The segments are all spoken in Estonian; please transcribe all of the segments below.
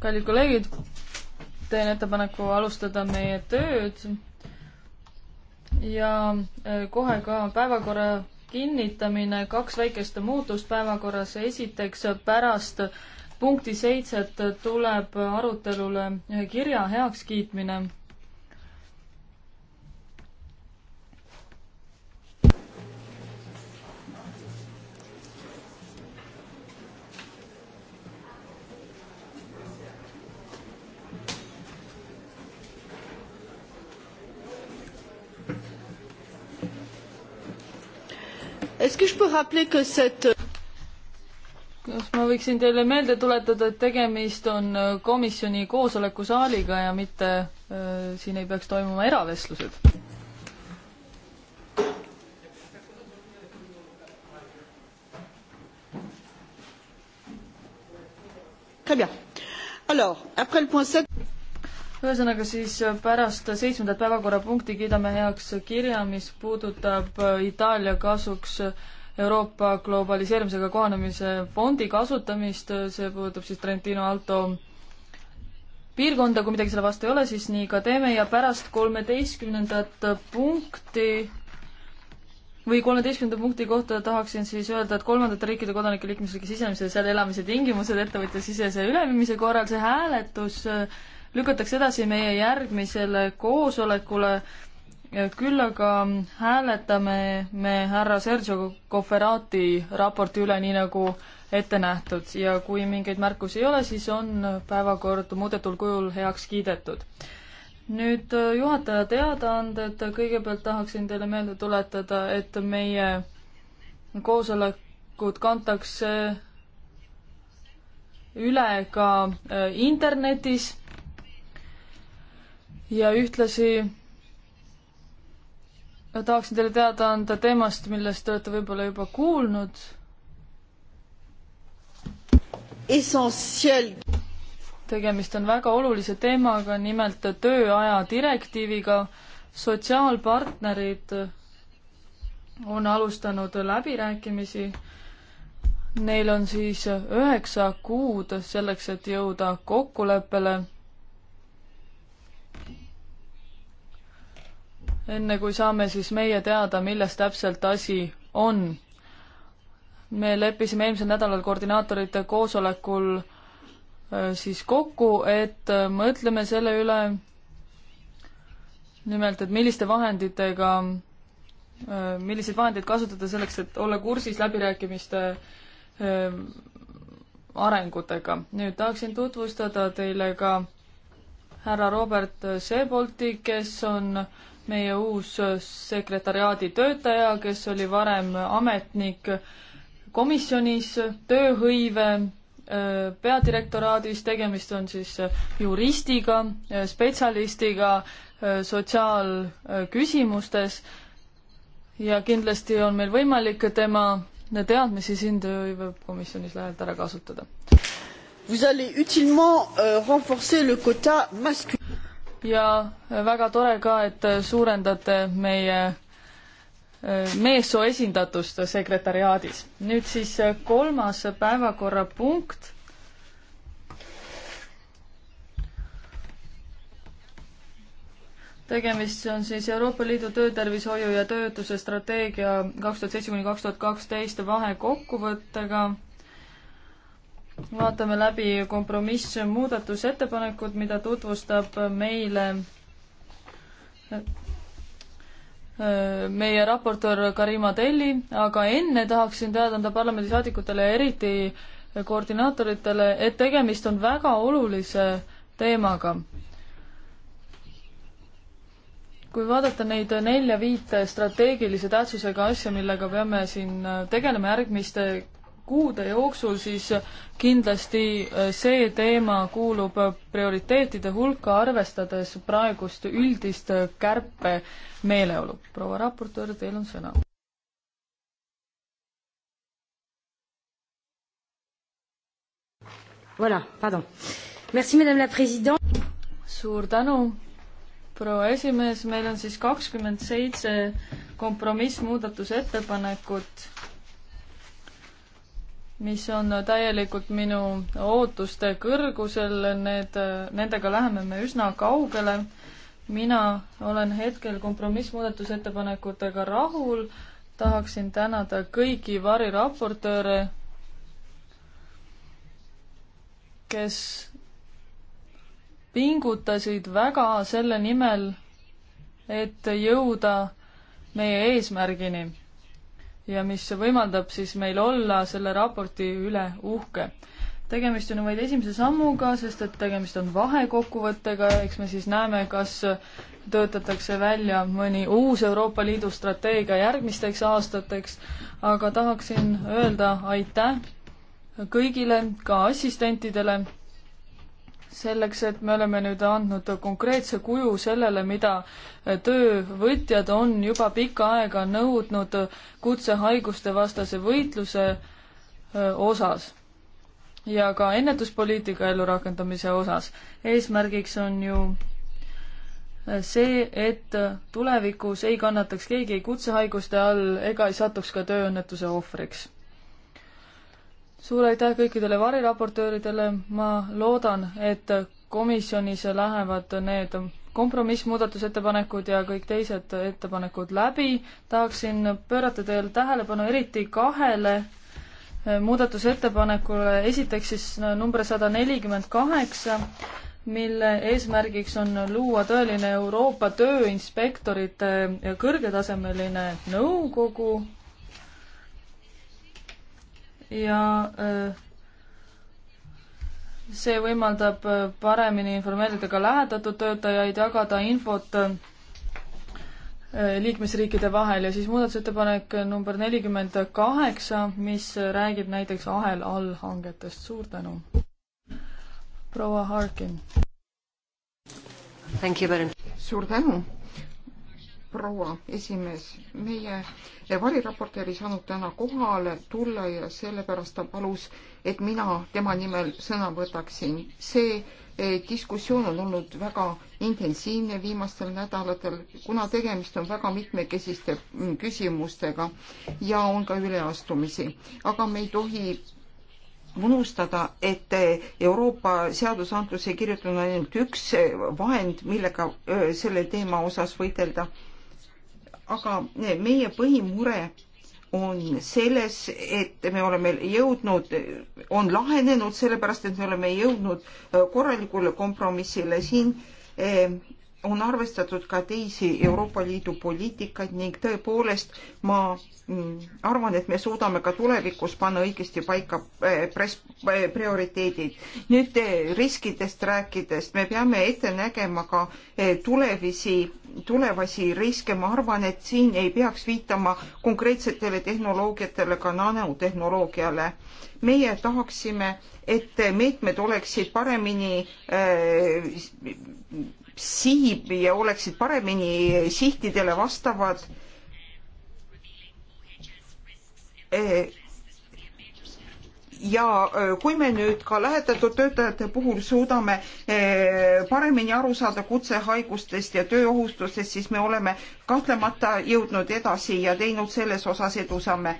kallid kolleegid, teen ettepaneku alustada meie tööd ja äh, kohe ka päevakorra kinnitamine, kaks väikest muutust päevakorras. esiteks pärast punkti seitset tuleb arutelule kirja heakskiitmine Est-ce que je peux rappeler que cette kas ma võiksin teile meelde tuletada, et tegemist on äh, komisjoni koosolekusaaliga ja mitte äh, siin ei peaks toimuma eravestlused? Très bien. Alors, après le point 7 ühesõnaga siis pärast seitsmendat päevakorrapunkti kiidame heaks kirja, mis puudutab Itaalia kasuks Euroopa globaliseerimisega kohanemise fondi kasutamist, see puudutab siis Trentino Alto piirkonda, kui midagi selle vastu ei ole, siis nii ka teeme ja pärast kolmeteistkümnendat punkti või kolmeteistkümnenda punkti kohta tahaksin siis öelda, et kolmandate riikide kodanike liikmesriigi sisemise ja seal elamise tingimused ettevõtjasisese üleviimise korral, see hääletus äh, lükatakse edasi meie järgmisele koosolekule, küll aga hääletame me härra Sergio Cofferati raporti üle, nii nagu ette nähtud ja kui mingeid märkusi ei ole, siis on päevakord muudetud kujul heaks kiidetud nüüd juhataja teadaanded, kõigepealt tahaksin teile meelde tuletada, et meie koosolekud kantakse üle ka internetis ja ühtlasi tahaksin teile teada anda teemast, millest te olete võib-olla juba kuulnud. tegemist on väga olulise teemaga, nimelt tööaja direktiiviga. sotsiaalpartnerid on alustanud läbirääkimisi. Neil on siis üheksa kuud selleks, et jõuda kokkuleppele enne kui saame siis meie teada, milles täpselt asi on. me leppisime eelmisel nädalal koordinaatorite koosolekul äh, siis kokku, et äh, mõtleme selle üle, nimelt, et milliste vahenditega, äh, milliseid vahendeid kasutada selleks, et olla kursis läbirääkimiste arengutega. nüüd tahaksin tutvustada teile ka härra Robert Seebolti, kes on meie uus sekretariaadi töötaja, kes oli varem ametnik komisjonis, tööhõive äh, peadirektoraadis, tegemist on siis äh, juristiga, äh, spetsialistiga sotsiaalküsimustes ja kindlasti on meil võimalik tema teadmisi siin tööhõivekomisjonis lähedalt ära kasutada. Vous allez utilement euh, renforcer le quota masculin ja väga tore ka, et suurendate meie äh, meessoo esindatust sekretäriaadis. nüüd siis äh, kolmas päevakorrapunkt. tegemist on siis Euroopa Liidu töötervishoiu ja töötuse strateegia kaks tuhat seitse kuni kaks tuhat kaksteist vahekokkuvõttega vaatame läbi kompromissmuudatusettepanekud, mida tutvustab meile äh, meie raportöör Karima Telli, aga enne tahaksin teada anda parlamendisaadikutele ja eriti koordinaatoritele, et tegemist on väga olulise teemaga. kui vaadata neid nelja-viite strateegilise tähtsusega asja, millega peame siin tegelema järgmiste kuude jooksul, siis kindlasti äh, see teema kuulub prioriteetide hulka, arvestades praegust üldist äh, kärpemeeleolu. proua raportöör, teil on sõna. Voilà, pardon. Merci, madame la président. suur tänu, proua esimees, meil on siis kakskümmend seitse kompromissmuudatusettepanekut mis on täielikult minu ootuste kõrgusel, need, nendega läheme me üsna kaugele. mina olen hetkel kompromissmuudatusettepanekutega rahul, tahaksin tänada kõiki variraportööre, kes pingutasid väga selle nimel, et jõuda meie eesmärgini ja mis võimaldab siis meil olla selle raporti üle uhke. tegemist on vaid esimese sammuga, sest et tegemist on vahekokkuvõttega, eks me siis näeme, kas töötatakse välja mõni uus Euroopa Liidu strateegia järgmisteks aastateks, aga tahaksin öelda aitäh kõigile, ka assistentidele selleks, et me oleme nüüd andnud konkreetse kuju sellele, mida töövõtjad on juba pikka aega nõudnud kutsehaiguste vastase võitluse osas ja ka ennetuspoliitika ellurakendamise osas. eesmärgiks on ju see, et tulevikus ei kannataks keegi kutsehaiguste all ega ei satuks ka tööõnnetuse ohvriks suur aitäh kõikidele variraportööridele, ma loodan, et komisjonis lähevad need kompromissmuudatusettepanekud ja kõik teised ettepanekud läbi. tahaksin pöörata teil tähelepanu eriti kahele muudatusettepanekule, esiteks siis number sada nelikümmend kaheksa, mille eesmärgiks on luua tõeline Euroopa Tööinspektorite kõrgetasemeline nõukogu ja äh, see võimaldab äh, paremini informeerida ka lähetatud töötajaid, jagada infot äh, liikmesriikide vahel ja siis muudatusettepanek number nelikümmend kaheksa, mis räägib näiteks ahel allhangetest. suur tänu. proua Harkin. suur tänu proua esimees. meie variraportöör ei saanud täna kohale tulla ja sellepärast ta palus, et mina tema nimel sõna võtaksin. see eh, diskussioon on olnud väga intensiivne viimastel nädalatel, kuna tegemist on väga mitmekesiste mm, küsimustega ja on ka üleastumisi, aga me ei tohi unustada, et eh, Euroopa seadusandluse kirjutamine on ainult üks eh, vahend, millega selle teema osas võidelda aga meie põhimure on selles, et me oleme jõudnud, on lahenenud sellepärast, et me oleme jõudnud äh, korralikule kompromissile siin äh, on arvestatud ka teisi Euroopa Liidu poliitikaid ning tõepoolest ma mm, arvan, et me suudame ka tulevikus panna õigesti paika eh, press, eh, prioriteedid. nüüd eh, riskidest rääkides, me peame ette nägema ka tulevisi, tulevasi riske, ma arvan, et siin ei peaks viitama konkreetsetele tehnoloogiatele, ka nanotehnoloogiale. meie tahaksime, et meetmed oleksid paremini äh, siib ja oleksid paremini sihtidele vastavad eh, ja eh, kui me nüüd ka lähetatud töötajate puhul suudame eh, paremini aru saada kutsehaigustest ja tööohustustest, siis me oleme kahtlemata jõudnud edasi ja teinud selles osas edusamme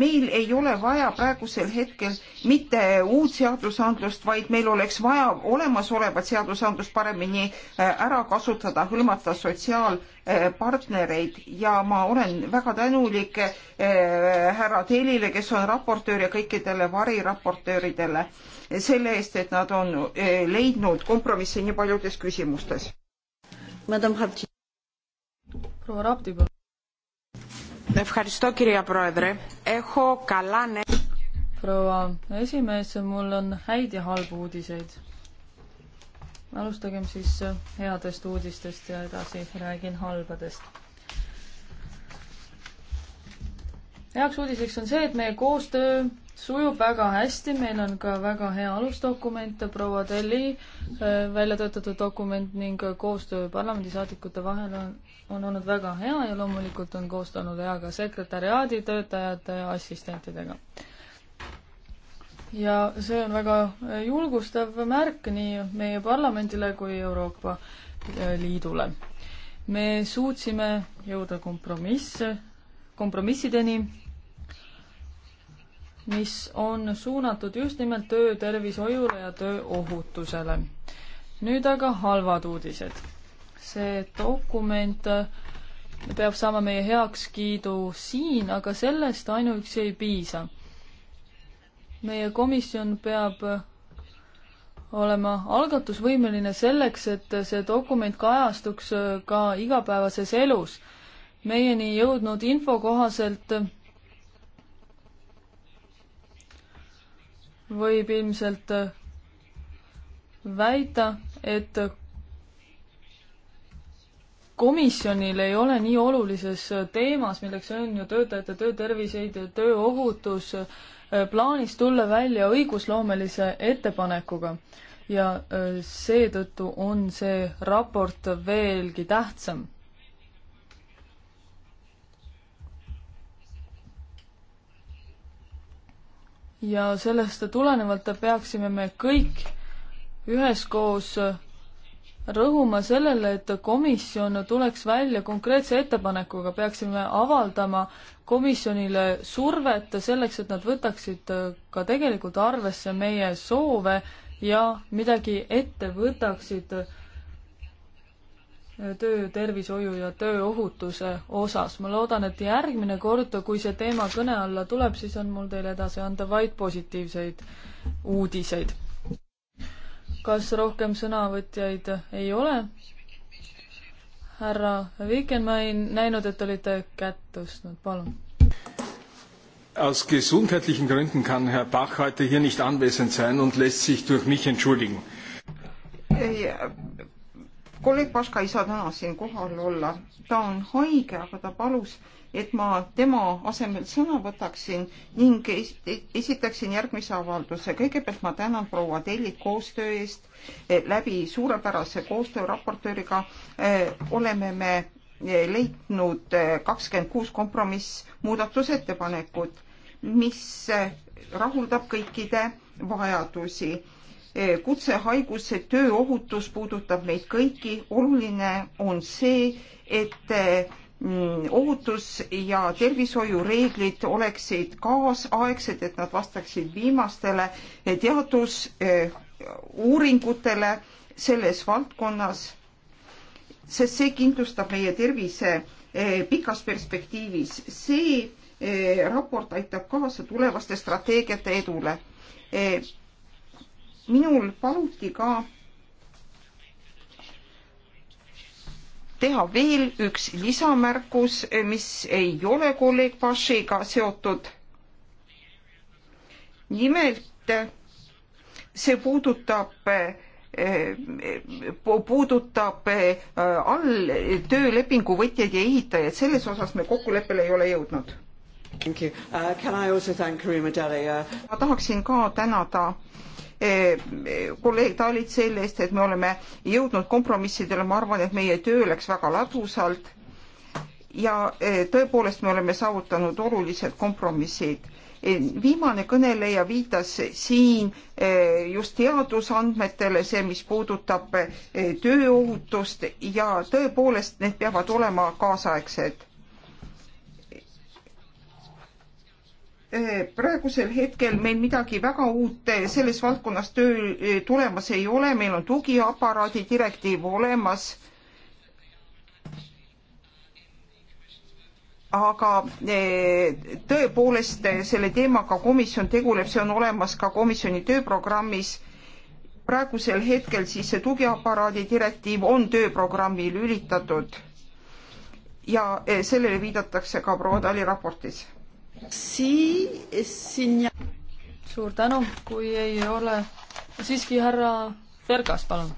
meil ei ole vaja praegusel hetkel mitte uut seadusandlust, vaid meil oleks vaja olemasolevat seadusandlust paremini äh, ära kasutada, hõlmata sotsiaalpartnereid ja ma olen väga tänulik äh, härra Telile, kes on raportöör ja kõikidele variraportööridele selle eest, et nad on äh, leidnud kompromisse nii paljudes küsimustes. proua Rapti, palun. Ευχαριστώ κυρία Πρόεδρε. Έχω καλά νέα. proua esimees, mul on häid ja halbu uudiseid. alustagem siis headest uudistest ja edasi räägin halbadest. heaks uudiseks on see, et meie koostöö sujub väga hästi, meil on ka väga hea alusdokument, proua Telli äh, välja töötatud dokument ning koostöö parlamendisaadikute vahel on, on olnud väga hea ja loomulikult on koostanud hea ka sekretäriaadi töötajate ja assistentidega. ja see on väga äh, julgustav märk nii meie parlamendile kui Euroopa äh, Liidule. me suutsime jõuda kompromisse, kompromissideni mis on suunatud just nimelt töötervishoiule ja tööohutusele. nüüd aga halvad uudised. see dokument äh, peab saama meie heakskiidu siin, aga sellest ainuüksi ei piisa. meie komisjon peab äh, olema algatusvõimeline selleks, et see dokument kajastuks äh, ka igapäevases elus. meieni jõudnud info kohaselt võib ilmselt äh, väita, et komisjonil ei ole nii olulises äh, teemas, milleks on ju töötajate tööterviseid ja tööohutus, äh, plaanis tulla välja õigusloomelise ettepanekuga. ja seetõttu on see raport veelgi tähtsam ja sellest tulenevalt peaksime me kõik üheskoos rõhuma sellele, et komisjon tuleks välja konkreetse ettepanekuga, peaksime avaldama komisjonile survet selleks, et nad võtaksid ka tegelikult arvesse meie soove ja midagi ette võtaksid töötervishoiu ja tööohutuse osas. ma loodan, et järgmine kord, kui see teema kõne alla tuleb, siis on mul teile edasi anda vaid positiivseid uudiseid. kas rohkem sõnavõtjaid ei ole? härra Viiken, ma ei näinud, et olite kätt tõstnud, palun. Aus gesundheitlichen Gründen kann Herr Bach heute hier nicht anwesend sein und lässt sich durch mich entschuldigen. Äh, kolleeg Paška ei saa täna siin kohal olla, ta on haige, aga ta palus, et ma tema asemel sõna võtaksin ning esitaksin järgmise avalduse. kõigepealt ma tänan proua Tellit koostöö eest. E, läbi suurepärase koostöö raportööriga e, oleme me e, leidnud kakskümmend kuus kompromissmuudatusettepanekut, mis rahuldab kõikide vajadusi Eh, kutsehaiguse tööohutus puudutab meid kõiki. oluline on see, et mm, ohutus ja tervishoiureeglid oleksid kaasaegsed, et nad vastaksid viimastele eh, teadusuuringutele eh, selles valdkonnas, sest see kindlustab meie tervise pikas perspektiivis. see raport aitab kaasa tulevaste strateegiate edule minul paluti ka teha veel üks lisamärkus, mis ei ole kolleeg Pašiga seotud. nimelt see puudutab eh, puudutab eh, all töölepingu võtjaid ja ehitajaid, selles osas me kokkuleppele ei ole jõudnud. Uh, uh, ma tahaksin ka tänada uh, Eh, eh, kolleeg Talit selle eest, et me oleme jõudnud kompromissidele, ma arvan, et meie töö läks väga ladusalt. ja eh, tõepoolest me oleme saavutanud olulised kompromissid viimane kõneleja viitas siin just teadusandmetele, see, mis puudutab tööohutust ja tõepoolest need peavad olema kaasaegsed. Äh, praegusel hetkel meil midagi väga uut äh, selles valdkonnas töö äh, tulemas ei ole, meil on tugiaparaadi direktiiv olemas. aga tõepoolest selle teemaga komisjon tegeleb, see on olemas ka komisjoni tööprogrammis. praegusel hetkel siis see tugiaparaadi direktiiv on tööprogrammi lülitatud ja sellele viidatakse ka proua Tali raportis Si-, sinna. suur tänu, kui ei ole, siiski härra Vergas, palun.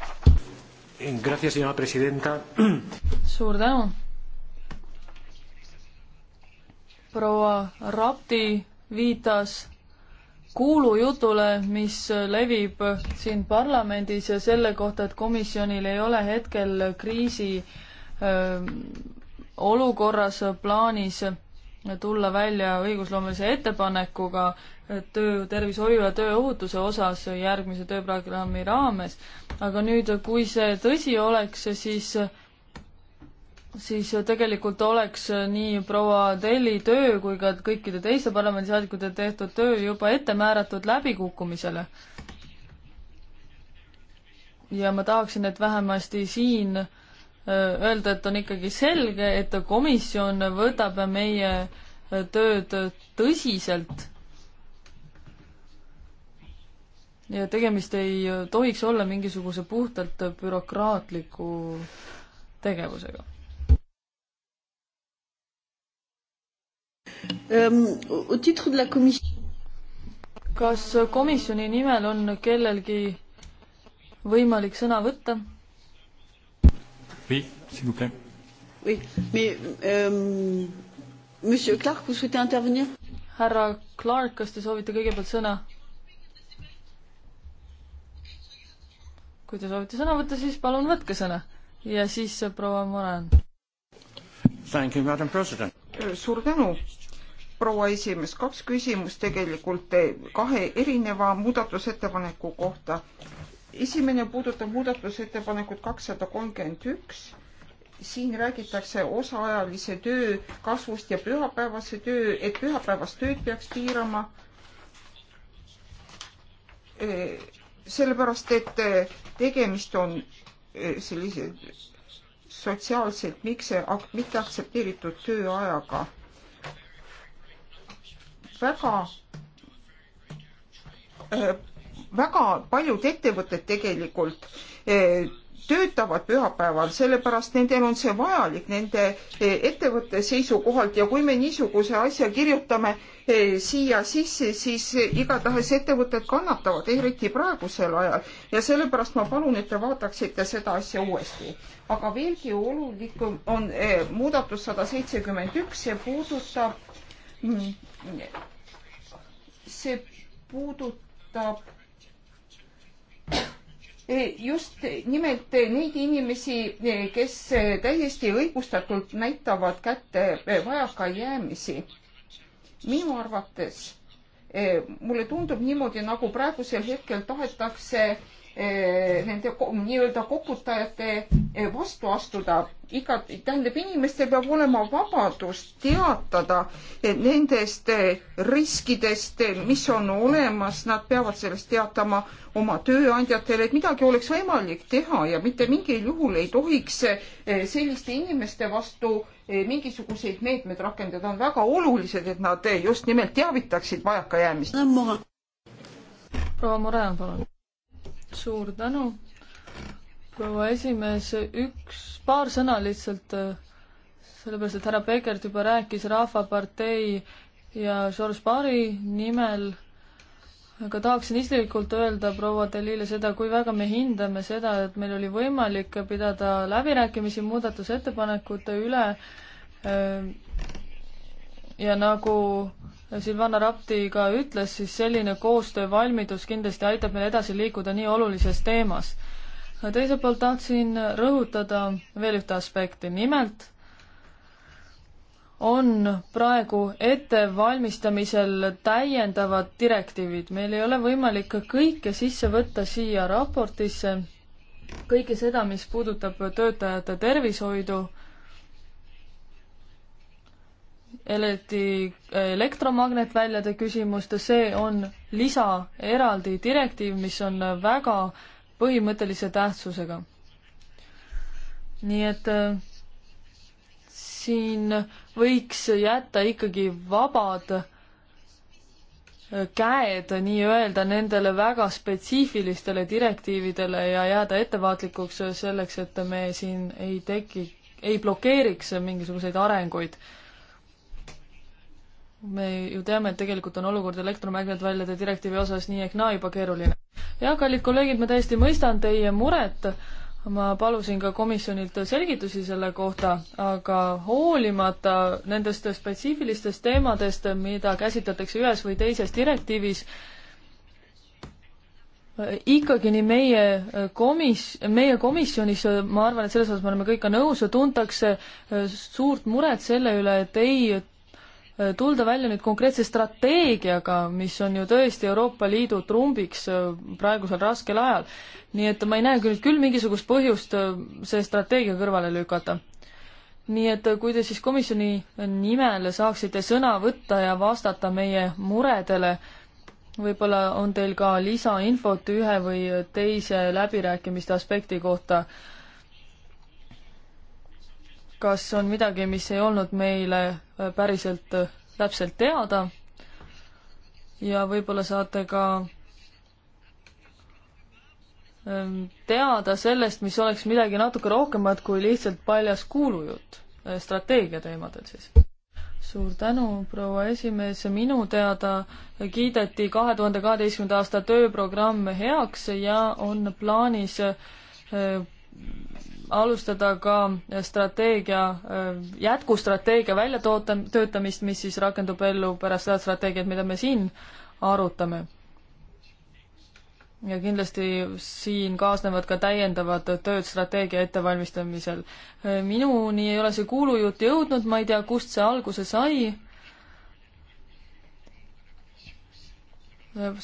Gracias, señora presidenta. suur tänu. proua Rapti viitas kuulujutule, mis levib siin parlamendis ja selle kohta, et komisjonil ei ole hetkel kriisi öö, olukorras plaanis tulla välja õigusloomelise ettepanekuga töötervishoiu ja tööohutuse osas järgmise tööprogrammi raames. aga nüüd, kui see tõsi oleks, siis siis tegelikult oleks nii proua Telli töö kui ka kõikide teiste parlamendisaadikute tehtud töö juba ette määratud läbikukkumisele. ja ma tahaksin, et vähemasti siin äh, öelda, et on ikkagi selge, et komisjon võtab meie tööd tõsiselt. ja tegemist ei tohiks olla mingisuguse puhtalt bürokraatliku tegevusega. kas komisjoni nimel on kellelgi võimalik sõna võtta? Oui, s'il vous plaît. Oui, mais euh, Monsieur Clark, vous souhaitez intervenir härra Clark, kas te soovite kõigepealt sõna? kui te soovite sõna võtta, siis palun võtke sõna. ja siis äh, proua Moran. Äh, suur tänu, proua esimees. kaks küsimust tegelikult äh, kahe erineva muudatusettepaneku kohta esimene puudutab muudatusettepanekut kakssada kolmkümmend üks. siin räägitakse osaajalise töö kasvust ja pühapäevase töö, et pühapäevast tööd peaks piirama. E, sellepärast, et tegemist on e, sellise sotsiaalselt mikse, mitte aktsepteeritud tööajaga. väga e, väga paljud ettevõtted tegelikult eh, töötavad pühapäeval, sellepärast nendel on see vajalik nende eh, ettevõtte seisukohalt ja kui me niisuguse asja kirjutame eh, siia sisse, siis igatahes ettevõtted kannatavad, eriti praegusel ajal ja sellepärast ma palun, et te vaataksite seda asja uuesti. aga veelgi olulikum on muudatus sada seitsekümmend üks, see puudutab, mm, see puudutab just nimelt neid inimesi, kes täiesti õigustatult näitavad kätte vajakajäämisi. minu arvates eh, mulle tundub niimoodi, nagu praegusel hetkel tahetakse nende nii-öelda koputajate vastu astuda. iga, tähendab, inimestel peab olema vabadus teatada nendest riskidest, mis on olemas, nad peavad sellest teatama oma tööandjatele, et midagi oleks võimalik teha ja mitte mingil juhul ei tohiks selliste inimeste vastu mingisuguseid meetmeid rakendada, on väga olulised, et nad just nimelt teavitaksid vajakajäämist. proua Mure, palun suur tänu, proua esimees, üks, paar sõna lihtsalt, sellepärast et härra Peekert juba rääkis Rahvapartei ja George Barry nimel aga tahaksin isiklikult öelda proua Delile seda, kui väga me hindame seda, et meil oli võimalik pidada läbirääkimisi muudatusettepanekute üle. ja nagu Silvana Rapti ka ütles, siis selline koostöövalmidus kindlasti aitab meil edasi liikuda nii olulises teemas. teiselt poolt tahtsin rõhutada veel ühte aspekti, nimelt on praegu ettevalmistamisel täiendavad direktiivid, meil ei ole võimalik kõike sisse võtta siia raportisse, kõike seda, mis puudutab töötajate tervishoidu eriti eh, elektromagnetväljade küsimust ja see on lisa eraldi direktiiv, mis on väga põhimõttelise tähtsusega. nii et eh, siin võiks jätta ikkagi vabad eh, käed nii-öelda nendele väga spetsiifilistele direktiividele ja jääda ettevaatlikuks selleks, et me siin ei teki, ei blokeeriks mingisuguseid arenguid me ju teame, et tegelikult on olukord elektromagnetväljade direktiivi osas nii ehk naa juba keeruline. jah, kallid kolleegid, ma täiesti mõistan teie muret, ma palusin ka komisjonilt selgitusi selle kohta, aga hoolimata nendest spetsiifilistest teemadest, mida käsitletakse ühes või teises direktiivis, ikkagi nii meie komis-, meie komisjonis, ma arvan, et selles osas me oleme kõik ka nõus, tuntakse suurt muret selle üle, et ei tulda välja nüüd konkreetse strateegiaga, mis on ju tõesti Euroopa Liidu trumbiks äh, praegusel raskel ajal. nii et ma ei näe küll, küll mingisugust põhjust äh, see strateegia kõrvale lükata. nii et äh, kui te siis komisjoni nimel saaksite sõna võtta ja vastata meie muredele, võib-olla on teil ka lisainfot ühe või teise läbirääkimiste aspekti kohta kas on midagi, mis ei olnud meile äh, päriselt äh, täpselt teada ja võib-olla saate ka ähm, teada sellest, mis oleks midagi natuke rohkemat kui lihtsalt paljas kuulujutt äh, strateegia teemadel siis. suur tänu, proua esimees, minu teada kiideti kahe tuhande kaheteistkümnenda aasta tööprogramm heaks ja on plaanis alustada ka äh, strateegia, äh, jätkustrateegia väljatoota-, töötamist, mis siis rakendub ellu pärast seda strateegiat, mida me siin arutame. ja kindlasti siin kaasnevad ka täiendavad tööd strateegia ettevalmistamisel. Äh, minuni ei ole see kuulujutt jõudnud, ma ei tea, kust see alguse sai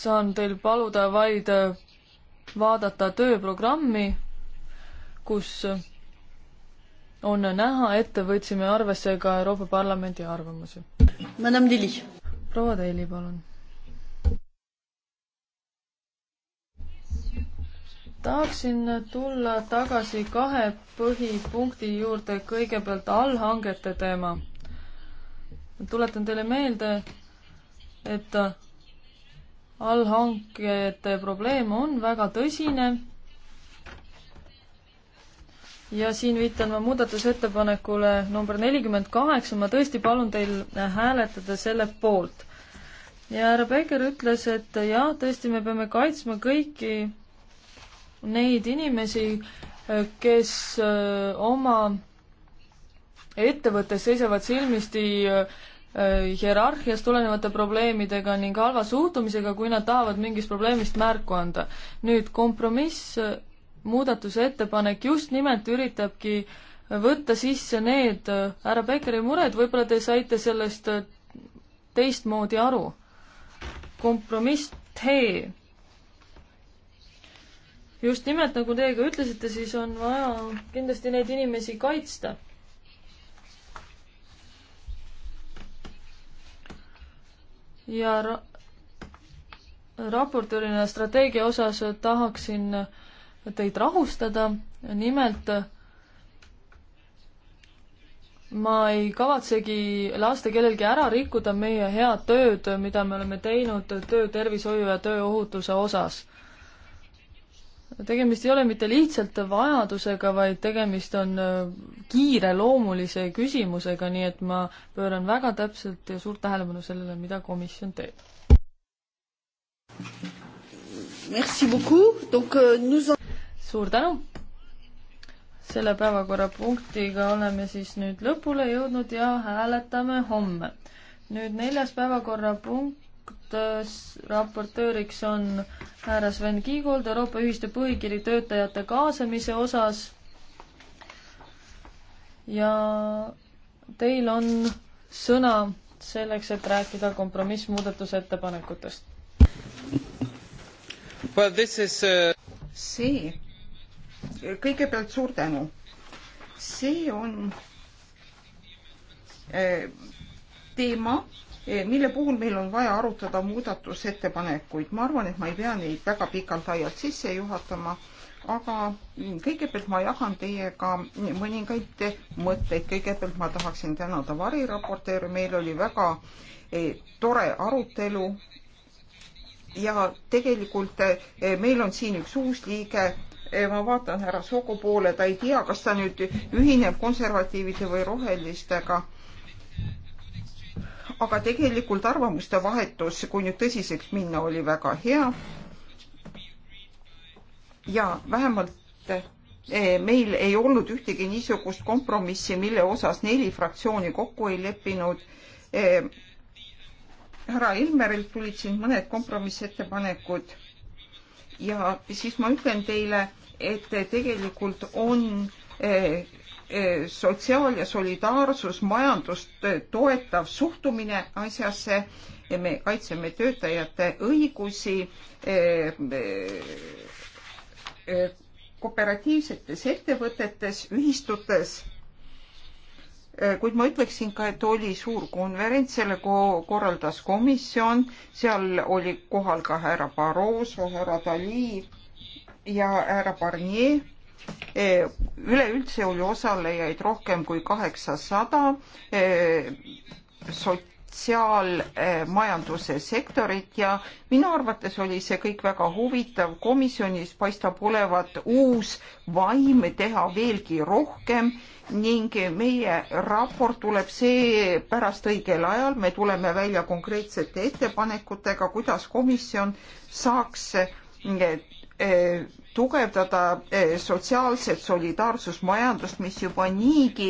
saan teil paluda vaid vaadata tööprogrammi kus on näha ette, võtsime arvesse ka Euroopa Parlamendi arvamusi. proua Teili, palun. tahaksin tulla tagasi kahe põhipunkti juurde, kõigepealt allhangete teema. tuletan teile meelde, et allhankete probleem on väga tõsine ja siin viitan ma muudatusettepanekule number nelikümmend kaheksa, ma tõesti palun teil äh, hääletada selle poolt. ja härra Becker ütles, et jah, tõesti, me peame kaitsma kõiki neid inimesi, äh, kes äh, oma ettevõttes seisavad silmisti hierarhiast tulenevate probleemidega ning halva suhtumisega, kui nad tahavad mingist probleemist märku anda. nüüd kompromiss muudatusettepanek just nimelt üritabki võtta sisse need äh, härra Beckeri mured, võib-olla te saite sellest äh, teistmoodi aru. kompromiss T. just nimelt, nagu teie ka ütlesite, siis on vaja kindlasti neid inimesi kaitsta ja ra raportöörina strateegia osas tahaksin teid rahustada, nimelt ma ei kavatsegi lasta kellelgi ära rikkuda meie head tööd, mida me oleme teinud töötervishoiu ja tööohutuse osas. tegemist ei ole mitte lihtsalt vajadusega, vaid tegemist on äh, kiireloomulise küsimusega, nii et ma pööran väga täpselt ja suurt tähelepanu sellele, mida komisjon teeb. Merci beaucoup, donc euh, nous en suur tänu! selle päevakorrapunktiga oleme siis nüüd lõpule jõudnud ja hääletame homme. nüüd neljas päevakorrapunkt, äh, raportööriks on härra Sven Kiigold Euroopa Ühiste Põhikiri töötajate kaasamise osas. ja teil on sõna selleks, et rääkida kompromissmuudatusettepanekutest well,. Uh, see kõigepealt suur tänu. see on eh, teema, eh, mille puhul meil on vaja arutada muudatusettepanekuid. ma arvan, et ma ei pea neid väga pikalt-laialt sisse juhatama, aga kõigepealt ma jagan teiega mõningaid mõtteid. kõigepealt ma tahaksin tänada variraportööri, meil oli väga eh, tore arutelu ja tegelikult meil on siin üks uus liige Eh, ma vaatan härra Sogo poole, ta ei tea, kas ta nüüd ühineb konservatiivide või rohelistega. aga tegelikult arvamuste vahetus, kui nüüd tõsiseks minna, oli väga hea. ja vähemalt eh, meil ei olnud ühtegi niisugust kompromissi, mille osas neli fraktsiooni kokku ei leppinud. Eh, härra Ilmerilt tulid siin mõned kompromissettepanekud ja siis ma ütlen teile, et tegelikult on eh, eh, sotsiaal- ja solidaarsus, majandust toetav suhtumine asjasse ja me kaitseme töötajate õigusi eh, kooperatiivsetes ettevõtetes, ühistutes. kuid ma ütleksin ka, et oli suur konverents, selle ko korraldas komisjon, seal oli kohal ka härra Barroso, härra Dali ja härra Barnier eh, üleüldse oli osalejaid rohkem kui kaheksasada eh, sotsiaalmajanduse sektorit ja minu arvates oli see kõik väga huvitav. komisjonis paistab olevat uus vaim teha veelgi rohkem ning meie raport tuleb seepärast õigel ajal. me tuleme välja konkreetsete ettepanekutega, kuidas komisjon saaks eh, tugevdada eh, sotsiaalset solidaarsusmajandust, mis juba niigi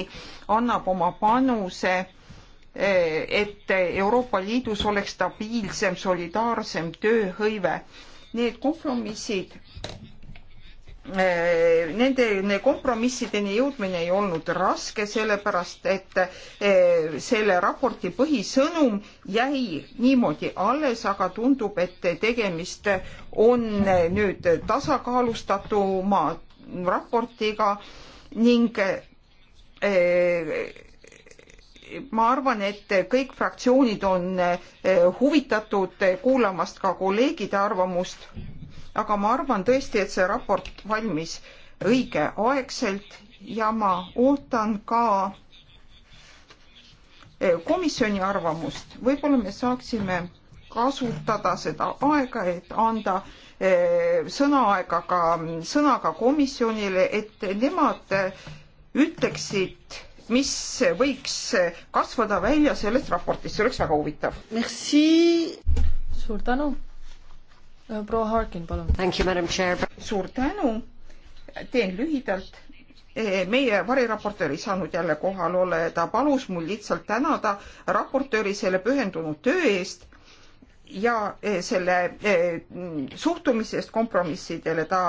annab oma panuse, eh, et Euroopa Liidus oleks stabiilsem, solidaarsem tööhõive. Need kompromissid Äh, nende kompromissideni jõudmine ei olnud raske, sellepärast et äh, selle raporti põhisõnum jäi niimoodi alles, aga tundub, et tegemist on äh, nüüd tasakaalustatuma raportiga ning ma arvan, et kõik fraktsioonid on huvitatud kuulamast ka kolleegide arvamust aga ma arvan tõesti, et see raport valmis õigeaegselt ja ma ootan ka eh, komisjoni arvamust. võib-olla me saaksime kasutada seda aega, et anda eh, sõnaaega ka, sõnaga komisjonile, et nemad ütleksid, mis võiks kasvada välja sellest raportist, see oleks väga huvitav. suur tänu Äh, proua Harkin, palun. suur tänu. teen lühidalt e, meie variraportöör ei saanud jälle kohal olla ja ta palus mul lihtsalt tänada raportööri selle pühendunud töö eest ja e, selle e, suhtumisest kompromissidele. ta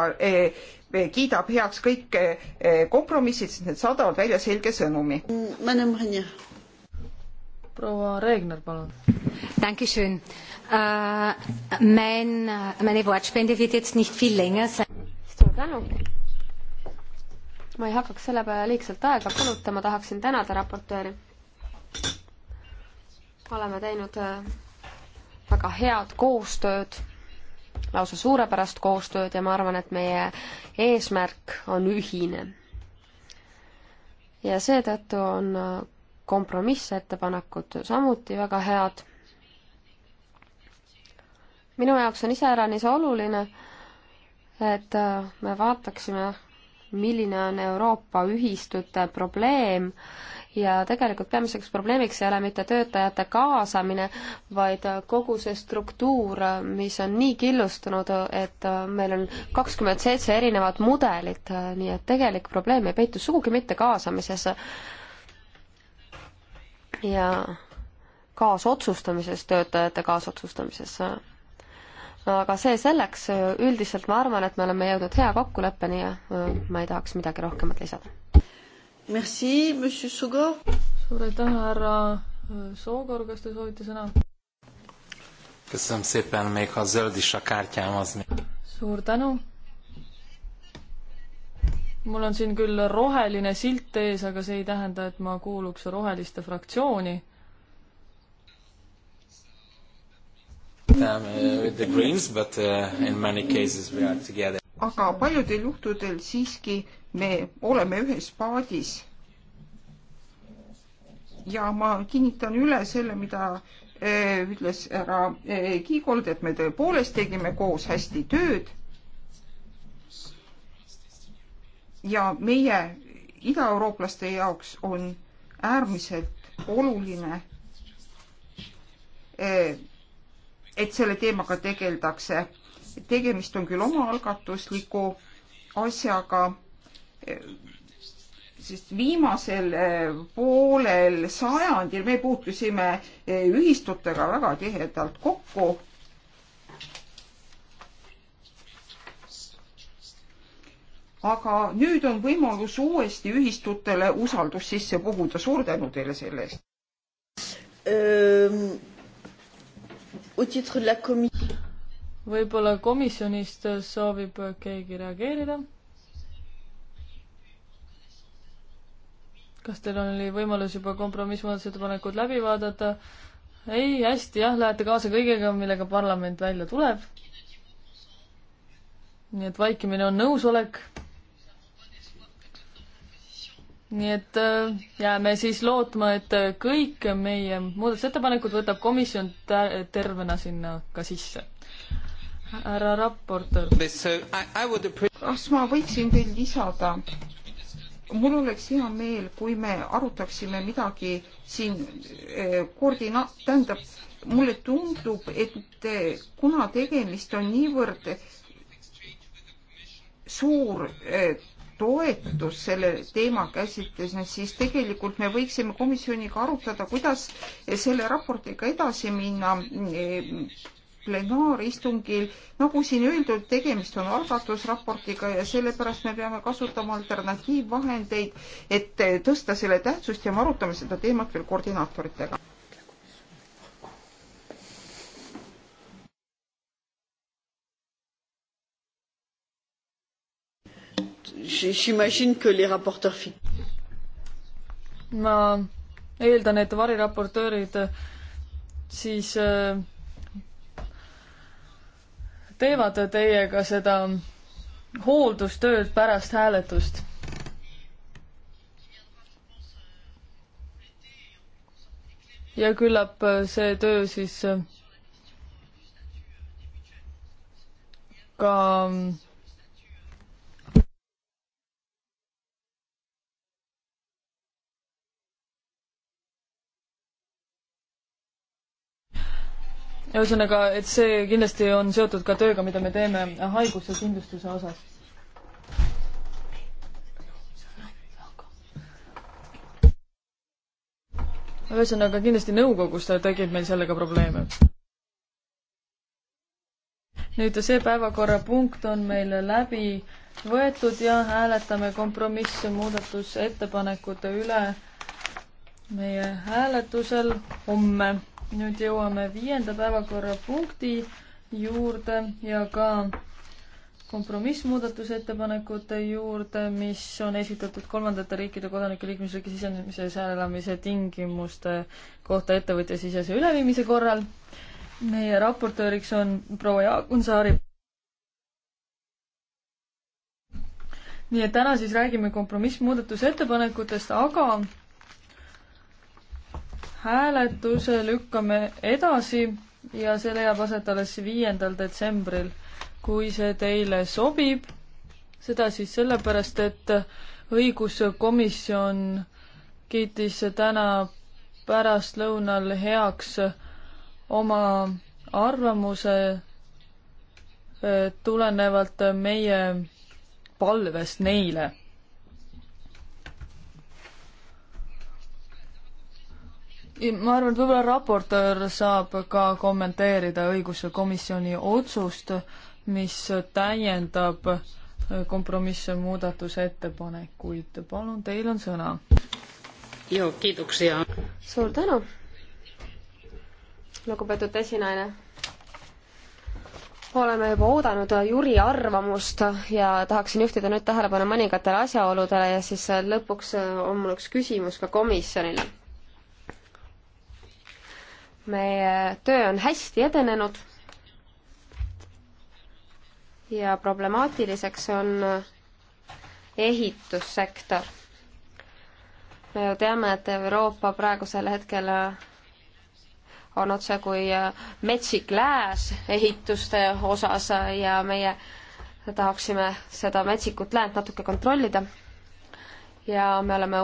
kiidab heaks kõik kompromissid, sest need saadavad välja selge sõnumi. proua Reegner, palun. Äh, mein, äh, meine Wortspende wird jetzt nicht viel länger sein. suur tänu! ma ei hakkaks selle peale liigselt aega kulutama, tahaksin tänada raportööri. oleme teinud äh, väga head koostööd, lausa suurepärast koostööd ja ma arvan, et meie eesmärk on ühine. ja seetõttu on äh, kompromissettepanekud samuti väga head minu jaoks on iseäranis oluline, et äh, me vaataksime, milline on Euroopa ühistute probleem ja tegelikult peamiseks probleemiks ei ole mitte töötajate kaasamine, vaid äh, kogu see struktuur, äh, mis on nii killustunud, et meil on kakskümmend seitse erinevat mudelit, nii et tegelik probleem ei peitu sugugi mitte kaasamises ja kaasotsustamises, töötajate kaasotsustamises aga see selleks, üldiselt ma arvan, et me oleme jõudnud hea kokkuleppeni ja ma ei tahaks midagi rohkemat lisada. Merci, monsieur Sugor. suur aitäh, härra Sogor, kas te soovite sõna? köszönöm szépen, még ha zöld is a kártyám, az még. Suur tänu. mul on siin küll roheline silt ees, aga see ei tähenda, et ma kuuluks roheliste fraktsiooni Uh, uh, aga paljudel juhtudel siiski me oleme ühes paadis. ja ma kinnitan üle selle, mida äh, ütles härra äh, Kiigold, et me tõepoolest tegime koos hästi tööd. ja meie idaeurooplaste jaoks on äärmiselt oluline äh, et selle teemaga tegeldakse. tegemist on küll omaalgatusliku asjaga, sest viimasel eh, poolel sajandil me puutusime eh, ühistutega väga tihedalt kokku. aga nüüd on võimalus uuesti ühistutele usaldus sisse puhuda. suur tänu teile selle eest ähm võib-olla komisjonist soovib keegi reageerida? kas teil oli võimalus juba kompromissmuudatusettepanekud läbi vaadata? ei, hästi, jah, lähete kaasa kõigega, millega parlament välja tuleb. nii et vaikimine on nõusolek nii et äh, jääme siis lootma, et äh, kõik meie muudatusettepanekud võtab komisjon tervena sinna ka sisse. härra raportöör. kas ma võiksin teil lisada? mul oleks hea meel, kui me arutaksime midagi siin äh, koordina-, tähendab, mulle tundub, et kuna tegemist on niivõrd suur toetus selle teema käsitluses, siis tegelikult me võiksime komisjoniga arutada, kuidas selle raportiga edasi minna e, plenaaristungil, nagu siin öeldud, tegemist on algatusraportiga ja sellepärast me peame kasutama alternatiivvahendeid, et tõsta selle tähtsust ja me arutame seda teemat veel koordinaatoritega j'imagine que les rapporteurs ma eeldan, et variraportöörid siis äh, teevad teiega seda hooldustööd pärast hääletust. ja küllap äh, see töö siis äh, ka ühesõnaga, et see kindlasti on seotud ka tööga, mida me teeme haiguste kindlustuse osas. ühesõnaga, kindlasti nõukogus ta tekib meil sellega probleeme. nüüd see päevakorrapunkt on meil läbi võetud ja hääletame kompromissmuudatusettepanekute üle meie hääletusel homme nüüd jõuame viienda päevakorrapunkti juurde ja ka kompromissmuudatusettepanekute juurde, mis on esitatud kolmandate riikide kodanike liikmesriigi sisenemise ja säälelamise tingimuste kohta ettevõtjasisese üleviimise korral. meie raportööriks on proua Jaagonsaari. nii et täna siis räägime kompromissmuudatusettepanekutest, aga hääletuse lükkame edasi ja see leiab aset alles viiendal detsembril, kui see teile sobib. seda siis sellepärast, et õiguskomisjon kiitis täna pärastlõunal heaks oma arvamuse eh, tulenevalt meie palvest neile ma arvan, et võib-olla raportöör saab ka kommenteerida õiguskomisjoni otsust, mis täiendab kompromisse muudatusettepanekuid. palun, teil on sõna. joo, kiitoksia. suur tänu, lugupeetud esinaine. oleme juba oodanud Jüri arvamust ja tahaksin juhtida nüüd tähelepanu mõningatele asjaoludele ja siis lõpuks on mul üks küsimus ka komisjonile meie töö on hästi edenenud ja problemaatiliseks on ehitussektor. me ju teame, et Euroopa praegusel hetkel on otsekui metsik lääs ehituste osas ja meie tahaksime seda metsikut läänt natuke kontrollida. ja me oleme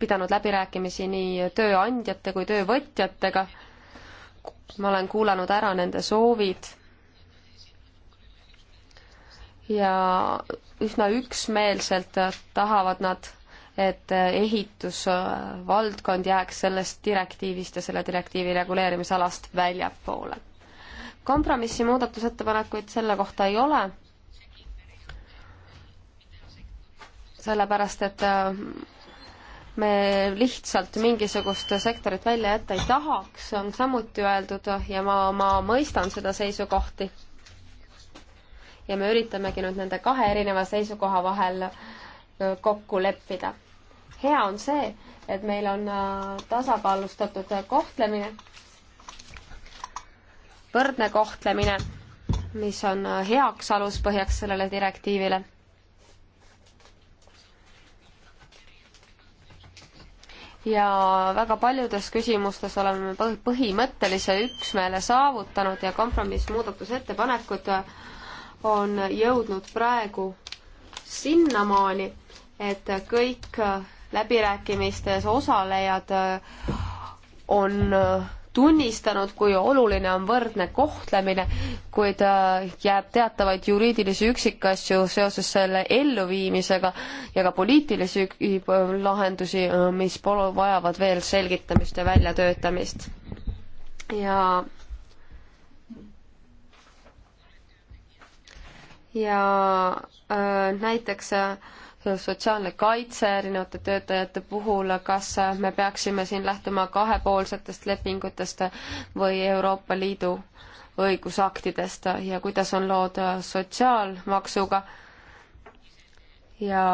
pidanud läbirääkimisi nii tööandjate kui töövõtjatega. ma olen kuulanud ära nende soovid. ja üsna üksmeelselt tahavad nad, et ehitusvaldkond jääks sellest direktiivist ja selle direktiivi reguleerimisalast väljapoole. kompromissi muudatusettepanekuid selle kohta ei ole sellepärast, et me lihtsalt mingisugust sektorit välja jätta ei tahaks, on samuti öeldud ja ma, ma mõistan seda seisukohti. ja me üritamegi nüüd nende kahe erineva seisukoha vahel kokku leppida. hea on see, et meil on tasakaalustatud kohtlemine, võrdne kohtlemine, mis on heaks aluspõhjaks sellele direktiivile ja väga paljudes küsimustes oleme põhimõttelise üksmeele saavutanud ja kompromissmuudatusettepanekud on jõudnud praegu sinnamaani, et kõik läbirääkimistes osalejad on tunnistanud, kui oluline on võrdne kohtlemine, kuid äh, jääb teatavaid juriidilisi üksikasju seoses selle elluviimisega ja ka poliitilisi lahendusi, äh, mis pole, vajavad veel selgitamist ja väljatöötamist. ja ja äh, näiteks äh, sotsiaalne kaitse erinevate töötajate puhul, kas me peaksime siin lähtuma kahepoolsetest lepingutest või Euroopa Liidu õigusaktidest ja kuidas on lood sotsiaalmaksuga ja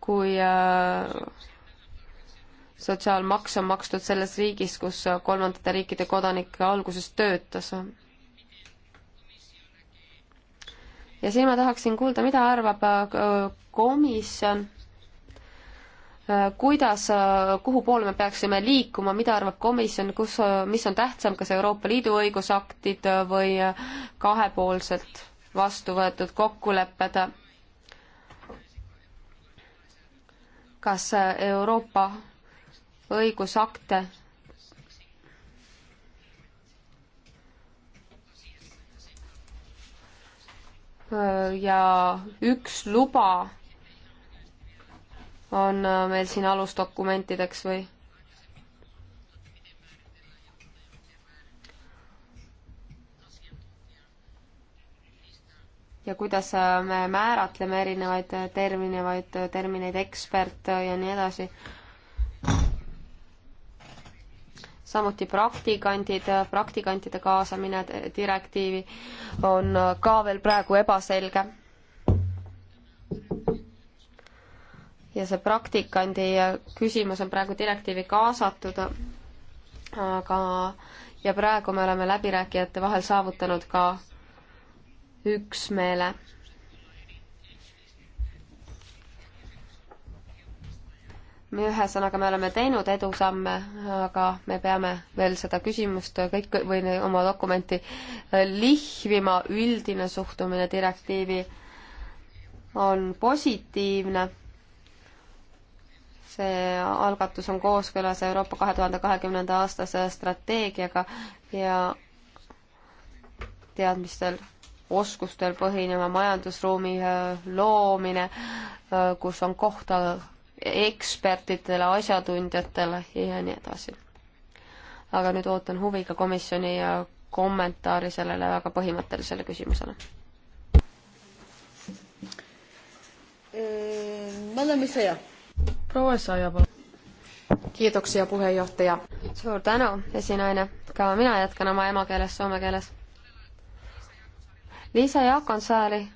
kui äh, sotsiaalmaks on makstud selles riigis, kus kolmandate riikide kodanik alguses töötas ja siin ma tahaksin kuulda, mida arvab äh, komisjon, äh, kuidas, äh, kuhu poole me peaksime liikuma, mida arvab komisjon, kus, mis on tähtsam, kas Euroopa Liidu õigusaktid või kahepoolselt vastu võetud kokkulepped? kas Euroopa õigusakte ja üks luba on äh, meil siin alusdokumentideks või? ja kuidas äh, me määratleme erinevaid äh, termineid, termineid ekspert ja nii edasi samuti praktikandid, praktikantide kaasamine direktiivi on ka veel praegu ebaselge. ja see praktikandi küsimus on praegu direktiivi kaasatud, aga ja praegu me oleme läbirääkijate vahel saavutanud ka üksmeele me ühesõnaga, me oleme teinud edusamme, aga me peame veel seda küsimust kõik või oma dokumenti lihvima, üldine suhtumine direktiivi on positiivne. see algatus on kooskõlas Euroopa kahe tuhande kahekümnenda aastase strateegiaga ja teadmistel oskustel põhineva majandusruumi loomine, kus on kohta ekspertidele, asjatundjatele ja nii edasi. aga nüüd ootan huviga komisjoni kommentaari sellele väga põhimõttelisele küsimusele. Madame Saja. proua Saja, palun. Kiitoksia puheenjohtaja. Suur tänu, esinaine. Ka minä jatkan oma emakeeles, soome keeles. Liisa Jaakonsaari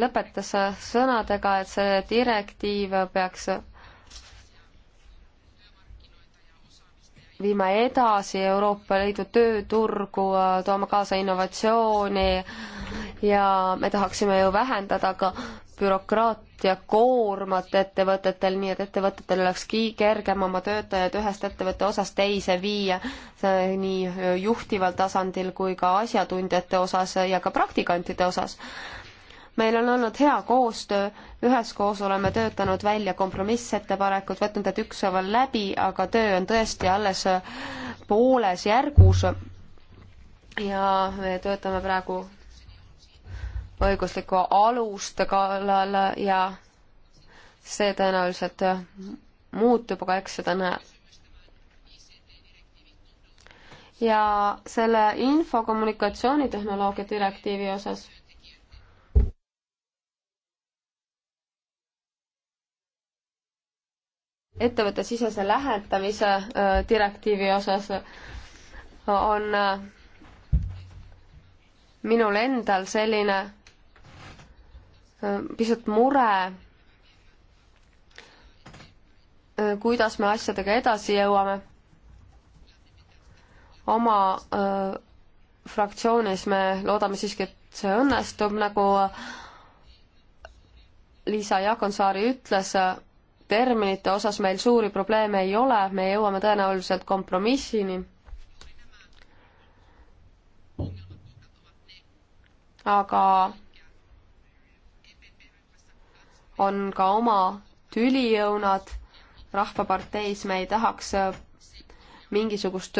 lõpetas sõnadega, et see direktiiv peaks viima edasi Euroopa Liidu tööturgu, tooma kaasa innovatsiooni ja me tahaksime ju vähendada ka bürokraatia koormat ettevõtetel, nii et ettevõtetel oleks kergem oma töötajaid ühest ettevõtte osast teise viia, nii juhtival tasandil kui ka asjatundjate osas ja ka praktikantide osas meil on olnud hea koostöö, üheskoos oleme töötanud välja kompromissettepanekud, võtnud need ükshaaval läbi, aga töö on tõesti alles äh, pooles järgus. ja me töötame praegu õigusliku aluste kallal ja see tõenäoliselt äh, muutub, aga eks seda näeb. ja selle infokommunikatsioonitehnoloogia direktiivi osas ettevõttesisese lähetamise äh, direktiivi osas äh, on äh, minul endal selline pisut mure, kuidas me asjadega edasi jõuame. oma öö, fraktsioonis me loodame siiski, et see õnnestub, nagu Liisa Jakonsaari ütles, terminite osas meil suuri probleeme ei ole, me jõuame tõenäoliselt kompromissini. aga on ka oma tüliõunad Rahvaparteis, me ei tahaks mingisugust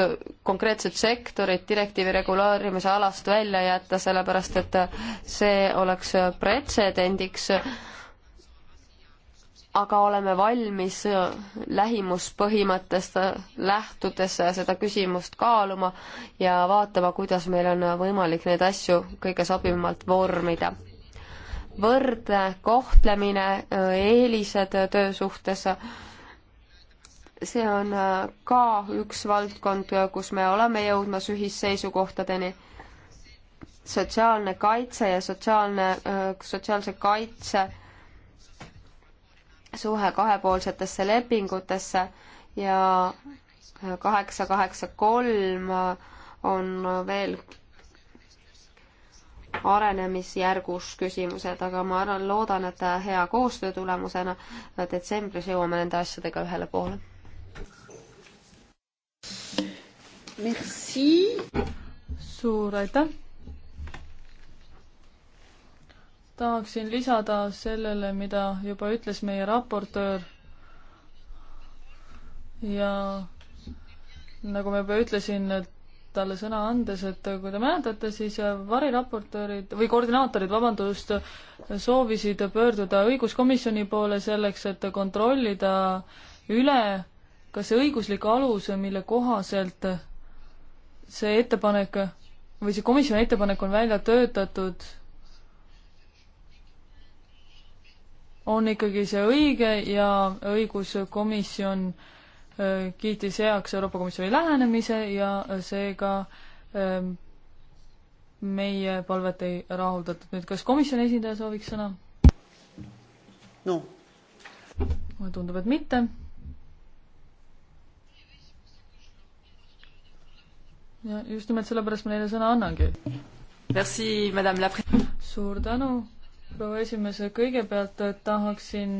konkreetset sektorit direktiivi regulaarimise alast välja jätta, sellepärast et see oleks pretsedendiks äh, aga oleme valmis äh, lähimuspõhimõttest äh, lähtudes äh, seda küsimust kaaluma ja vaatama, kuidas meil on võimalik neid asju kõige sobivamalt vormida. võrdne kohtlemine, eelised töö suhtes, see on ka üks valdkond, kus me oleme jõudmas ühisseisukohtadeni sotsiaalne kaitse ja sotsiaalne, sotsiaalse kaitse suhe kahepoolsetesse lepingutesse ja kaheksa, kaheksa, kolm on veel arenemisjärgus küsimused, aga ma arvan, loodan, et hea koostöö tulemusena detsembris jõuame nende asjadega ühele poole. suur aitäh! tahaksin lisada sellele, mida juba ütles meie raportöör ja nagu ma juba ütlesin, talle sõna andes, et kui te mäletate, siis variraportöörid või koordinaatorid, vabandust, soovisid pöörduda õiguskomisjoni poole selleks, et kontrollida üle, kas see õiguslik alus, mille kohaselt see ettepanek või see komisjoni ettepanek on välja töötatud on ikkagi see õige ja õiguskomisjon äh, kiitis heaks Euroopa Komisjoni lähenemise ja äh, seega ähm, meie palvet ei rahuldatud. nüüd, kas komisjoni esindaja sooviks sõna? no mulle tundub, et mitte. ja just nimelt sellepärast ma neile sõna annangi. suur tänu proua esimees, kõigepealt äh, tahaksin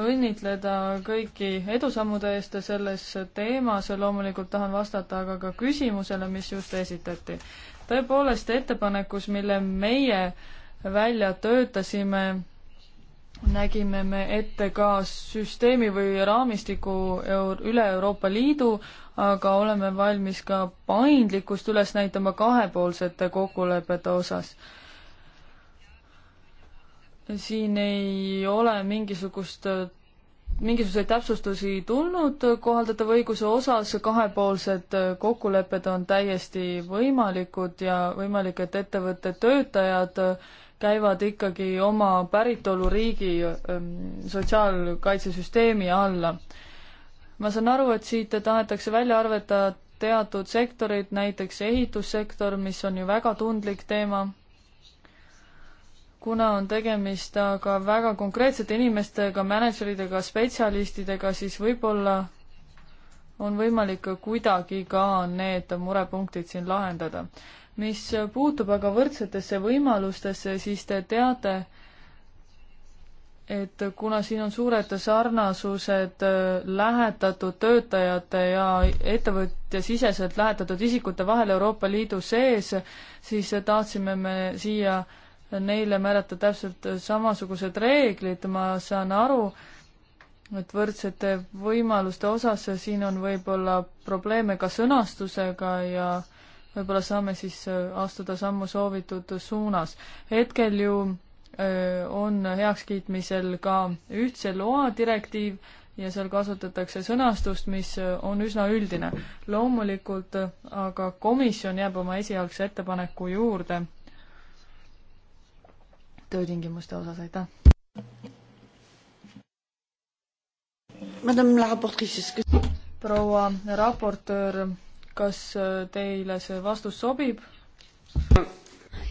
õnnitleda kõiki edusammude eest selles teemas, loomulikult tahan vastata aga ka küsimusele, mis just esitati. tõepoolest ettepanekus, mille meie välja töötasime, nägime me ette ka süsteemi või raamistiku eur, üle Euroopa Liidu, aga oleme valmis ka paindlikkust üles näitama kahepoolsete kokkulepete osas siin ei ole mingisugust, mingisuguseid täpsustusi tulnud kohaldatava õiguse osas, kahepoolsed kokkulepped on täiesti võimalikud ja võimalik, et ettevõtte töötajad käivad ikkagi oma päritoluriigi ähm, sotsiaalkaitsesüsteemi alla. ma saan aru, et siit tahetakse välja arvata teatud sektorid, näiteks ehitussektor, mis on ju väga tundlik teema kuna on tegemist aga väga konkreetsete inimestega, mänedžeridega, spetsialistidega, siis võib-olla on võimalik kuidagi ka need murepunktid siin lahendada. mis puutub aga võrdsetesse võimalustesse, siis te teate, et kuna siin on suured sarnasused äh, lähetatud töötajate ja ettevõtjasiseselt lähetatud isikute vahel Euroopa Liidu sees, siis tahtsime me siia äh, neile määrata täpselt samasugused reeglid, ma saan aru, et võrdsete võimaluste osas siin on võib-olla probleeme ka sõnastusega ja võib-olla saame siis astuda sammu soovitud suunas. hetkel ju on heakskiitmisel ka ühtse loa direktiiv ja seal kasutatakse sõnastust, mis on üsna üldine. loomulikult aga komisjon jääb oma esialgse ettepaneku juurde töötingimuste osas, aitäh! proua raportöör, kas teile see vastus sobib?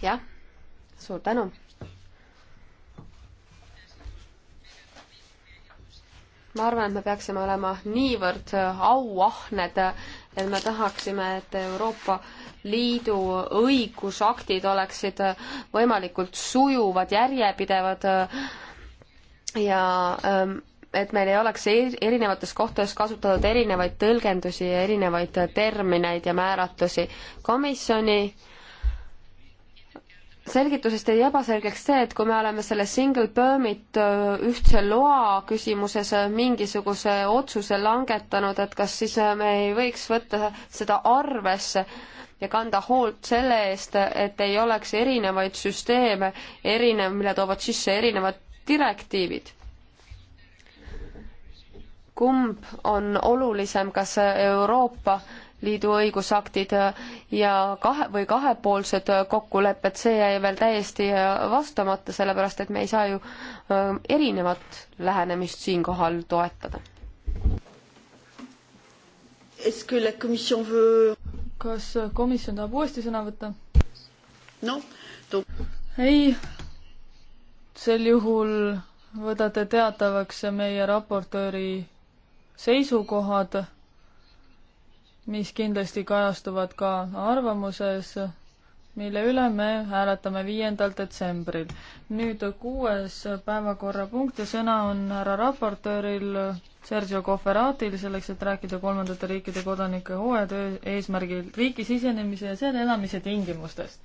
jah, suur tänu ma arvan, et me peaksime olema niivõrd äh, auahned, äh, et me tahaksime, et Euroopa Liidu õigusaktid oleksid äh, võimalikult sujuvad, järjepidevad ja ähm, et meil ei oleks erinevates kohtades kasutatud erinevaid tõlgendusi ja erinevaid termineid ja määratusi. komisjoni äh, selgitusest jäi ebaselgeks see, et kui me oleme selle single permit ühtse loa küsimuses mingisuguse otsuse langetanud, et kas siis me ei võiks võtta seda arvesse ja kanda hoolt selle eest, et ei oleks erinevaid süsteeme, erinev, mille toovad sisse erinevad direktiivid. kumb on olulisem, kas Euroopa äh, Liidu õigusaktid äh, ja kahe või kahepoolsed äh, kokkulepped, see jäi veel täiesti äh, vastamata, sellepärast et me ei saa ju erinevat lähenemist siinkohal toetada. kas komisjon tahab uuesti sõna võtta? noh, ei, sel juhul võtate teatavaks meie raportööri seisukohad mis kindlasti kajastuvad ka arvamuses, mille üle me hääletame viiendal detsembril. nüüd kuues päevakorrapunkt ja sõna on härra raportööril Sergio Cofferatil selleks, et rääkida kolmandate riikide kodanike hooajatöö eesmärgil riiki sisenemise ja seal elamise tingimustest.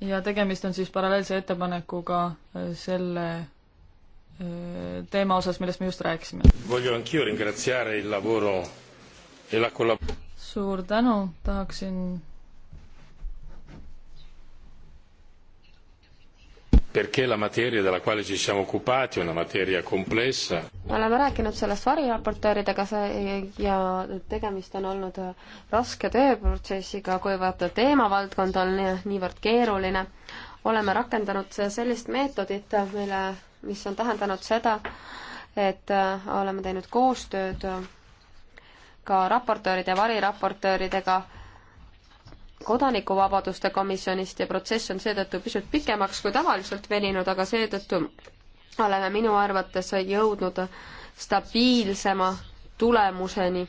ja tegemist on siis paralleelse ettepanekuga selle eh, teema osas, millest me just rääkisime. E suur tänu, tahaksin perché la materia della quale ci siamo occupati è una materia complessa. me oleme rääkinud sellest variraportööridega ja tegemist on olnud äh, raske tööprotsessiga, kuivõrd teemavaldkond on nii, niivõrd keeruline. oleme rakendanud sellist meetodit, mille, mis on tähendanud seda, et äh, oleme teinud koostööd äh, ka raportööride, variraportööridega kodanikuvabaduste komisjonist ja protsess on seetõttu pisut pikemaks kui tavaliselt veninud, aga seetõttu oleme minu arvates jõudnud stabiilsema tulemuseni,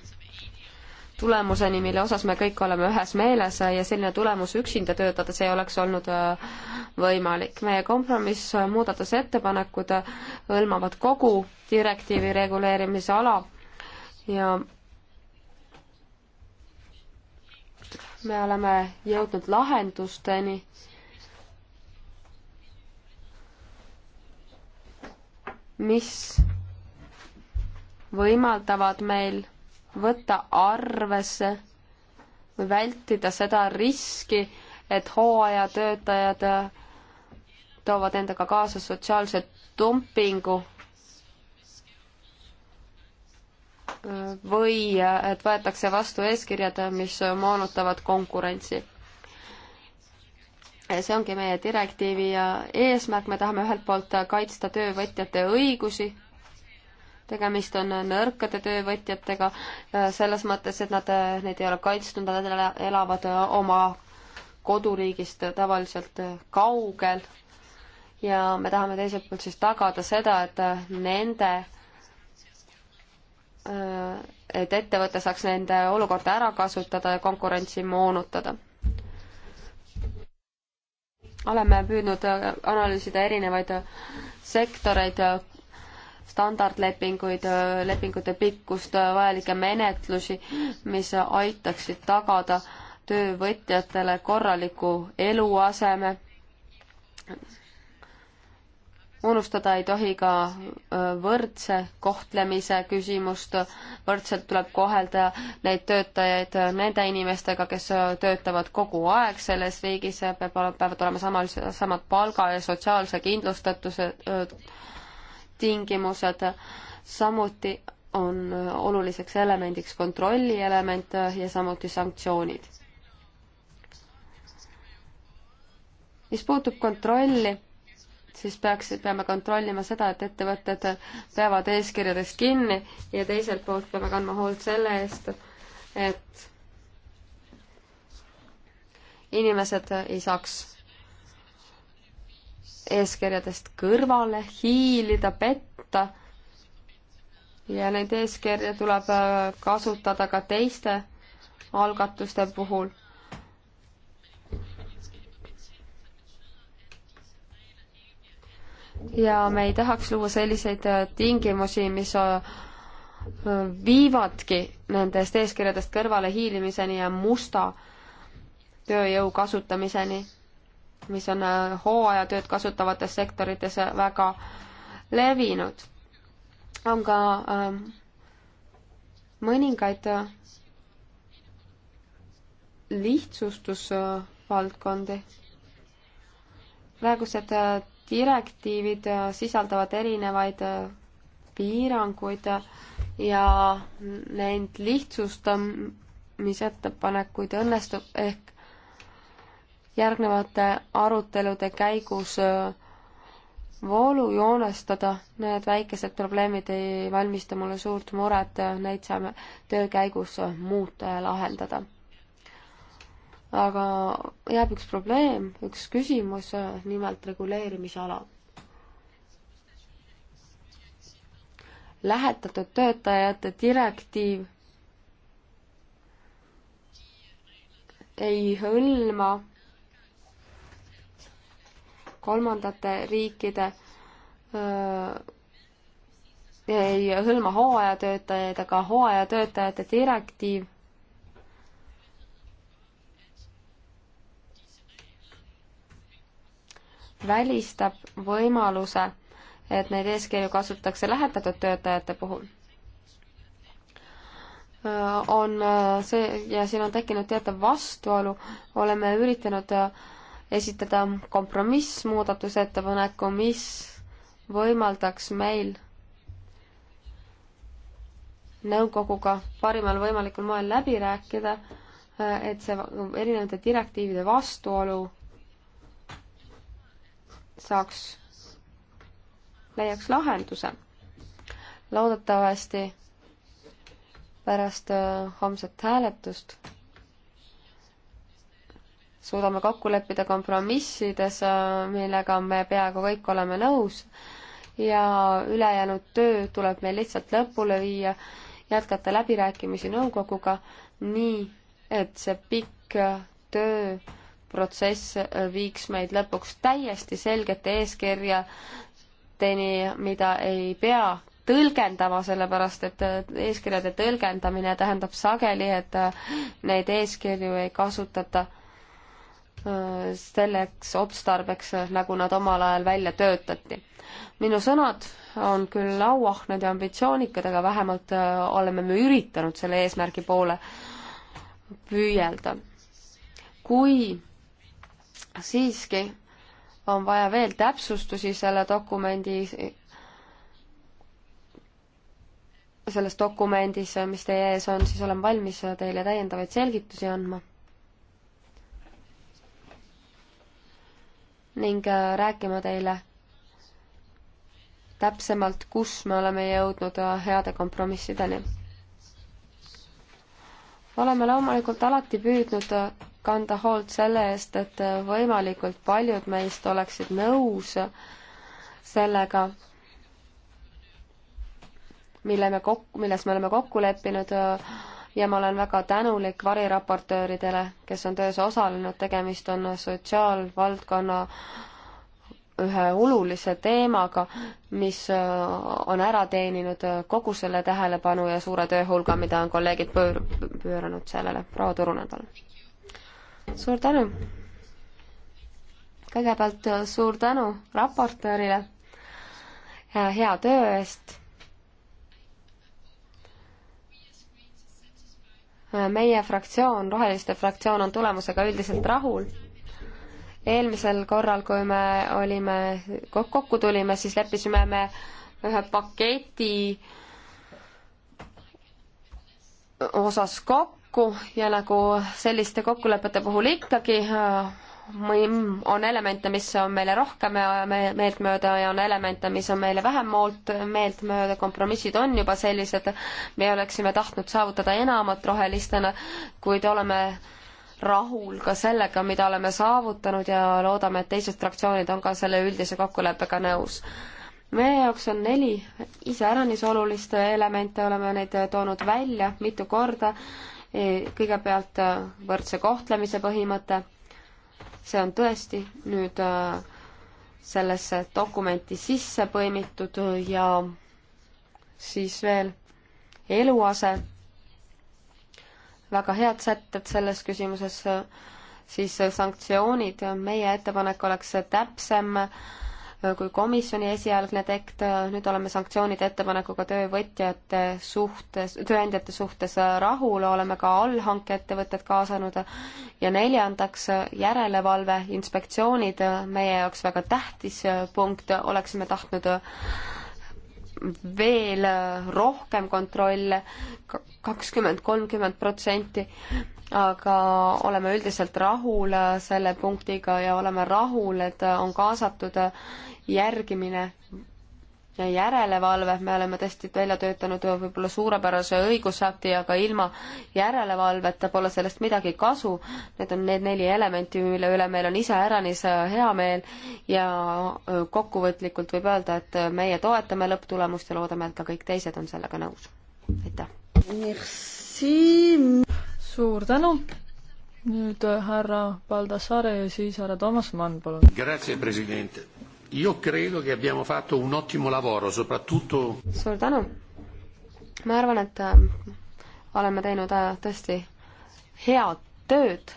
tulemuseni, mille osas me kõik oleme ühes meeles ja selline tulemus üksinda töötades ei oleks olnud äh, võimalik. meie kompromiss, muudatusettepanekud hõlmavad kogu direktiivi reguleerimise ala ja me oleme jõudnud lahendusteni, mis võimaldavad meil võtta arvesse või vältida seda riski, et hooajatöötajad toovad endaga kaasa sotsiaalse dumpingu või et võetakse vastu eeskirjad, mis moonutavad konkurentsi. see ongi meie direktiivi eesmärk, me tahame ühelt poolt kaitsta töövõtjate õigusi, tegemist on nõrkade töövõtjatega selles mõttes, et nad, neid ei ole kaitstud, nad elavad oma koduriigist tavaliselt kaugel ja me tahame teiselt poolt siis tagada seda, et nende et ettevõte saaks nende olukorda ära kasutada ja konkurentsi moonutada. oleme püüdnud analüüsida erinevaid sektoreid, standardlepinguid, lepingute pikkust, vajalikke menetlusi, mis aitaksid tagada töövõtjatele korraliku eluaseme unustada ei tohi ka võrdse kohtlemise küsimust, võrdselt tuleb kohelda neid töötajaid nende inimestega, kes töötavad kogu aeg selles riigis, peab, peavad olema samal, samad palga ja sotsiaalse kindlustatuse tingimused, samuti on oluliseks elemendiks kontrolli element ja samuti sanktsioonid. mis puutub kontrolli siis peaksid, peame kontrollima seda, et ettevõtted peavad eeskirjadest kinni ja teiselt poolt peame kandma hoolt selle eest, et inimesed ei saaks eeskirjadest kõrvale hiilida, petta ja neid eeskirja tuleb äh, kasutada ka teiste algatuste puhul ja me ei tahaks luua selliseid äh, tingimusi, mis äh, viivadki nendest eeskirjadest kõrvalehiilimiseni ja musta tööjõu kasutamiseni, mis on äh, hooajatööd kasutavates sektorites väga levinud. on ka ähm, mõningaid lihtsustusvaldkondi. praegused direktiivid äh, sisaldavad erinevaid äh, piiranguid äh, ja neid lihtsustamisettepanekuid õnnestub ehk järgnevate arutelude käigus voolu joonestada, need väikesed probleemid ei valmista mulle suurt muret, neid saame töö käigus muuta ja lahendada aga jääb üks probleem, üks küsimus, äh, nimelt reguleerimisala. lähetatud töötajate direktiiv ei hõlma kolmandate riikide öö, äh, ei hõlma hooajatöötajaid, aga hooajatöötajate direktiiv välistab võimaluse, et neid eeskirju kasutatakse lähetatud töötajate puhul. on see ja siin on tekkinud teatav vastuolu, oleme üritanud esitada kompromissmuudatusettepaneku, mis võimaldaks meil nõukoguga parimal võimalikul moel läbi rääkida, et see erinevate direktiivide vastuolu saaks, leiaks lahenduse. loodetavasti pärast äh, homset hääletust suudame kokku leppida kompromissides, äh, millega me peaaegu kõik oleme nõus ja ülejäänud töö tuleb meil lihtsalt lõpule viia, jätkata läbirääkimisi nõukoguga, nii et see pikk äh, töö protsess viiks meid lõpuks täiesti selgete eeskirjadeni, mida ei pea tõlgendama, sellepärast et eeskirjade tõlgendamine tähendab sageli, et neid eeskirju ei kasutata äh, selleks otstarbeks, nagu nad omal ajal välja töötati. minu sõnad on küll auahned ja ambitsioonikad, aga vähemalt äh, oleme me üritanud selle eesmärgi poole püüelda. kui siiski on vaja veel täpsustusi selle dokumendi, selles dokumendis, mis teie ees on, siis olen valmis teile täiendavaid selgitusi andma. ning äh, rääkima teile täpsemalt, kus me oleme jõudnud äh, heade kompromissideni. oleme loomulikult alati püüdnud äh, kanda hoolt selle eest, et võimalikult paljud meist oleksid nõus sellega, mille me kokku, milles me oleme kokku leppinud ja ma olen väga tänulik variraportööridele, kes on töös osalenud, tegemist on sotsiaalvaldkonna ühe olulise teemaga, mis on ära teeninud kogu selle tähelepanu ja suure tööhulga, mida on kolleegid pöör-, pööranud sellele. proua Turunen, palun suur tänu! kõigepealt äh, suur tänu raportöörile äh, hea töö eest. Äh, meie fraktsioon, Roheliste fraktsioon on tulemusega üldiselt rahul. eelmisel korral, kui me olime, kokku tulime, siis leppisime me ühe paketi osas kokku paraku ja nagu selliste kokkulepete puhul ikkagi äh, on elemente, mis on meile rohkem meeltmööda ja on elemente, mis on meile vähem moolt, meeltmööda, kompromissid on juba sellised, me oleksime tahtnud saavutada enamat rohelistena, kuid oleme rahul ka sellega, mida oleme saavutanud ja loodame, et teised fraktsioonid on ka selle üldise kokkuleppega nõus. meie jaoks on neli iseäranis olulist elemente, oleme neid toonud välja mitu korda E, kõigepealt äh, võrdse kohtlemise põhimõte, see on tõesti nüüd äh, sellesse dokumenti sisse põimitud ja siis veel eluase, väga head sätted selles küsimuses, siis sanktsioonid, meie ettepanek oleks täpsem äh, kui komisjoni esialgne tekst, nüüd oleme sanktsioonide ettepanekuga töövõtjate suhtes, tööandjate suhtes rahul, oleme ka allhankeettevõtted kaasanud ja neljandaks, järelevalve, inspektsioonid, meie jaoks väga tähtis punkt, oleksime tahtnud veel rohkem kontrolle, kakskümmend, kolmkümmend protsenti aga oleme üldiselt rahul selle punktiga ja oleme rahul, et on kaasatud järgimine ja järelevalve, me oleme tõesti välja töötanud võib-olla suurepärase õigusakti, aga ilma järelevalveta pole sellest midagi kasu. Need on need neli elementi, mille üle meil on iseäranis hea meel ja kokkuvõtlikult võib öelda, et meie toetame lõpptulemust ja loodame, et ka kõik teised on sellega nõus. aitäh! suur tänu. nüüd äh, härra Baldassare ja siis härra Toomas Mann, palun. Grazie, president. Io credo che abbiamo fatto un ottimo lavoro, soprattutto. suur tänu. ma arvan, et äh, oleme teinud äh, tõesti head tööd,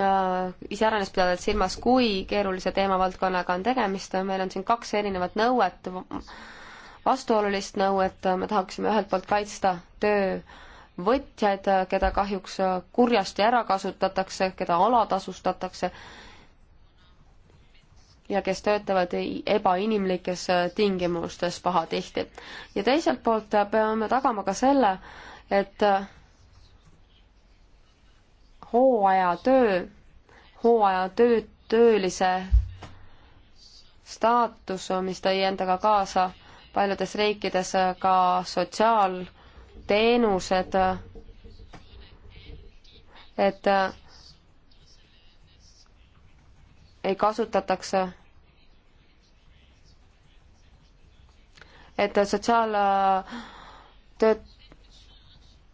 iseäranis pidades silmas, kui keerulise teemavaldkonnaga on tegemist, meil on siin kaks erinevat nõuet, vastuolulist nõuet, me tahaksime ühelt poolt kaitsta töö võtjaid, keda kahjuks kurjasti ära kasutatakse, keda alatasustatakse ja kes töötavad ebainimlikes tingimustes pahatihti. ja teiselt poolt peame tagama ka selle, et hooajatöö, hooajatöö, töölise staatus, mis tõi endaga kaasa paljudes riikides ka sotsiaal- teenused, et ei kasutatakse et sotsiaaltööt-,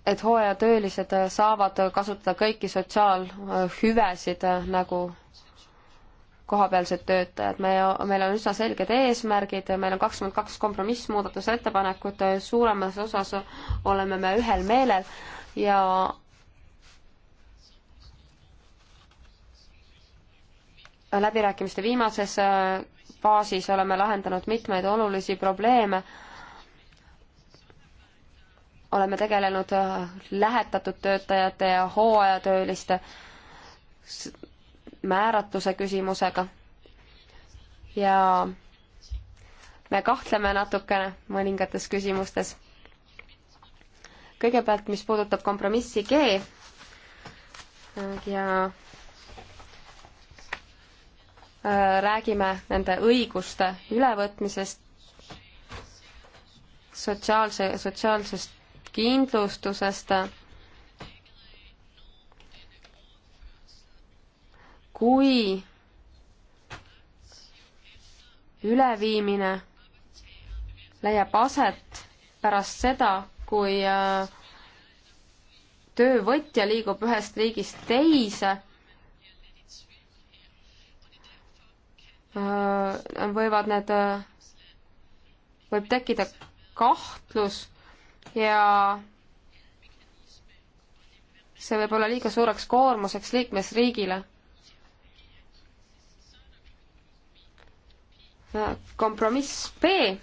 et hooajatöölised saavad kasutada kõiki sotsiaalhüvesid, nagu kohapealsed töötajad, me, meil on üsna selged eesmärgid, meil on kakskümmend kaks kompromissmuudatusettepanekut, suuremas osas oleme me ühel meelel ja läbirääkimiste viimases äh, faasis oleme lahendanud mitmeid olulisi probleeme, oleme tegelenud äh, lähetatud töötajate ja hooajatööliste määratuse küsimusega ja me kahtleme natukene mõningates küsimustes. kõigepealt, mis puudutab kompromissi G ja äh, räägime nende õiguste ülevõtmisest, sotsiaalse, sotsiaalsest kindlustusest kui üleviimine leiab aset pärast seda, kui äh, töövõtja liigub ühest riigist teise, äh, võivad need, äh, võib tekkida kahtlus ja see võib olla liiga suureks koormuseks liikmesriigile. kompromiss B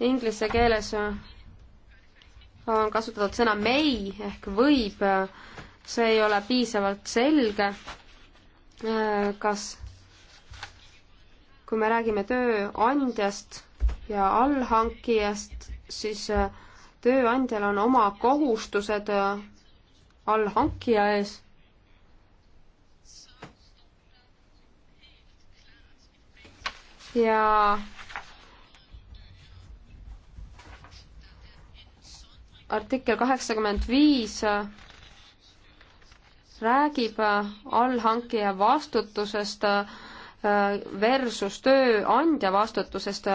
inglise keeles on kasutatud sõna may ehk võib, see ei ole piisavalt selge, kas, kui me räägime tööandjast ja allhankijast, siis tööandjal on oma kohustused allhankija ees ja artikkel kaheksakümmend viis räägib allhankija vastutusest äh, versus tööandja vastutusest.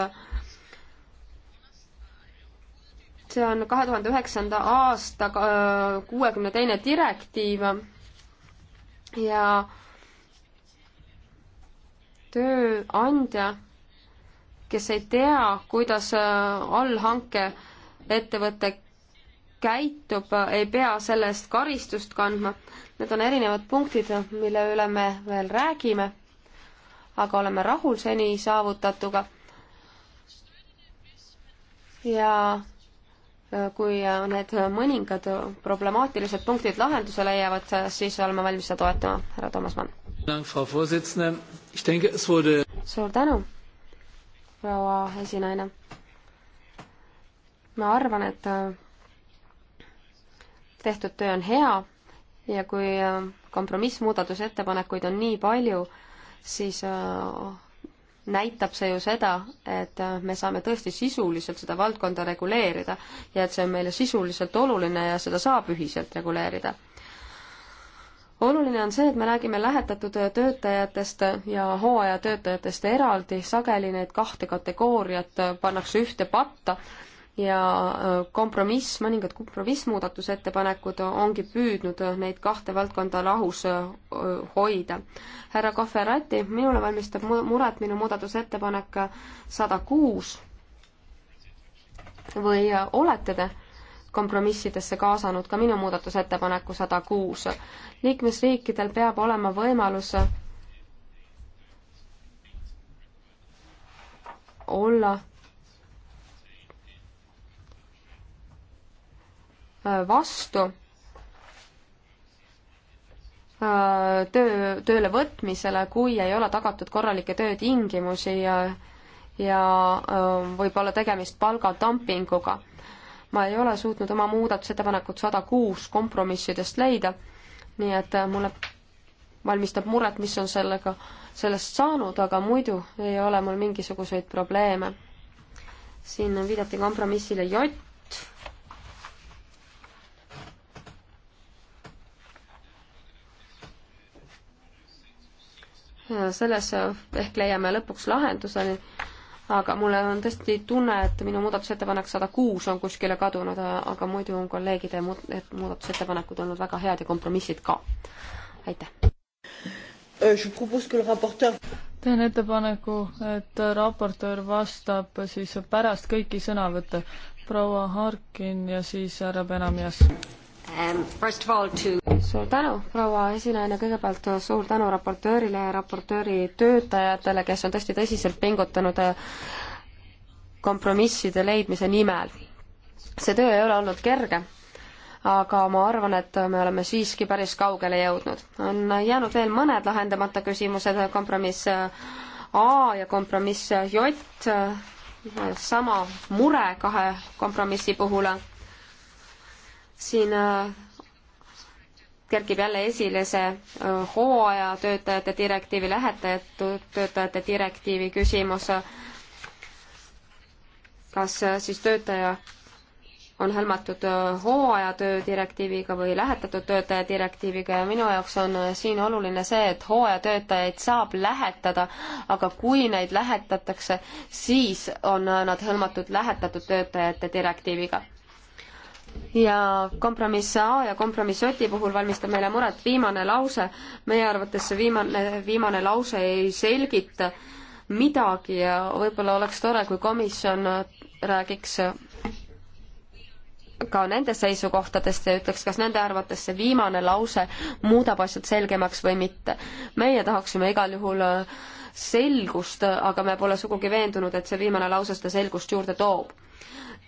see on kahe tuhande üheksanda aasta äh, kuuekümne teine direktiiv ja tööandja kes ei tea, kuidas äh, allhanke ettevõte käitub, äh, ei pea selle eest karistust kandma. Need on erinevad punktid, mille üle me veel räägime, aga oleme rahul seni saavutatuga. ja äh, kui need mõningad problemaatilised punktid lahenduse leiavad, siis oleme valmis seda toetama, härra Toomas Mann. suur tänu proua esinaine. ma arvan, et äh, tehtud töö on hea ja kui äh, kompromissmuudatusettepanekuid on nii palju, siis äh, näitab see ju seda, et me saame tõesti sisuliselt seda valdkonda reguleerida ja et see on meile sisuliselt oluline ja seda saab ühiselt reguleerida oluline on see, et me räägime lähetatud töötajatest ja hooajatöötajatest eraldi, sageli need kahte kategooriat pannakse ühte patta ja äh, kompromiss, mõningad kompromissmuudatusettepanekud ongi püüdnud neid kahte valdkonda lahus äh, hoida. härra Kohverati, minule valmistab muret minu muudatusettepanek äh, sada kuus või olete te kompromissidesse kaasanud ka minu muudatusettepaneku sada kuus. liikmesriikidel peab olema võimalus olla vastu äh, töö, tööle võtmisele, kui ei ole tagatud korralikke töötingimusi ja, ja äh, võib olla tegemist palgadumpinguga ma ei ole suutnud oma muudatusettepanekut sada kuus kompromissidest leida, nii et äh, mulle valmistab muret, mis on sellega, sellest saanud, aga muidu ei ole mul mingisuguseid probleeme. siin viidati kompromissile J. selles äh, ehk leiame lõpuks lahenduseni aga mulle on tõesti tunne, et minu muudatusettepanek sada kuus on kuskile kadunud, aga muidu on kolleegide muud, muudatusettepanekud olnud väga head ja kompromissid ka. aitäh! Euh, teen ettepaneku, et raportöör vastab siis pärast kõiki sõnavõtte. proua Harkin ja siis härra Benamias. Um, suur tänu, proua esinaine, kõigepealt suur tänu raportöörile ja raportööri töötajatele, kes on tõesti tõsiselt pingutanud äh, kompromisside leidmise nimel. see töö ei ole olnud kerge, aga ma arvan, et me oleme siiski päris kaugele jõudnud. on jäänud veel mõned lahendamata küsimused, kompromiss äh, A ja kompromiss äh, J, sama mure kahe kompromissi puhul siin äh, kerkib jälle esile see äh, hooajatöötajate direktiivi, lähetajatud töötajate direktiivi küsimus. kas äh, siis töötaja on hõlmatud hooajatöö direktiiviga või lähetatud töötaja direktiiviga ja minu jaoks on siin oluline see, et hooajatöötajaid saab lähetada, aga kui neid lähetatakse, siis on nad hõlmatud lähetatud töötajate direktiiviga ja kompromiss A ja kompromiss J puhul valmistab meile muret viimane lause. meie arvates see viimane, viimane lause ei selgita midagi ja võib-olla oleks tore, kui komisjon räägiks ka nende seisukohtadest ja ütleks, kas nende arvates see viimane lause muudab asjad selgemaks või mitte. meie tahaksime igal juhul selgust, aga me pole sugugi veendunud, et see viimane lause seda selgust juurde toob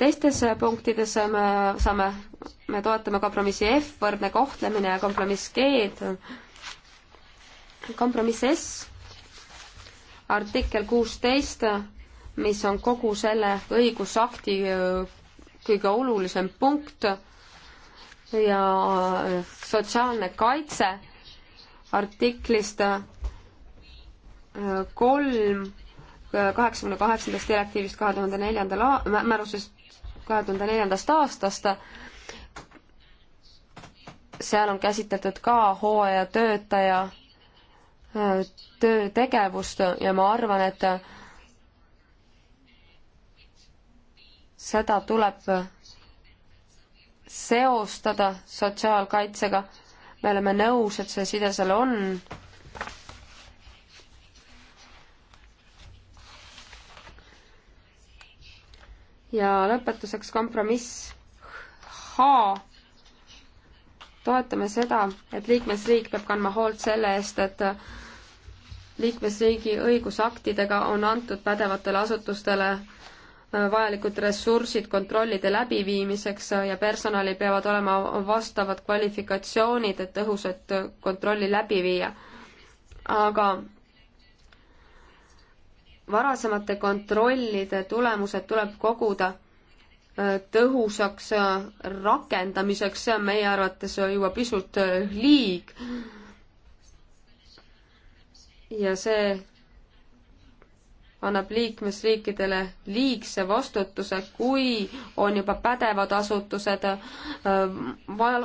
teistes punktides me saame, me toetame kompromissi F, võrdne kohtlemine ja kompromiss G-d. kompromiss S, artikkel kuusteist, mis on kogu selle õigusakti äh, kõige olulisem punkt ja äh, sotsiaalne kaitse artiklist äh, kolm kaheksakümne kaheksandast direktiivist kahe tuhande neljandal, määrusest kahe tuhande neljandast aastast. seal on käsitletud ka hooajatöötaja töötegevust ja ma arvan, et seda tuleb seostada sotsiaalkaitsega. me oleme nõus, et see side seal on ja lõpetuseks kompromiss H. toetame seda, et liikmesriik peab kandma hoolt selle eest, et liikmesriigi õigusaktidega on antud pädevatele asutustele äh, vajalikud ressursid kontrollide läbiviimiseks äh, ja personalil peavad olema vastavad kvalifikatsioonid, et tõhusat kontrolli läbi viia. aga varasemate kontrollide tulemused tuleb koguda äh, tõhusaks äh, rakendamiseks, see on meie arvates äh, juba pisut liig. ja see annab liikmesriikidele liigse vastutuse, kui on juba pädevad asutused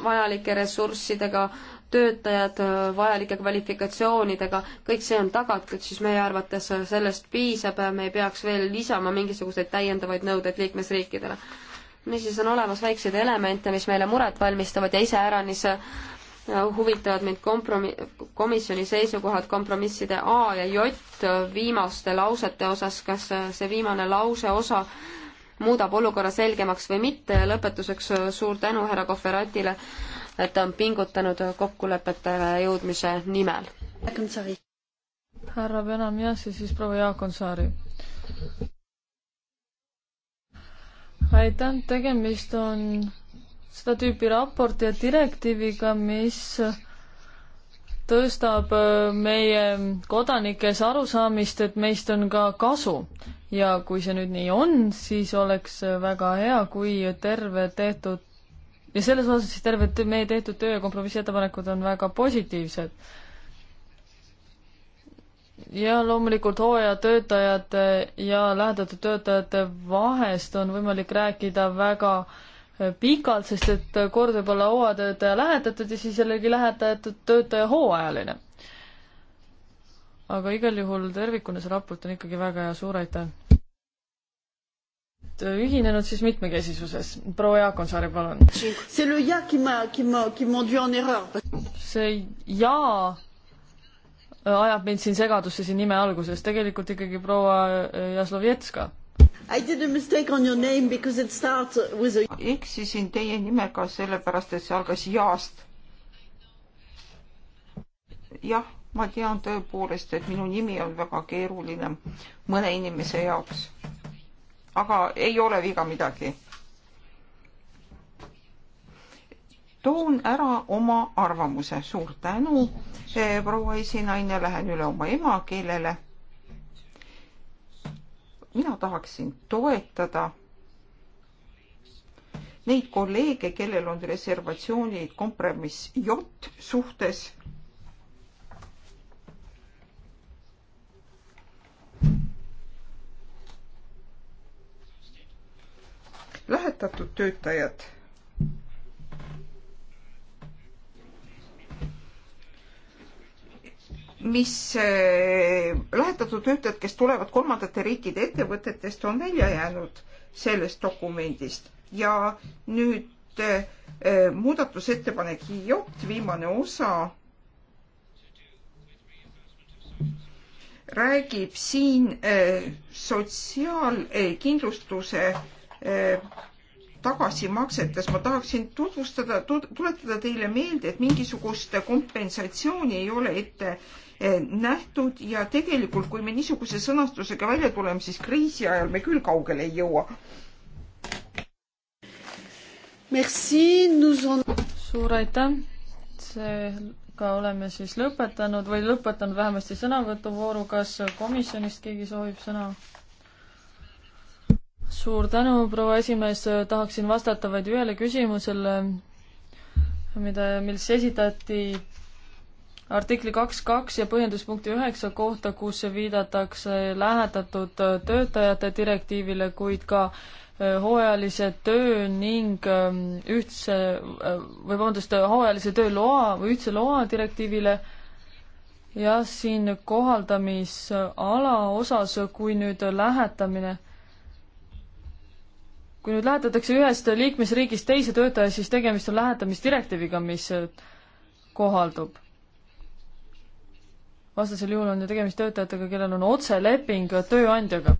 vajalike ressurssidega töötajad äh, vajalike kvalifikatsioonidega, kõik see on tagatud, siis meie arvates äh, sellest piisab ja äh, me ei peaks veel lisama mingisuguseid täiendavaid nõudeid liikmesriikidele. niisiis on olemas väikseid elemente, mis meile muret valmistavad ja iseäranis huvitavad mind kompromi-, komisjoni seisukohad kompromisside A ja J viimaste lausete osas, kas see viimane lause osa muudab olukorra selgemaks või mitte ja lõpetuseks suur tänu härra Kohveratile et ta on pingutanud kokkulepetele jõudmise nimel. härra Benamias ja siis proua Jaakonsaari. aitäh, tegemist on seda tüüpi raporti ja direktiiviga, mis tõstab äh, meie kodanikes arusaamist, et meist on ka kasu. ja kui see nüüd nii on, siis oleks äh, väga hea, kui terve tehtud ja selles osas siis terve meie tehtud töö ja kompromissettepanekud on väga positiivsed. ja loomulikult hooajatöötajate ja lähedatud töötajate vahest on võimalik rääkida väga eh, pikalt, sest et kord võib olla hooajatöötaja lähetatud ja siis jällegi lähetatud töötaja hooajaline. aga igal juhul tervikuna see raport on ikkagi väga hea, suur aitäh! Äh, ühinenud siis mitmekesisuses. proua Jaakonsaari, palun. see jaa äh, ajab mind siin segadusse siin nime alguses, tegelikult ikkagi proua äh, Jaslovetska. I did a mistake on your name because it starts with a eksisin teie nimega sellepärast, et see algas jaast. jah, ma tean tõepoolest, et minu nimi on väga keeruline mõne inimese jaoks aga ei ole viga midagi. toon ära oma arvamuse, suur tänu, eh, proua esinaine, lähen üle oma emakeelele. mina tahaksin toetada neid kolleege, kellel on reservatsioonid kompromiss J suhtes lähetatud töötajad. mis eh, lähetatud töötajad, kes tulevad kolmandate riikide ettevõtetest, on välja jäänud sellest dokumendist ja nüüd eh, muudatusettepanek J, viimane osa räägib siin eh, sotsiaalkindlustuse eh, Eh, tagasimaksetes ma tahaksin tutvustada, tuletada teile meelde, et mingisugust kompensatsiooni ei ole ette eh, nähtud ja tegelikult, kui me niisuguse sõnastusega välja tuleme, siis kriisi ajal me küll kaugele ei jõua. Merci, nous on... suur aitäh, seega oleme siis lõpetanud või lõpetanud vähemasti sõnavõtuvooru, kas komisjonist keegi soovib sõna? suur tänu, proua esimees, tahaksin vastata vaid ühele küsimusele, mida, mis esitati artikli kaks kaks ja põhjenduspunkti üheksa kohta, kus viidatakse lähetatud töötajate direktiivile, kuid ka äh, hooajalise töö ning ähm, ühtse äh, või vabandust, hooajalise töö loa või ühtse loa direktiivile ja siin kohaldamisala osas, kui nüüd lähetamine kui nüüd lähetatakse ühest liikmesriigist teise töötaja, siis tegemist on lähetamisdirektiiviga, mis kohaldub. vastasel juhul on ju tegemist töötajatega, kellel on otseleping tööandjaga.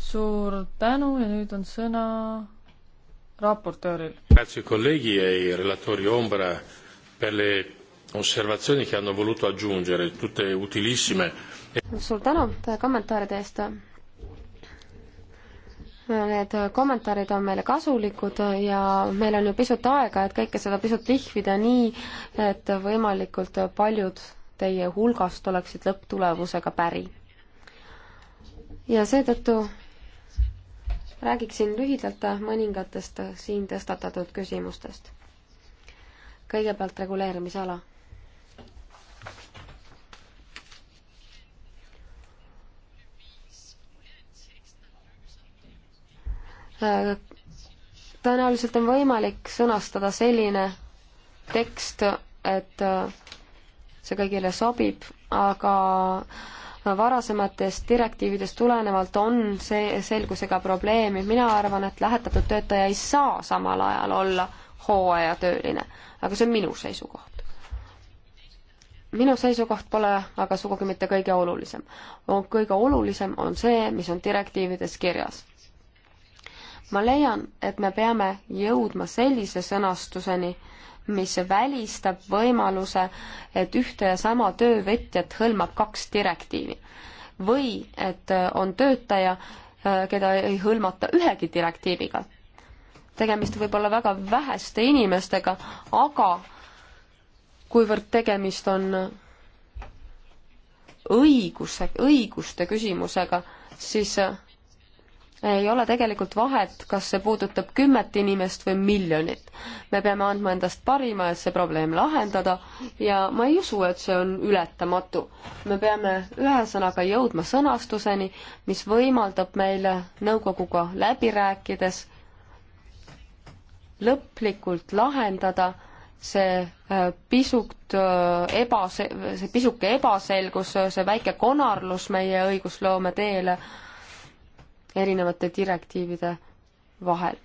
suur tänu ja nüüd on sõna raportööril. Grazie colleghi e i relatori ombra per le osservazioni che hanno voluto aggiungere, tutte utilissime. suur tänu kommentaaride eest Need kommentaarid on meile kasulikud ja meil on ju pisut aega, et kõike seda pisut lihvida nii, et võimalikult paljud teie hulgast oleksid lõpptulemusega päri. ja seetõttu räägiksin lühidalt mõningatest siin tõstatatud küsimustest. kõigepealt reguleerimisala tõenäoliselt on võimalik sõnastada selline tekst, et äh, see kõigile sobib, aga varasematest direktiividest tulenevalt on see selgusega probleemi. mina arvan, et lähetatud töötaja ei saa samal ajal olla hooajatööline, aga see on minu seisukoht. minu seisukoht pole aga sugugi mitte kõige olulisem. kõige olulisem on see, mis on direktiivides kirjas ma leian, et me peame jõudma sellise sõnastuseni, mis välistab võimaluse, et ühte ja sama töövõtjat hõlmab kaks direktiivi. või et on töötaja, keda ei hõlmata ühegi direktiiviga. tegemist võib olla väga väheste inimestega, aga kuivõrd tegemist on õiguse, õiguste küsimusega, siis ei ole tegelikult vahet, kas see puudutab kümmet inimest või miljonit. me peame andma endast parima, et see probleem lahendada ja ma ei usu, et see on ületamatu. me peame ühesõnaga jõudma sõnastuseni, mis võimaldab meile nõukoguga läbi rääkides lõplikult lahendada see äh, pisut äh, ebase-, see pisuke ebaselgus, see väike konarlus meie õigusloome teele erinevate direktiivide vahel.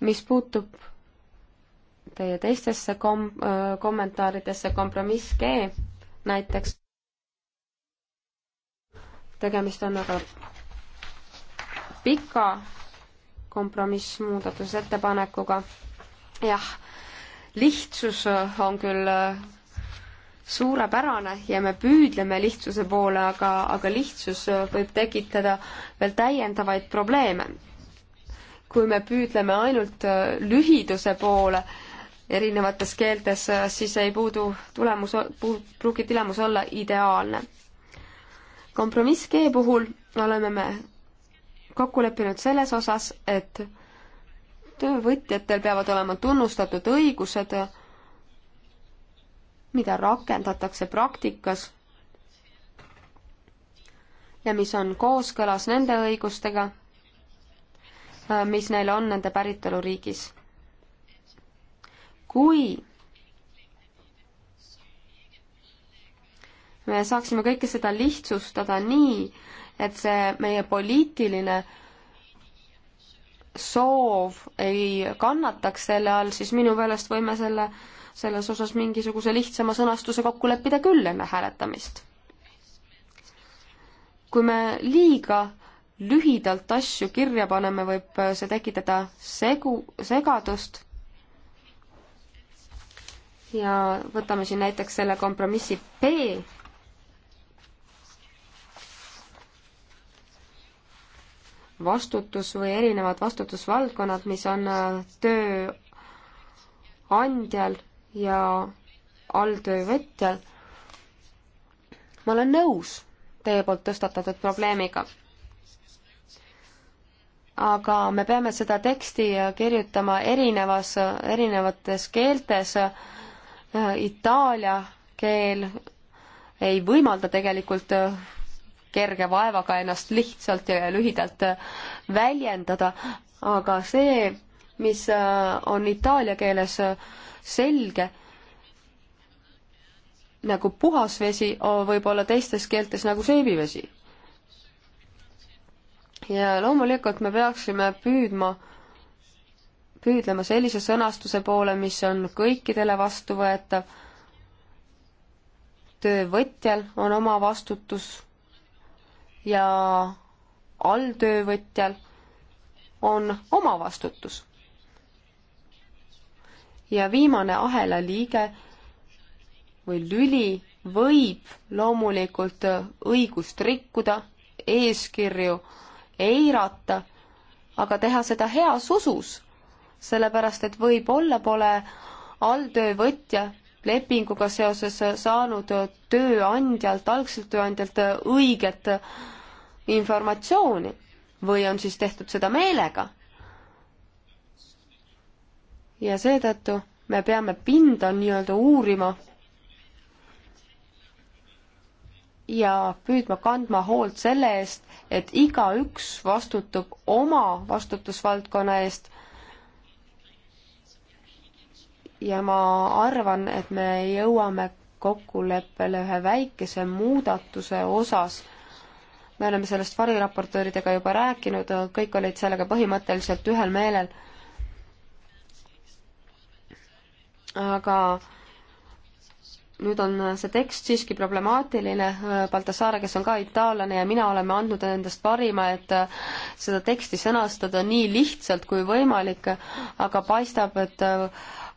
mis puutub teie teistesse kom-, kommentaaridesse, kompromiss G näiteks, tegemist on aga pika kompromissmuudatusettepanekuga, jah, lihtsus on küll suurepärane ja me püüdleme lihtsuse poole, aga, aga lihtsus võib tekitada veel täiendavaid probleeme. kui me püüdleme ainult lühiduse poole erinevates keeltes, siis ei puudu tulemus, pruugi tulemus olla ideaalne. kompromiss G puhul oleme me kokku leppinud selles osas, et töövõtjatel peavad olema tunnustatud õigused mida rakendatakse praktikas ja mis on kooskõlas nende õigustega, äh, mis neil on nende päritoluriigis. kui me saaksime kõike seda lihtsustada nii, et see meie poliitiline soov ei kannataks selle all, siis minu meelest võime selle äh, selles osas mingisuguse lihtsama sõnastuse kokku leppida küll enne hääletamist. kui me liiga lühidalt asju kirja paneme, võib see tekitada segu, segadust. ja võtame siin näiteks selle kompromissi B. vastutus või erinevad vastutusvaldkonnad, mis on äh, tööandjal ja alltöövõtjal. ma olen nõus teie poolt tõstatatud probleemiga. aga me peame seda teksti kirjutama erinevas, erinevates keeltes. Itaalia keel ei võimalda tegelikult kerge vaevaga ennast lihtsalt ja lühidalt väljendada, aga see mis äh, on itaalia keeles äh, selge nagu puhas vesi, võib olla teistes keeltes nagu seebivesi. ja loomulikult me peaksime püüdma, püüdlema sellise sõnastuse poole, mis on kõikidele vastuvõetav. töövõtjal on oma vastutus ja alltöövõtjal on oma vastutus ja viimane ahela liige või lüli võib loomulikult õigust rikkuda, eeskirju eirata, aga teha seda heas usus, sellepärast et võib-olla pole alltöövõtja lepinguga seoses saanud tööandjalt, algselt tööandjalt õiget informatsiooni või on siis tehtud seda meelega ja seetõttu me peame pinda nii-öelda uurima ja püüdma kandma hoolt selle eest, et igaüks vastutab oma vastutusvaldkonna eest. ja ma arvan, et me jõuame kokkuleppele ühe väikese muudatuse osas. me oleme sellest variraportööridega juba rääkinud, kõik olid sellega põhimõtteliselt ühel meelel aga nüüd on see tekst siiski problemaatiline, Baltasaare, kes on ka itaallane ja mina oleme andnud endast parima, et seda teksti sõnastada nii lihtsalt kui võimalik, aga paistab, et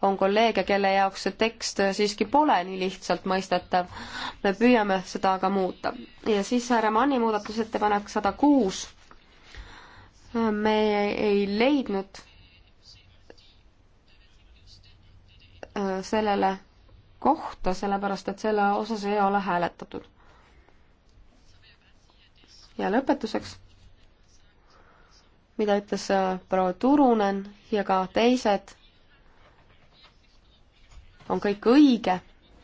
on kolleege, kelle jaoks see tekst siiski pole nii lihtsalt mõistetav. me püüame seda aga muuta. ja siis härra Manni muudatusettepanek sada kuus. me ei leidnud Äh, sellele kohta, sellepärast et selle osas ei ole hääletatud. ja lõpetuseks, mida ütles äh, proua Turunen ja ka teised, on kõik õige,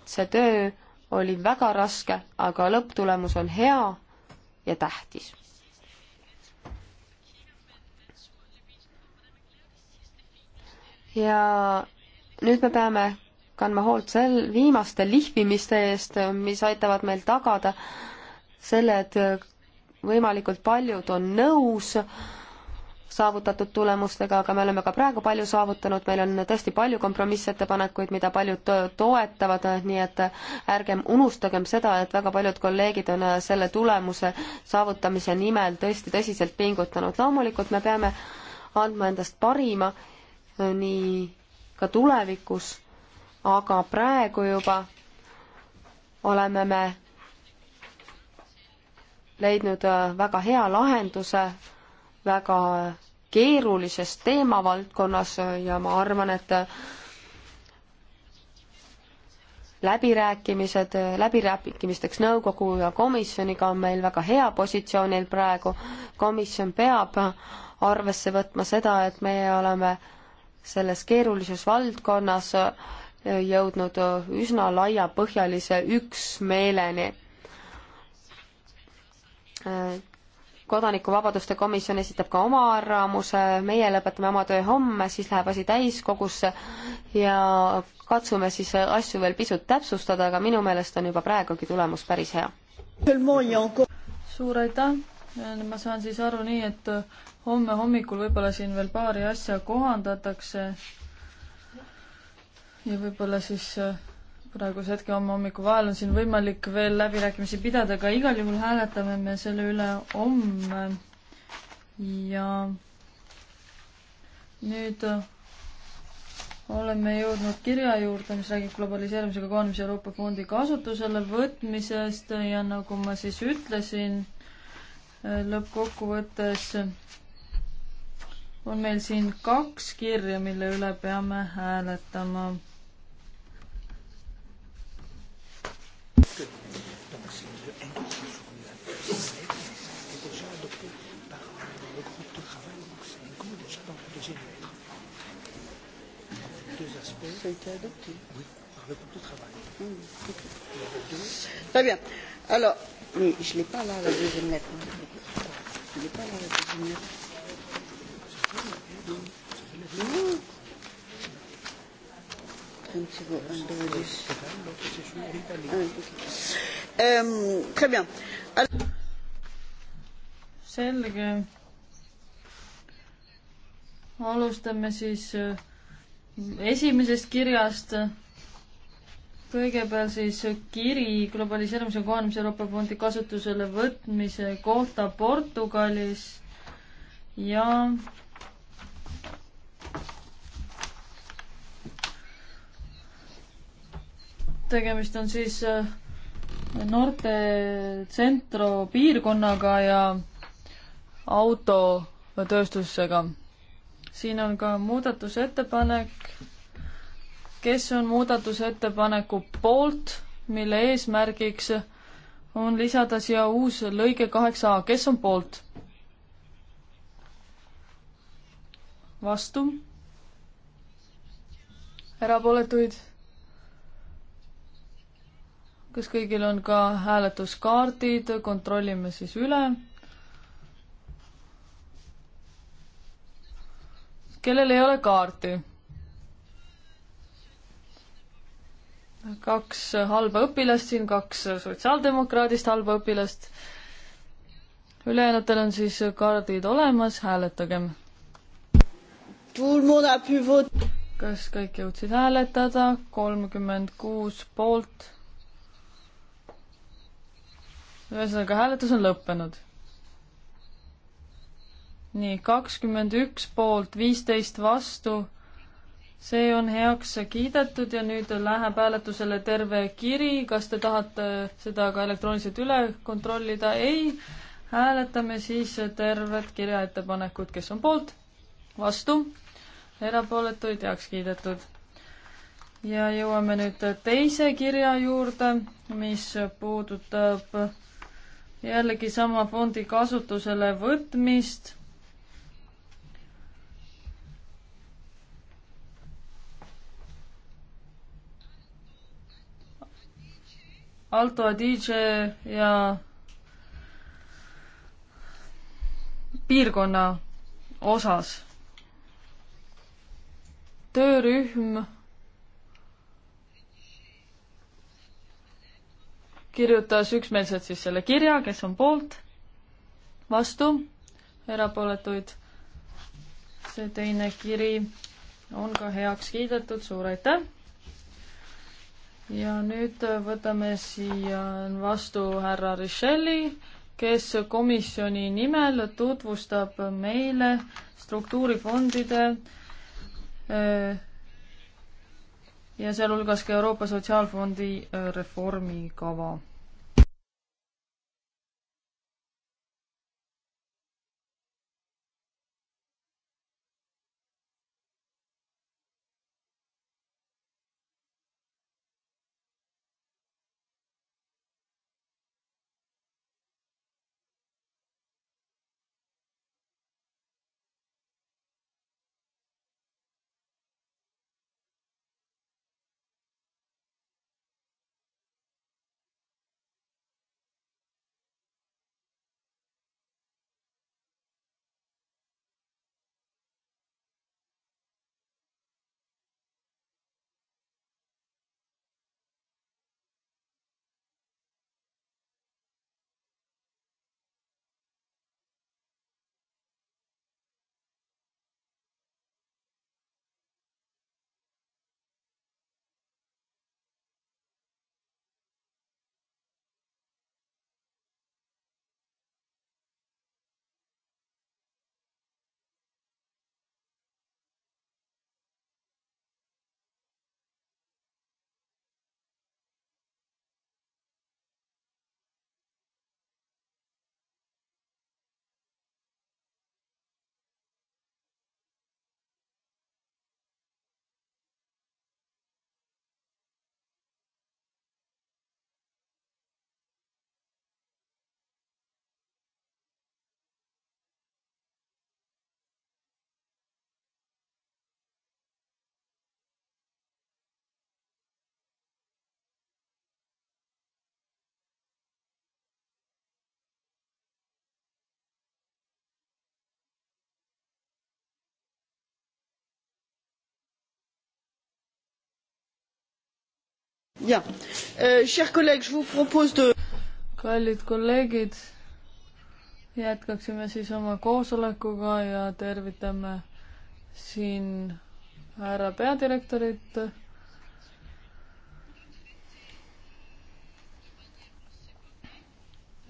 see töö oli väga raske, aga lõpptulemus on hea ja tähtis. ja nüüd me peame kandma hoolt sel viimaste lihvimiste eest, mis aitavad meil tagada selle, et võimalikult paljud on nõus saavutatud tulemustega, aga me oleme ka praegu palju saavutanud, meil on tõesti palju kompromissettepanekuid, mida paljud toetavad, nii et ärgem unustagem seda, et väga paljud kolleegid on selle tulemuse saavutamise nimel tõesti tõsiselt pingutanud. loomulikult me peame andma endast parima nii ka tulevikus, aga praegu juba oleme me leidnud äh, väga hea lahenduse väga keerulises teemavaldkonnas äh, ja ma arvan, et äh, läbirääkimised, läbirääkimisteks nõukogu ja komisjoniga on meil väga hea positsioonil praegu. komisjon peab arvesse võtma seda, et meie oleme äh, selles keerulises valdkonnas jõudnud üsna laiapõhjalise üksmeeleni. kodanikuvabaduste komisjon esitab ka oma arvamuse, meie lõpetame oma töö homme, siis läheb asi täiskogusse ja katsume siis asju veel pisut täpsustada, aga minu meelest on juba praegugi tulemus päris hea. suur aitäh, ma saan siis aru nii, et homme hommikul võib-olla siin veel paari asja kohandatakse ja võib-olla siis äh, praeguse hetke homme hommiku vahel on siin võimalik veel läbirääkimisi pidada, aga igal juhul hääletame me selle üle homme ja nüüd äh, oleme jõudnud kirja juurde, mis räägib globaliseerimisega kohanemise Euroopa Fondi kasutusele võtmisest ja nagu ma siis ütlesin, äh, lõppkokkuvõttes on meil siin kaks kirja, mille üle peame hääletama. Ça a été adopté Oui, par le groupe de travail. Mmh, okay. Il y avait deux. Très bien. Alors, mais je ne l'ai pas là, la deuxième lettre. Je ne l'ai pas là, la deuxième lettre. Ehm, selge. alustame siis äh, esimesest kirjast. kõigepealt siis kiri globaliseerumise kohanemise Euroopa Fondi kasutusele võtmise kohta Portugalis ja tegemist on siis äh, noorte tsentro piirkonnaga ja autotööstusega. siin on ka muudatusettepanek. kes on muudatusettepaneku poolt, mille eesmärgiks on lisada siia uus lõige kaheksa A, kes on poolt? vastu? erapooletuid? kas kõigil on ka hääletuskaardid, kontrollime siis üle. kellel ei ole kaarti? kaks halba õpilast siin, kaks sotsiaaldemokraadist halba õpilast. ülejäänutel on siis kaardid olemas, hääletagem. kas kõik jõudsid hääletada? kolmkümmend kuus poolt ühesõnaga, hääletus on lõppenud. nii, kakskümmend üks poolt, viisteist vastu. see on heaks kiidetud ja nüüd läheb hääletusele terve kiri. kas te tahate seda ka elektrooniliselt üle kontrollida? ei. hääletame siis tervet kirjaettepanekut, kes on poolt, vastu, erapooletuid heaks kiidetud ja jõuame nüüd teise kirja juurde, mis puudutab jällegi sama fondi kasutusele võtmist. Alto Adige ja piirkonna osas. töörühm kirjutas üksmeelselt siis selle kirja, kes on poolt, vastu, erapooletuid. see teine kiri on ka heaks kiidetud, suur aitäh! ja nüüd võtame siia vastu härra Richelli, kes komisjoni nimel tutvustab meile struktuurifondide öö, ja sealhulgas ka Euroopa Sotsiaalfondi äh, reformikava Euh, kallid kolleegid, jätkaksime siis oma koosolekuga ja tervitame siin härra peadirektorit.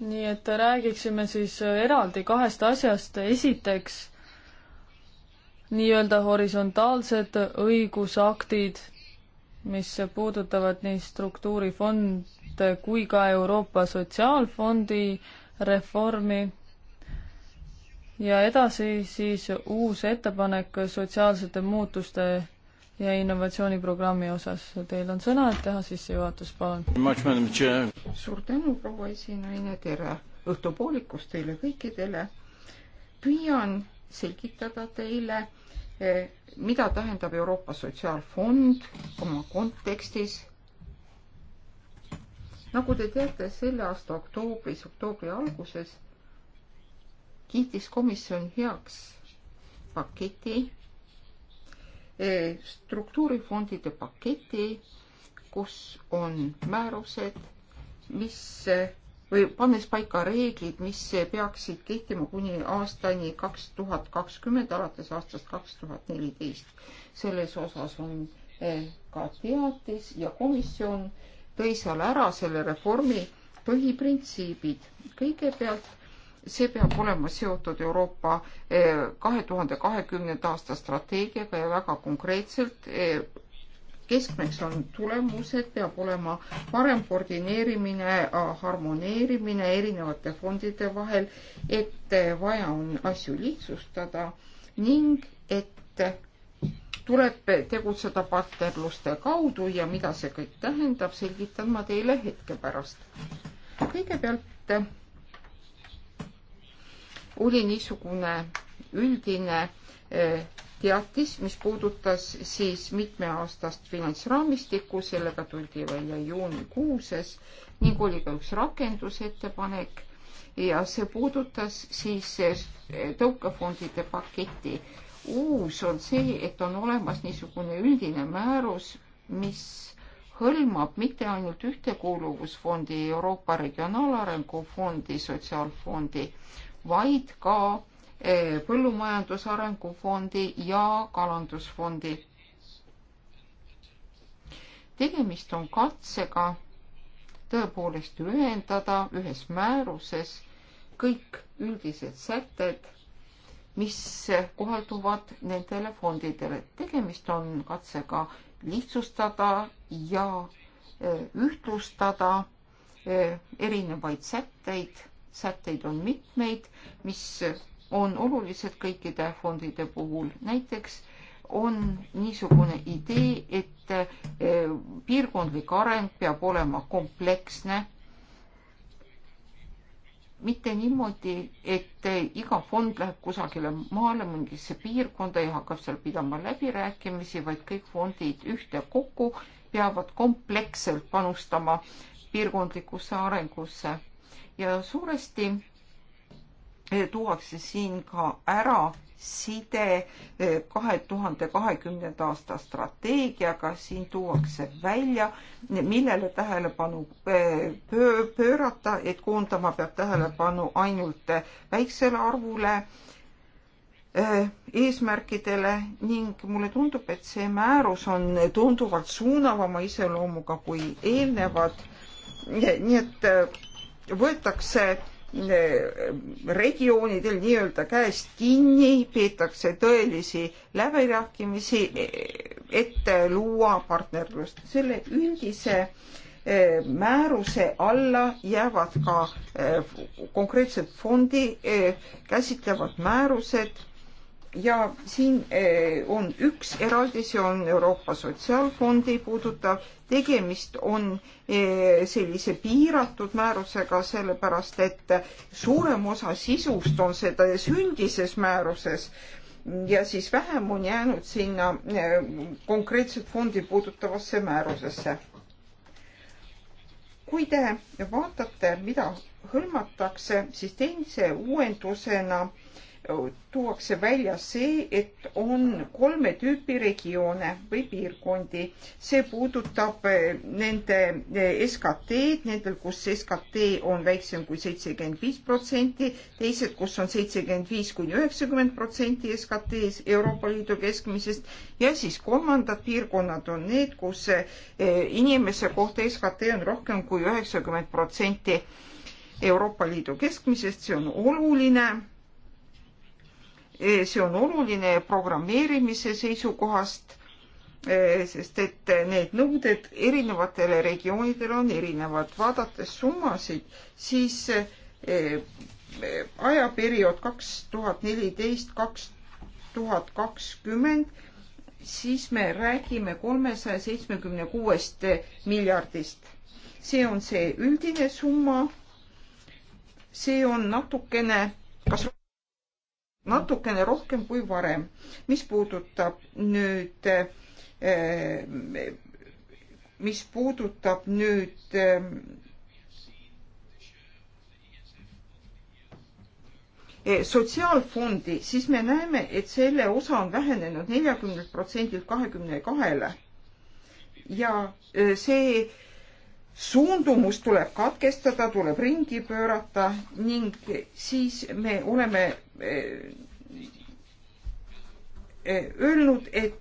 nii et räägiksime siis eraldi kahest asjast, esiteks nii-öelda horisontaalsed õigusaktid mis puudutavad nii struktuurifonde kui ka Euroopa Sotsiaalfondi reformi. ja edasi siis uus ettepanek sotsiaalsete muutuste ja innovatsiooniprogrammi osas. Teil on sõna, et teha sissejuhatus, palun. suur tänu, proua esinaine, tere õhtupoolikust teile kõikidele. püüan selgitada teile mida tähendab Euroopa Sotsiaalfond oma kontekstis. nagu te teate, selle aasta oktoobris, oktoobri alguses kiitis komisjon heaks paketi, eh, struktuurifondide paketi, kus on määrused, mis eh, või pannes paika reeglid, mis peaksid kehtima kuni aastani kaks tuhat kakskümmend, alates aastast kaks tuhat neliteist. selles osas on eh, ka teatis ja komisjon tõi seal ära selle reformi põhiprintsiibid. kõigepealt see peab olema seotud Euroopa eh, kahe tuhande kahekümnenda aasta strateegiaga ja väga konkreetselt eh, keskmeks on tulemused, peab olema parem koordineerimine, äh, harmoneerimine erinevate fondide vahel, et äh, vaja on asju lihtsustada ning et tuleb tegutseda partnerluste kaudu ja mida see kõik tähendab, selgitan ma teile hetke pärast. kõigepealt äh, oli niisugune üldine teatis, mis puudutas siis mitmeaastast finantsraamistikku, sellega tuldi välja juunikuuses ning oli ka üks rakendusettepanek ja see puudutas siis tõukefondide paketti. uus on see, et on olemas niisugune üldine määrus, mis hõlmab mitte ainult Ühtekuuluvusfondi, Euroopa Regionaalarengu Fondi, Sotsiaalfondi, vaid ka Põllumajandusarengu Fondi ja Kalandusfondi. tegemist on katsega tõepoolest ühendada ühes määruses kõik üldised sätted, mis kohalduvad nendele fondidele. tegemist on katsega lihtsustada ja e, ühtlustada e, erinevaid sätteid. sätteid on mitmeid, mis on olulised kõikide fondide puhul. näiteks on niisugune idee, et eh, piirkondlik areng peab olema kompleksne. mitte niimoodi, et eh, iga fond läheb kusagile maale, mingisse piirkonda ja hakkab seal pidama läbirääkimisi, vaid kõik fondid ühtekokku peavad kompleksselt panustama piirkondlikusse arengusse ja suuresti Eh, tuuakse siin ka ära side eh, kahe tuhande kahekümnenda aasta strateegiaga, siin tuuakse välja, millele tähelepanu eh, pöörata, et koondama peab tähelepanu ainult väiksele arvule eesmärkidele ning mulle tundub, et see määrus on tunduvalt suunavama iseloomuga kui eelnevad. nii et võetakse Äh, regioonidel nii-öelda käest kinni, peetakse tõelisi läbirääkimisi, e, et luua partnerlust. selle üldise e, määruse alla jäävad ka e, konkreetsed fondi käsitlevad määrused ja siin eh, on üks eraldi, see on Euroopa Sotsiaalfondi puudutav. tegemist on eh, sellise piiratud määrusega, sellepärast et suurem osa sisust on selles üldises määruses ja siis vähem on jäänud sinna eh, konkreetset fondi puudutavasse määrusesse. kui te vaatate, mida hõlmatakse, siis teise uuendusena äh, tuuakse välja see, et on kolme tüüpi regioone või piirkondi. see puudutab eh, nende eh, SKT-d, nendel, kus SKT on väiksem kui seitsekümmend viis protsenti, teised, kus on seitsekümmend viis kuni üheksakümmend protsenti SKT-s Euroopa Liidu keskmisest ja siis kolmandad piirkonnad on need, kus eh, inimese kohta SKT on rohkem kui üheksakümmend protsenti Euroopa Liidu keskmisest, see on oluline E, see on oluline programmeerimise seisukohast, e, sest et need nõuded erinevatele regioonidele on erinevad. vaadates summasid, siis e, ajaperiood kaks tuhat neliteist, kaks tuhat kakskümmend, siis me räägime kolmesaja seitsmekümne kuuest miljardist. see on see üldine summa. see on natukene, kas natukene rohkem kui varem. mis puudutab nüüd, eh, mis puudutab nüüd eh, sotsiaalfondi, siis me näeme, et selle osa on vähenenud neljakümnelt protsendilt kahekümne kahele. ja eh, see suundumus tuleb katkestada, tuleb ringi pöörata ning siis me oleme Eh, öelnud, et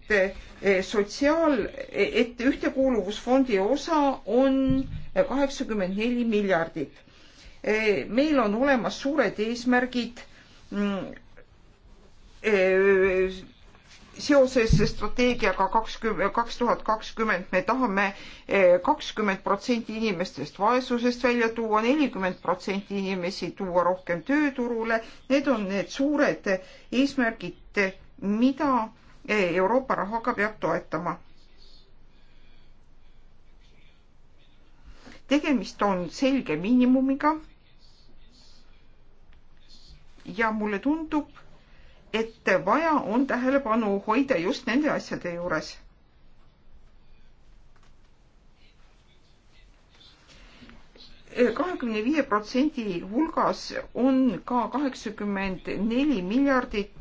eh, sotsiaal, et ühtekuuluvusfondi osa on kaheksakümmend neli miljardit. Eh, meil on olemas suured eesmärgid mm, seoses strateegiaga kakskümmend, kaks tuhat kakskümmend me tahame eh, kakskümmend protsenti inimestest vaesusest välja tuua, nelikümmend protsenti inimesi tuua rohkem tööturule. Need on need suured eesmärgid, mida eh, Euroopa rahaga peab toetama. tegemist on selge miinimumiga. ja mulle tundub et vaja on tähelepanu hoida just nende asjade juures. kahekümne viie protsendi hulgas on ka kaheksakümmend neli miljardit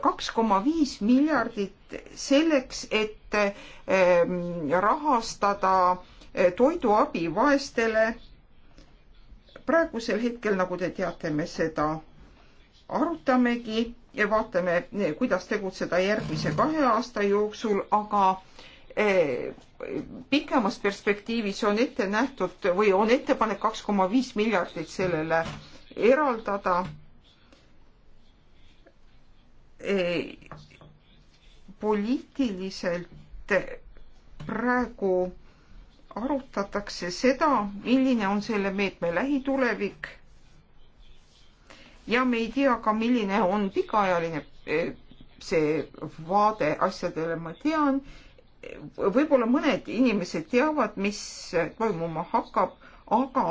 kaks koma viis miljardit selleks, et ehm, rahastada eh, toiduabi vaestele praegusel hetkel, nagu te teate, me seda arutamegi ja vaatame, kuidas tegutseda järgmise kahe aasta jooksul, aga eh, pikemas perspektiivis on ette nähtud või on ettepanek kaks koma viis miljardit sellele eraldada eh, poliitiliselt praegu arutatakse seda, milline on selle meetme lähitulevik. ja me ei tea ka, milline on pikaajaline eh, see vaade asjadele, ma tean, võib-olla mõned inimesed teavad, mis toimuma hakkab, aga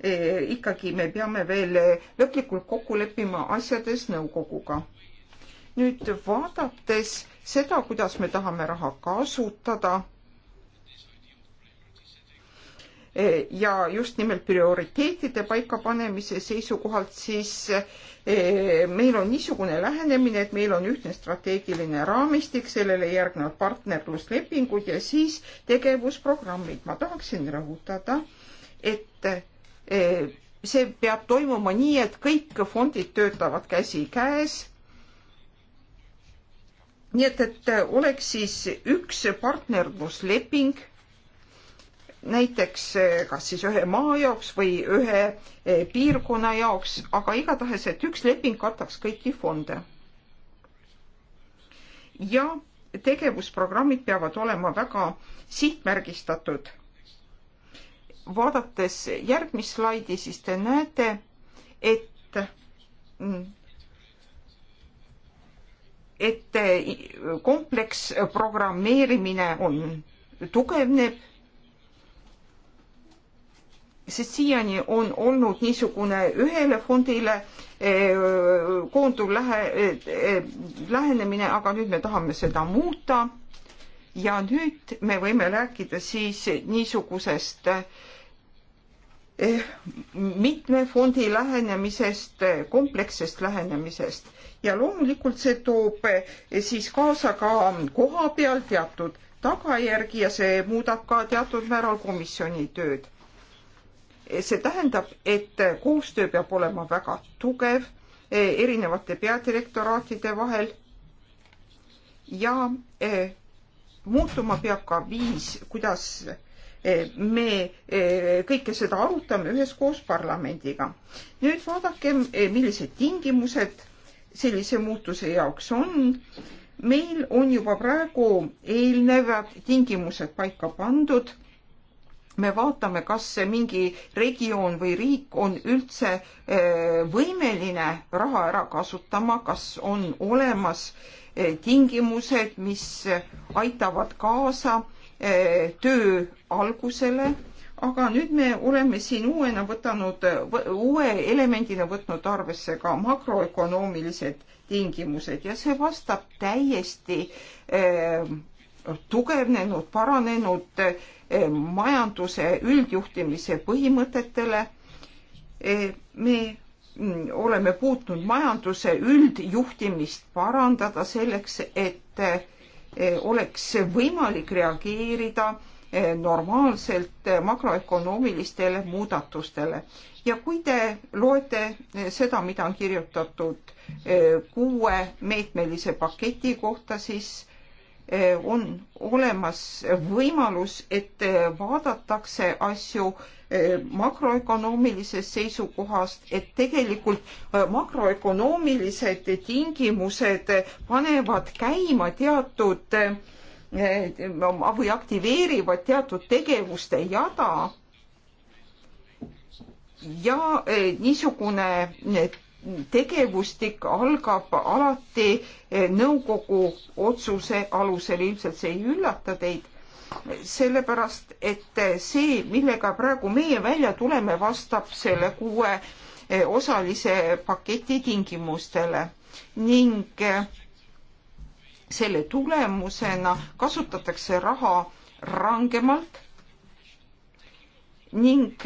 eh, ikkagi me peame veel lõplikult kokku leppima asjades nõukoguga. nüüd vaadates seda, kuidas me tahame raha kasutada ja just nimelt prioriteetide paikapanemise seisukohalt, siis e, meil on niisugune lähenemine, et meil on ühtne strateegiline raamistik, sellele järgnevad partnerluslepingud ja siis tegevusprogrammid. ma tahaksin rõhutada, et e, see peab toimuma nii, et kõik fondid töötavad käsikäes nii et, et oleks siis üks partnerlusleping näiteks eh, kas siis ühe maa jaoks või ühe eh, piirkonna jaoks, aga igatahes, et üks leping kataks kõiki fonde. ja tegevusprogrammid peavad olema väga sihtmärgistatud. vaadates järgmist slaidi, siis te näete, et mm, et eh, kompleksprogrammeerimine on, tugevneb sest siiani on olnud niisugune ühele fondile eh, koonduv lähe, eh, lähenemine, aga nüüd me tahame seda muuta. ja nüüd me võime rääkida siis niisugusest eh, mitme fondi lähenemisest, komplekssest lähenemisest ja loomulikult see toob siis kaasa ka koha peal teatud tagajärgi ja see muudab ka teatud määral komisjoni tööd see tähendab, et koostöö peab olema väga tugev eh, erinevate peadirektoraatide vahel ja eh, muutuma peab ka viis, kuidas eh, me kõike seda arutame üheskoos parlamendiga. nüüd vaadakem, millised tingimused sellise muutuse jaoks on. meil on juba praegu eelnevad tingimused paika pandud me vaatame, kas mingi regioon või riik on üldse eh, võimeline raha ära kasutama, kas on olemas eh, tingimused, mis aitavad kaasa eh, töö algusele, aga nüüd me oleme siin uuena võtanud, uue elemendina võtnud arvesse ka makroökonoomilised tingimused ja see vastab täiesti tugevnenud, paranenud eh, majanduse üldjuhtimise põhimõtetele. Eh, me mm, oleme puutnud majanduse üldjuhtimist parandada selleks, et eh, oleks võimalik reageerida normaalselt makroökonoomilistele muudatustele. ja kui te loete seda, mida on kirjutatud kuue meetmelise paketi kohta, siis Eh, on olemas võimalus, et eh, vaadatakse asju eh, makroökonoomilisest seisukohast, et tegelikult makroökonoomilised tingimused panevad käima teatud või aktiveerivad teatud tegevuste jada ja niisugune tegevustik algab alati eh, nõukogu otsuse alusel, ilmselt see ei üllata teid, sellepärast et eh, see, millega praegu meie välja tuleme, vastab selle kuue eh, osalise paketi tingimustele ning selle tulemusena kasutatakse raha rangemalt ning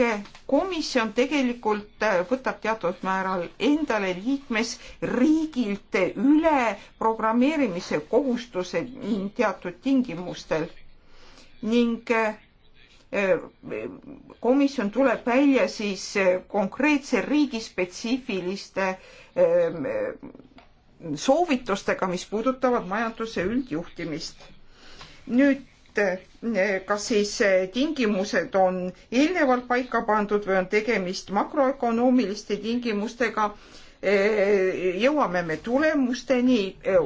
komisjon tegelikult võtab teatud määral endale liikmesriigilt üle programmeerimise kohustuse teatud tingimustel ning eh, komisjon tuleb välja siis konkreetse riigi spetsiifiliste eh, soovitustega, mis puudutavad majanduse üldjuhtimist. nüüd et eh, kas siis eh, tingimused on eelnevalt paika pandud või on tegemist makroökonoomiliste tingimustega, eh, jõuame me tulemusteni,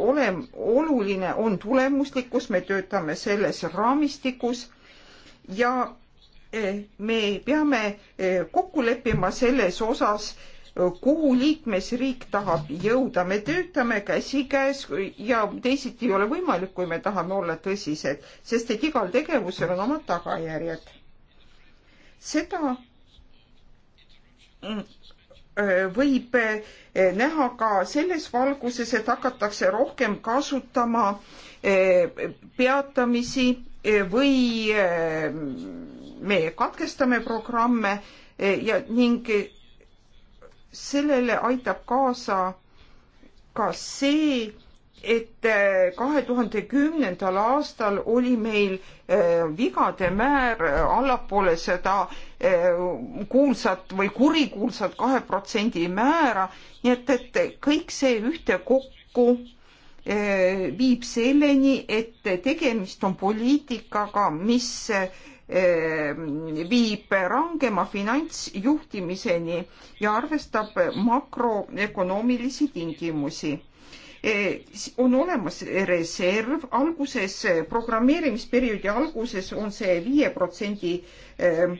ole, oluline on tulemuslikkus, me töötame selles raamistikus ja me peame kokku leppima selles osas, kuhu liikmesriik tahab jõuda. me töötame käsikäes ja teisiti ei ole võimalik, kui me tahame olla tõsised, sest et igal tegevusel on omad tagajärjed. seda mm, äh, võib äh, näha ka selles valguses, et hakatakse rohkem kasutama äh, peatamisi või me katkestame programme ja ning sellele aitab kaasa ka see, et eh, kahe tuhande kümnendal aastal oli meil eh, vigade määr eh, allapoole seda kuulsat või kurikuulsat kahe protsendi määra, nii et, et kõik see ühtekokku viib selleni, et tegemist on poliitikaga, mis Ehm, viib rangema finantsjuhtimiseni ja arvestab makroökonoomilisi tingimusi e, on olemas reserv, alguses, programmeerimisperioodi alguses on see viie protsendi ehm,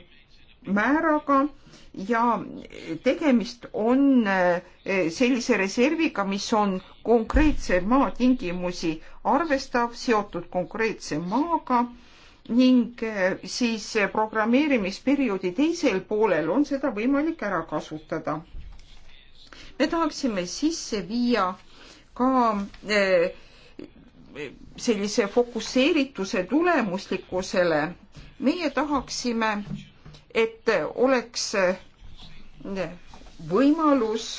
määraga ja tegemist on e, sellise reserviga, mis on konkreetse maa tingimusi arvestav, seotud konkreetse maaga ning eh, siis programmeerimisperioodi teisel poolel on seda võimalik ära kasutada. me tahaksime sisse viia ka eh, sellise fokusseerituse tulemuslikkusele. meie tahaksime, et oleks eh, võimalus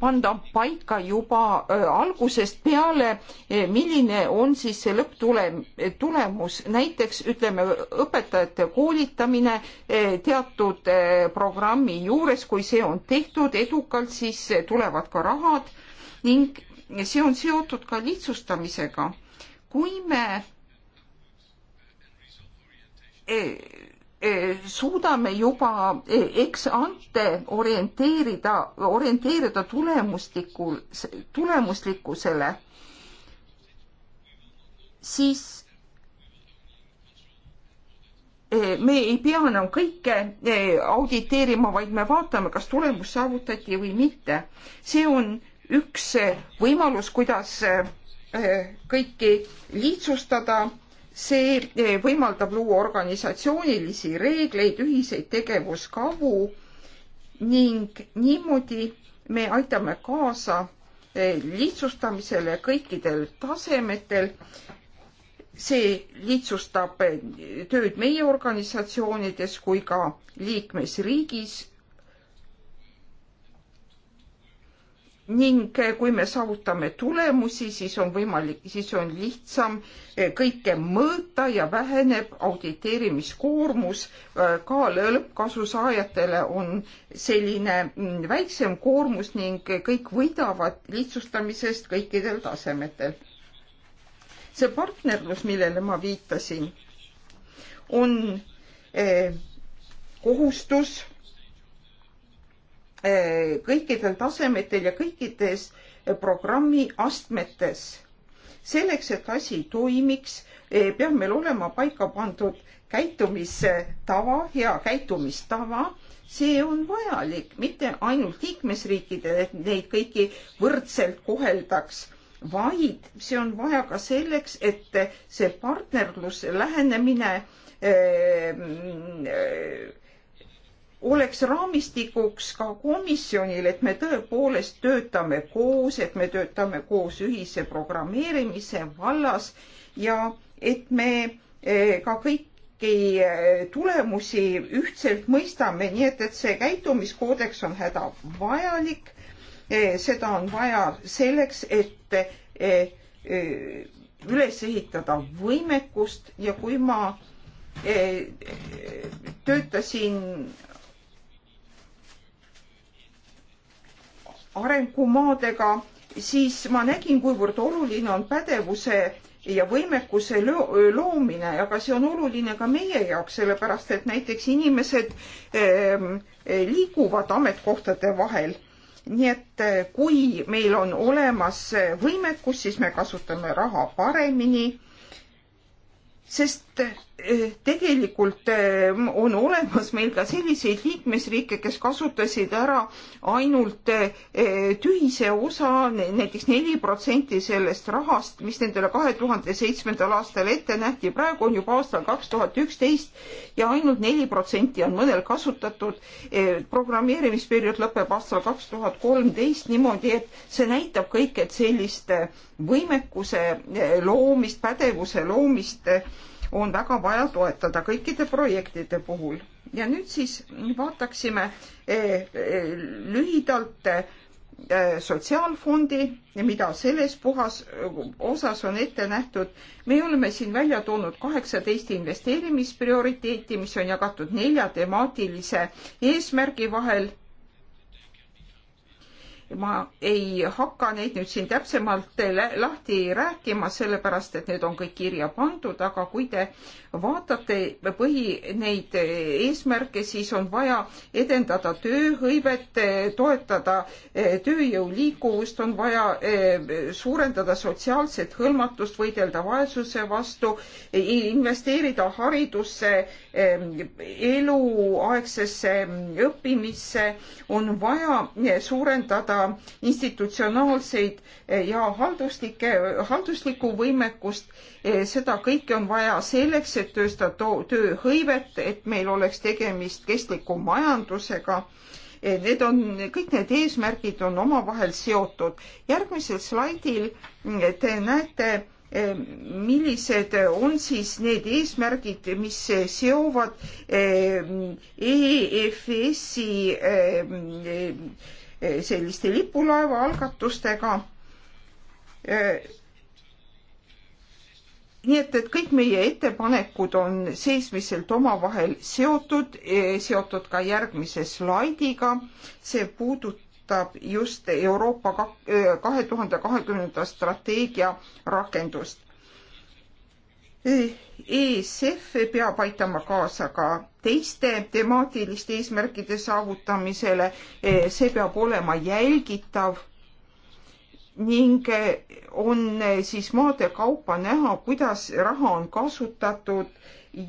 panda paika juba algusest peale, e, milline on siis see lõpptulemus, näiteks ütleme õpetajate koolitamine e, teatud e, programmi juures, kui see on tehtud edukalt, siis tulevad ka rahad ning see on seotud ka lihtsustamisega. kui me Eh, suudame juba eh, eks ante orienteerida, orienteerida tulemuslikul, tulemuslikkusele, siis eh, me ei pea enam kõike auditeerima, vaid me vaatame, kas tulemus saavutati või mitte. see on üks võimalus, kuidas kõiki lihtsustada see eh, võimaldab luua organisatsioonilisi reegleid, ühiseid tegevuskavu ning niimoodi me aitame kaasa eh, lihtsustamisele kõikidel tasemetel. see lihtsustab eh, tööd meie organisatsioonides kui ka liikmesriigis ning kui me saavutame tulemusi, siis on võimalik, siis on lihtsam eh, kõike mõõta ja väheneb auditeerimiskoormus. Eh, ka lõppkasusaajatele on selline mm, väiksem koormus ning kõik võidavad lihtsustamisest kõikidel tasemetel. see partnerlus, millele ma viitasin, on eh, kohustus Eh, kõikidel tasemetel ja kõikides eh, programmi astmetes. selleks, et asi toimiks, eh, peab meil olema paika pandud käitumistava, hea käitumistava see on vajalik mitte ainult liikmesriikidele, et neid kõiki võrdselt koheldaks, vaid see on vaja ka selleks, et see partnerlus, lähenemine äh, oleks raamistikuks ka komisjonil, et me tõepoolest töötame koos, et me töötame koos ühise programmeerimise vallas ja et me eh, ka kõiki eh, tulemusi ühtselt mõistame, nii et, et see käitumiskoodeks on hädavajalik. Eh, seda on vaja selleks, et üles ehitada võimekust ja kui ma töötasin arengumaadega, siis ma nägin, kuivõrd oluline on pädevuse ja võimekuse loomine, aga see on oluline ka meie jaoks, sellepärast et näiteks inimesed ehm, liiguvad ametkohtade vahel. nii et eh, kui meil on olemas võimekus, siis me kasutame raha paremini sest Eh, tegelikult eh, on olemas meil ka selliseid liikmesriike, kes kasutasid ära ainult eh, tühise osa näiteks, näiteks neli protsenti sellest rahast, mis nendele kahe tuhande seitsmendal aastal ette nähti. praegu on juba aastal kaks tuhat üksteist ja ainult neli protsenti on mõnel kasutatud. programmeerimisperiood lõpeb aastal kaks tuhat kolmteist niimoodi, et see näitab kõik, et sellist võimekuse loomist, pädevuse loomist on väga vaja toetada kõikide projektide puhul. ja nüüd siis vaataksime eh, eh, lühidalt eh, sotsiaalfondi, mida selles puhas osas on ette nähtud. me oleme siin välja toonud kaheksateist investeerimisprioriteeti, mis on jagatud nelja temaatilise eesmärgi vahel ma ei hakka neid nüüd siin täpsemalt lahti rääkima, sellepärast et need on kõik kirja pandud, aga kui te vaatate põhi neid eesmärke, siis on vaja edendada tööhõivet, toetada eh, tööjõu liikuvust, on vaja eh, suurendada sotsiaalset hõlmatust, võidelda vaesuse vastu, eh, investeerida haridusse, eluaegsesse õppimisse, on vaja suurendada ka institutsionaalseid eh, ja halduslikke, halduslikku võimekust. Eh, seda kõike on vaja selleks, et tööstada tööhõivet, et meil oleks tegemist kestliku majandusega. Eh, need on, kõik need eesmärgid on omavahel seotud. järgmisel slaidil mm, te näete millised on siis need eesmärgid, mis seovad EFS-i e selliste lipulaeva algatustega. nii et, et kõik meie ettepanekud on seesmiselt omavahel seotud, seotud ka järgmise slaidiga. see puudutab puudutab just Euroopa kahe tuhande kahekümnenda strateegia rakendust. ESF e peab aitama kaasa ka teiste temaatiliste eesmärkide saavutamisele, e, see peab olema jälgitav ning on siis maade kaupa näha, kuidas raha on kasutatud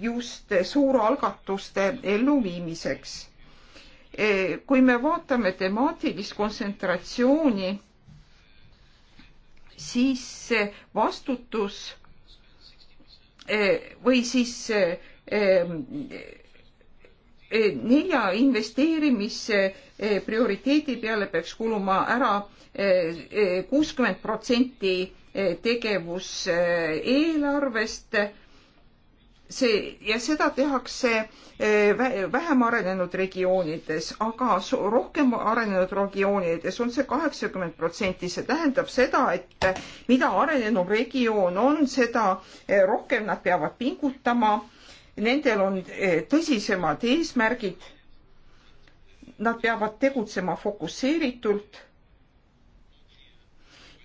just suuralgatuste elluviimiseks. E, kui me vaatame temaatilist kontsentratsiooni, siis vastutus Äh, või siis äh, äh, nelja investeerimisprioriteedi peale peaks kuluma ära kuuskümmend protsenti tegevuseelarvest see ja seda tehakse eh, vähem arenenud regioonides, aga rohkem arenenud regioonides on see kaheksakümmend protsenti, see tähendab seda, et mida arenenum regioon on, seda eh, rohkem nad peavad pingutama. Nendel on eh, tõsisemad eesmärgid. Nad peavad tegutsema fokusseeritult.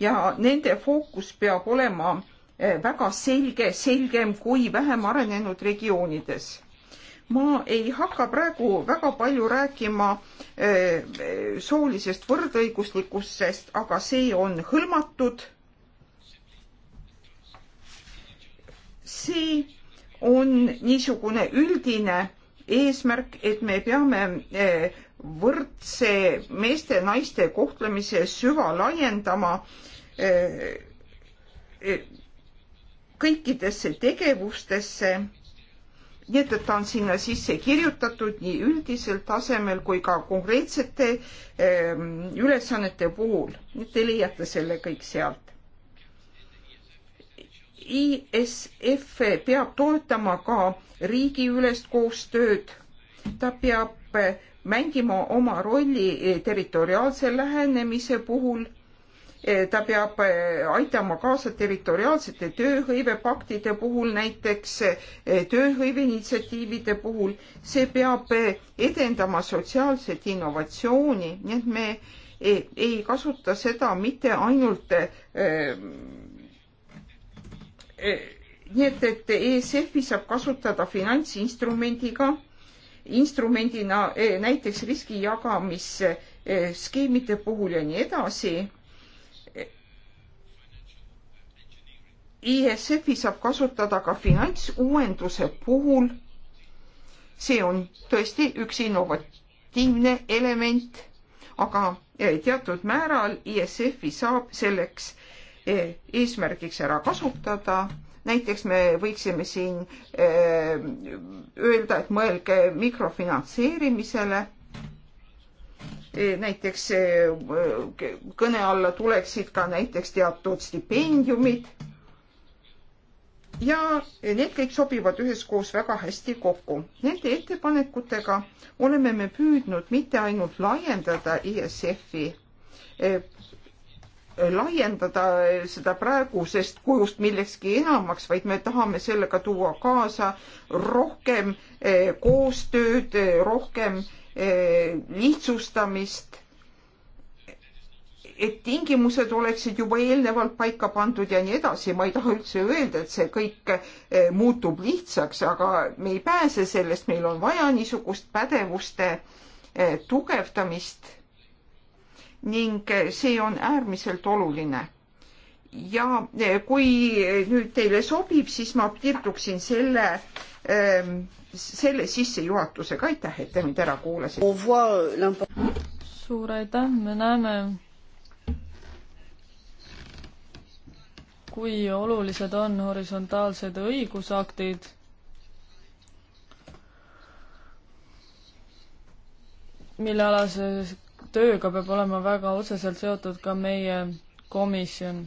ja nende fookus peab olema Eh, väga selge, selgem kui vähem arenenud regioonides ma ei hakka praegu väga palju rääkima eh, soolisest võrdõiguslikkusest, aga see on hõlmatud. see on niisugune üldine eesmärk, et me peame eh, võrdse meeste-naiste kohtlemise süva laiendama kõikidesse tegevustesse. nii et, et ta on sinna sisse kirjutatud nii üldisel tasemel kui ka konkreetsete ehm, ülesannete puhul. Te leiate selle kõik sealt. ISF peab toetama ka riigiülest koostööd. ta peab eh, mängima oma rolli eh, territoriaalse lähenemise puhul ta peab eh, aitama kaasa territoriaalsete tööhõivepaktide puhul, näiteks eh, tööhõive initsiatiivide puhul, see peab eh, edendama sotsiaalset innovatsiooni, nii et me ei, ei kasuta seda mitte ainult nii et, et ESF-i saab kasutada finantsinstrumendiga, instrumendina näiteks riskijagamisskeemide puhul ja nii edasi ISF-i saab kasutada ka finantsuuenduse puhul. see on tõesti üks innovatiivne element, aga eh, teatud määral ISF-i saab selleks eh, eesmärgiks ära kasutada. näiteks me võiksime siin eh, öelda, et mõelge mikrofinantseerimisele näiteks kõne alla tuleksid ka näiteks teatud stipendiumid ja need kõik sobivad üheskoos väga hästi kokku. Nende ettepanekutega oleme me püüdnud mitte ainult laiendada ISF-i eh, laiendada seda praegusest kujust millekski enamaks, vaid me tahame sellega tuua kaasa rohkem eh, koostööd, eh, rohkem eh, lihtsustamist et tingimused oleksid juba eelnevalt paika pandud ja nii edasi, ma ei taha üldse öelda, et see kõik eh, muutub lihtsaks, aga me ei pääse sellest, meil on vaja niisugust pädevuste eh, tugevdamist. ning eh, see on äärmiselt oluline. ja kui nüüd teile sobib, siis ma piirduksin selle ehm, selle sissejuhatusega, aitäh, et te mind ära kuulasite. suur aitäh, me näeme kui olulised on horisontaalsed õigusaktid millealase tööga peab olema väga otseselt seotud ka meie komisjon.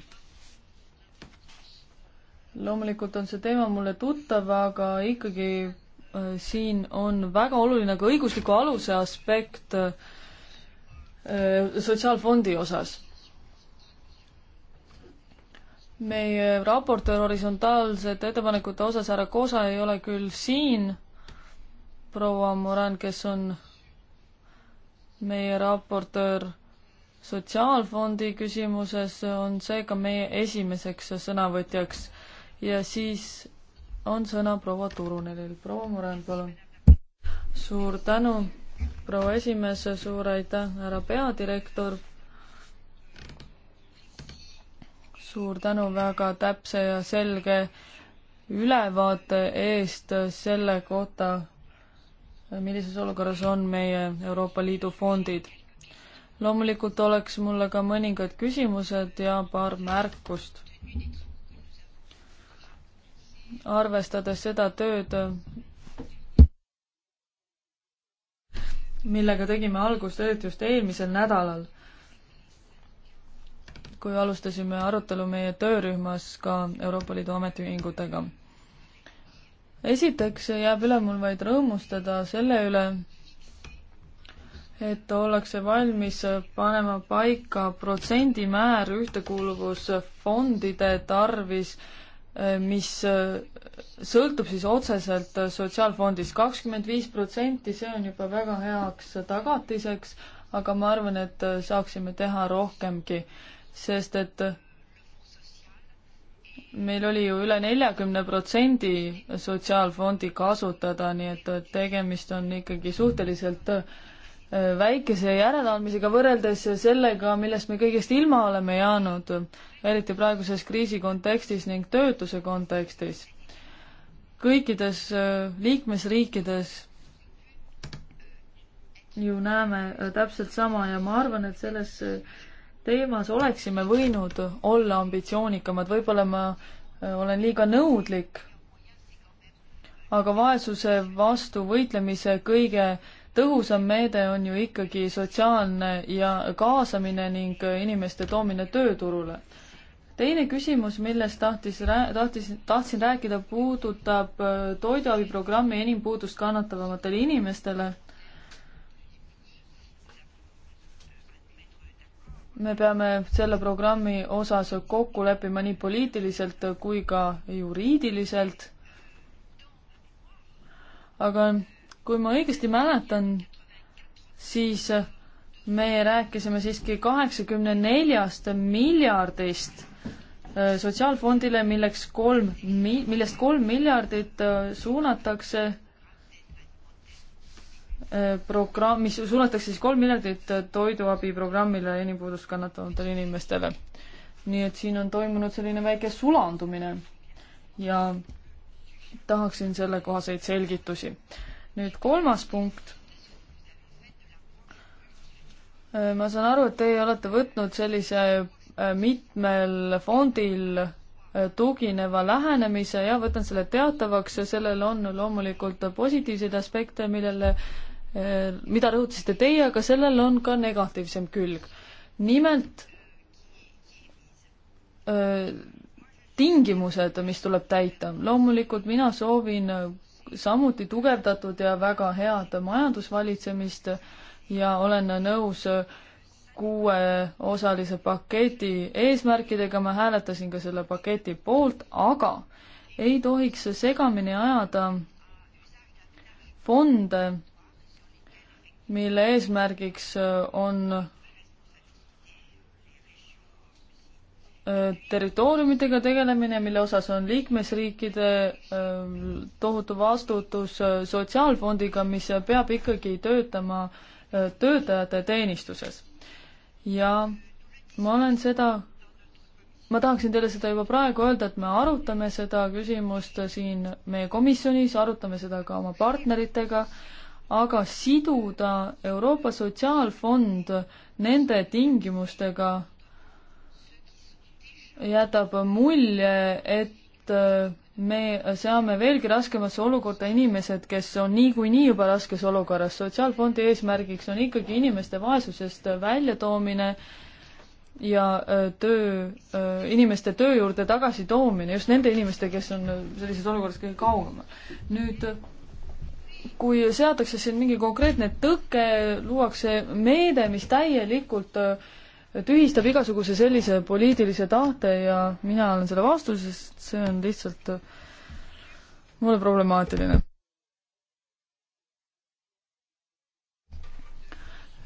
loomulikult on see teema mulle tuttav, aga ikkagi äh, siin on väga oluline ka õigusliku aluse aspekt äh, sotsiaalfondi osas meie raportöör horisontaalsete ettepanekute osas, härra Kosa ei ole küll siin, proua Moran, kes on meie raportöör sotsiaalfondi küsimuses, on seega meie esimeseks sõnavõtjaks ja siis on sõna proua Turunelil. proua Moran, palun. suur tänu, proua esimees, suur aitäh, härra peadirektor suur tänu väga täpse ja selge ülevaate eest selle kohta, millises olukorras on meie Euroopa Liidu fondid. loomulikult oleks mulle ka mõningad küsimused ja paar märkust. arvestades seda tööd, millega tegime algust, eriti just eelmisel nädalal kui alustasime arutelu meie töörühmas ka Euroopa Liidu ametiühingutega. esiteks jääb üle mul vaid rõõmustada selle üle, et ollakse valmis panema paika protsendimäär ühtekuuluvusfondide tarvis, mis sõltub siis otseselt Sotsiaalfondist. kakskümmend viis protsenti, see on juba väga heaks tagatiseks, aga ma arvan, et saaksime teha rohkemgi sest et meil oli ju üle neljakümne protsendi sotsiaalfondi kasutada, nii et tegemist on ikkagi suhteliselt äh, väikese järeleandmisega võrreldes sellega, millest me kõigest ilma oleme jäänud, eriti praeguses kriisi kontekstis ning töötuse kontekstis. kõikides äh, liikmesriikides ju näeme äh, täpselt sama ja ma arvan, et selles teemas oleksime võinud olla ambitsioonikamad, võib-olla ma äh, olen liiga nõudlik, aga vaesuse vastu võitlemise kõige tõhusam meede on ju ikkagi sotsiaalne ja kaasamine ning inimeste toomine tööturule. teine küsimus, millest tahtis, tahtis, tahtsin rääkida, puudutab äh, toiduabiprogrammi enim puudust kannatavatele inimestele me peame selle programmi osas kokku leppima nii poliitiliselt kui ka juriidiliselt. aga kui ma õigesti mäletan, siis me rääkisime siiski kaheksakümne neljast miljardist äh, sotsiaalfondile, milleks kolm, millest kolm miljardit äh, suunatakse Äh, programm, mis suunatakse siis kolm miljardit äh, toiduabiprogrammile inimpuudust kannatavatele inimestele. nii et siin on toimunud selline väike sulandumine ja tahaksin sellekohaseid selgitusi. nüüd kolmas punkt. Äh, ma saan aru, et teie olete võtnud sellise mitmel fondil tugineva lähenemise ja võtan selle teatavaks ja sellel on loomulikult positiivseid aspekte, millele Äh, mida rõhutasite teie, aga sellel on ka negatiivsem külg. nimelt äh, tingimused, mis tuleb täita. loomulikult mina soovin samuti tugevdatud ja väga head majandusvalitsemist ja olen nõus kuueosalise paketi eesmärkidega, ma hääletasin ka selle paketi poolt, aga ei tohiks segamini ajada fonde mille eesmärgiks äh, on äh, territooriumitega tegelemine, mille osas on liikmesriikide äh, tohutu vastutus sotsiaalfondiga, mis peab ikkagi töötama töötajate teenistuses. ja ma olen seda, ma tahaksin teile seda juba praegu öelda, et me arutame seda küsimust siin meie komisjonis, arutame seda ka oma partneritega äh, aga siduda Euroopa Sotsiaalfond nende tingimustega jätab mulje, et äh, me seame veelgi raskemasse olukorda inimesed, kes on niikuinii nii juba raskes olukorras. sotsiaalfondi eesmärgiks on ikkagi inimeste vaesusest väljatoomine ja äh, töö, äh, inimeste töö juurde tagasitoomine, just nende inimeste, kes on sellises olukorras kõige kaugemal. nüüd kui seatakse siin mingi konkreetne tõke, luuakse meede, mis täielikult äh, tühistab igasuguse sellise poliitilise tahte ja mina olen selle vastu, sest see on lihtsalt äh, mulle problemaatiline.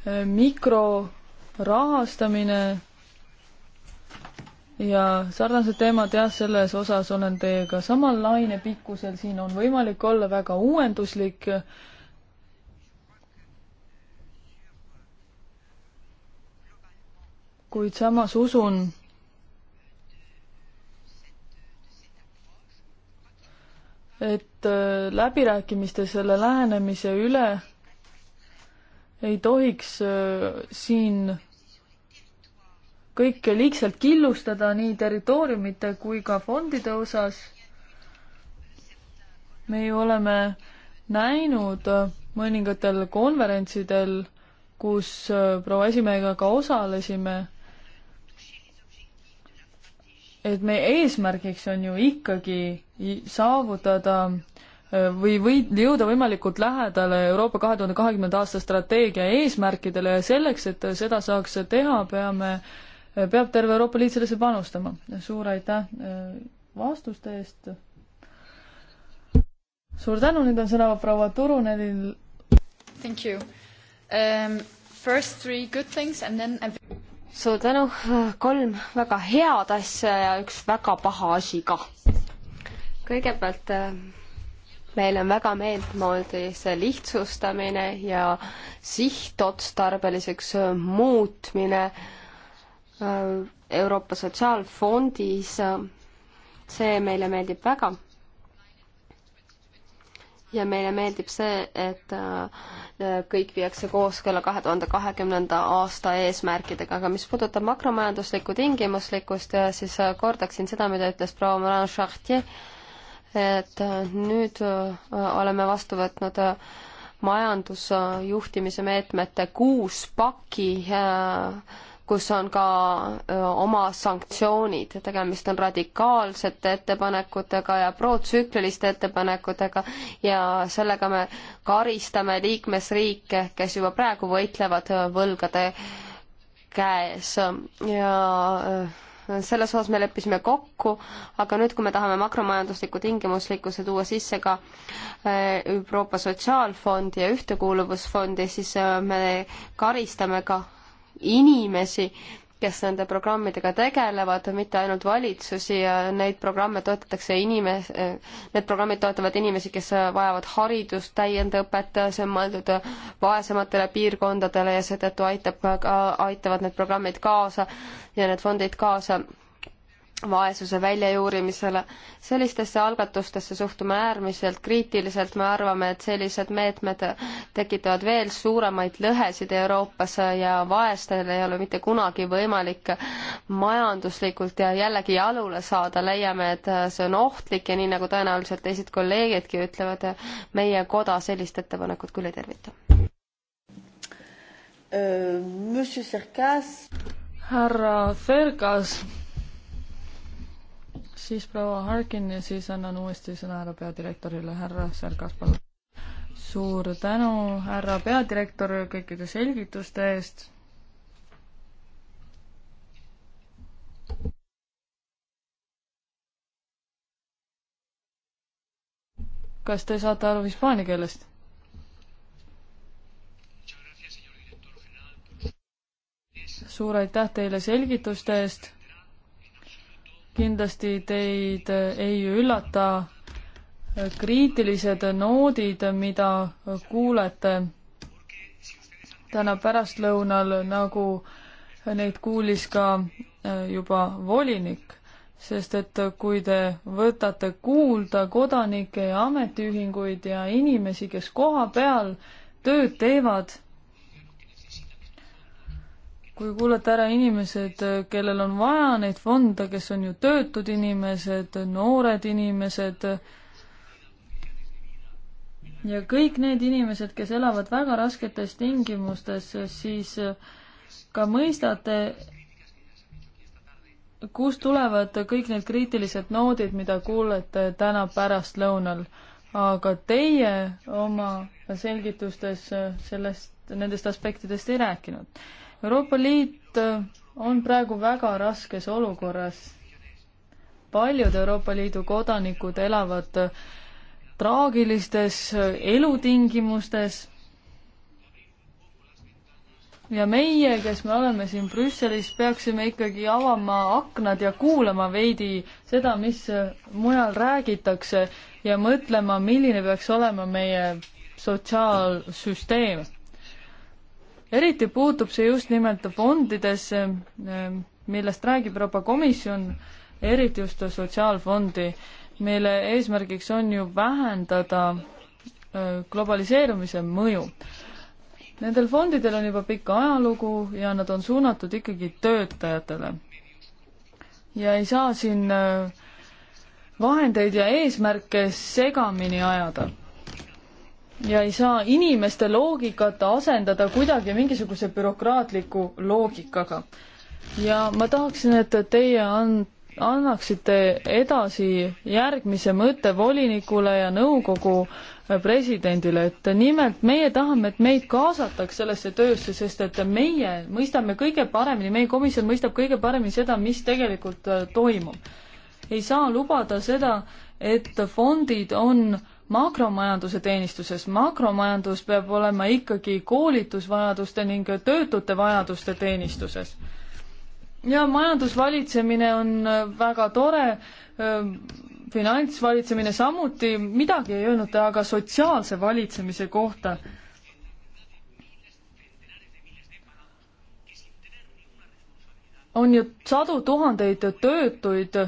Äh, mikrorahastamine ja sarnased teemad, jah, selles osas olen teiega samal lainepikkusel, siin on võimalik olla väga uuenduslik. kuid samas usun, et äh, läbirääkimiste selle lähenemise üle ei tohiks äh, siin kõike liigselt killustada nii territooriumite kui ka fondide osas. me ju oleme näinud mõningatel konverentsidel, kus äh, proua esimehega ka osalesime, et meie eesmärgiks on ju ikkagi saavutada äh, või võid jõuda võimalikult lähedale Euroopa kahe tuhande kahekümnenda aasta strateegia eesmärkidele ja selleks, et seda saaks teha, peame äh, peab terve Euroopa Liit sellesse panustama. suur aitäh äh, vastuste eest. suur tänu, nüüd on sõna proua Turunenil. Thank you um,. First three good things and then suur tänu, kolm väga head asja ja üks väga paha asi ka. kõigepealt äh, meil on väga meeltmoodi see lihtsustamine ja sihtotstarbeliseks muutmine äh, Äh, Euroopa Sotsiaalfondis. Äh, see meile meeldib väga. ja meile meeldib see, et äh, kõik viiakse kooskõlla kahe tuhande kahekümnenda aasta eesmärkidega, aga mis puudutab makromajanduslikku tingimuslikkust, siis kordaksin seda, mida ütles proua Morin Chartier, et nüüd oleme vastu võtnud majandusjuhtimise meetmete kuus paki äh, kus on ka oma sanktsioonid, tegemist on radikaalsete ettepanekutega ja protsükliliste ettepanekutega ja sellega me karistame liikmesriike, kes juba praegu võitlevad võlgade käes ja selles osas me leppisime kokku, aga nüüd, kui me tahame makromajandusliku tingimuslikkuse tuua sisse ka Euroopa Sotsiaalfondi ja Ühtekuuluvusfondi, siis me karistame ka inimesi, kes nende programmidega tegelevad, mitte ainult valitsusi ja neid programme toetatakse inimes-, need programmid toetavad inimesi, kes vajavad haridust, täiendõpet, see on mõeldud vaesematele piirkondadele ja seetõttu aitab ka, aitavad need programmid kaasa ja need fondid kaasa vaesuse väljajuurimisele. sellistesse algatustesse suhtume äärmiselt kriitiliselt, me arvame, et sellised meetmed tekitavad veel suuremaid lõhesid Euroopas ja vaestel ei ole mitte kunagi võimalik majanduslikult ja jällegi jalule saada, leiame, et see on ohtlik ja nii nagu tõenäoliselt teised kolleegidki ütlevad, meie koda sellist ettepanekut küll ei tervita. Äh, Monsieur Serkas. härra Serkas siis proua Harkin ja siis annan uuesti sõna härra peadirektorile, härra Särgas, palun. suur tänu, härra peadirektor, kõikide selgituste eest kas te saate aru hispaania keelest? suur aitäh teile selgituste eest kindlasti teid ei üllata kriitilised noodid, mida kuulete täna pärastlõunal, nagu neid kuulis ka äh, juba volinik, sest et kui te võtate kuulda kodanikke ja ametiühinguid ja inimesi, kes koha peal tööd teevad kui kuulata ära inimesed, kellel on vaja neid fonde, kes on ju töötud inimesed, noored inimesed, ja kõik need inimesed, kes elavad väga rasketes tingimustes, siis ka mõistate, kust tulevad kõik need kriitilised noodid, mida kuulete täna pärastlõunal. aga teie oma selgitustes sellest, nendest aspektidest ei rääkinud Euroopa Liit on praegu väga raskes olukorras. paljud Euroopa Liidu kodanikud elavad traagilistes elutingimustes. ja meie, kes me oleme siin Brüsselis, peaksime ikkagi avama aknad ja kuulama veidi seda, mis mujal räägitakse ja mõtlema, milline peaks olema meie sotsiaalsüsteem eriti puutub see just nimelt fondidesse, ehm, millest räägib Euroopa Komisjon, eriti just Sotsiaalfondi, mille eesmärgiks on ju vähendada ehm, globaliseerumise mõju. Nendel fondidel on juba pikk ajalugu ja nad on suunatud ikkagi töötajatele. ja ei saa siin ehm, vahendeid ja eesmärke segamini ajada ja ei saa inimeste loogikat asendada kuidagi mingisuguse bürokraatliku loogikaga. ja ma tahaksin, et teie and-, annaksite edasi järgmise mõtte volinikule ja nõukogu presidendile, et nimelt meie tahame, et meid kaasataks sellesse töösse, sest et meie mõistame kõige paremini, meie komisjon mõistab kõige paremini seda, mis tegelikult äh, toimub. ei saa lubada seda, et fondid on äh, makromajanduse teenistuses. makromajandus peab olema ikkagi koolitusvajaduste ning töötute vajaduste teenistuses. ja majandusvalitsemine on äh, väga tore, ähm, finantsvalitsemine samuti, midagi ei öelnud ta aga sotsiaalse valitsemise kohta on ju sadu tuhandeid töötuid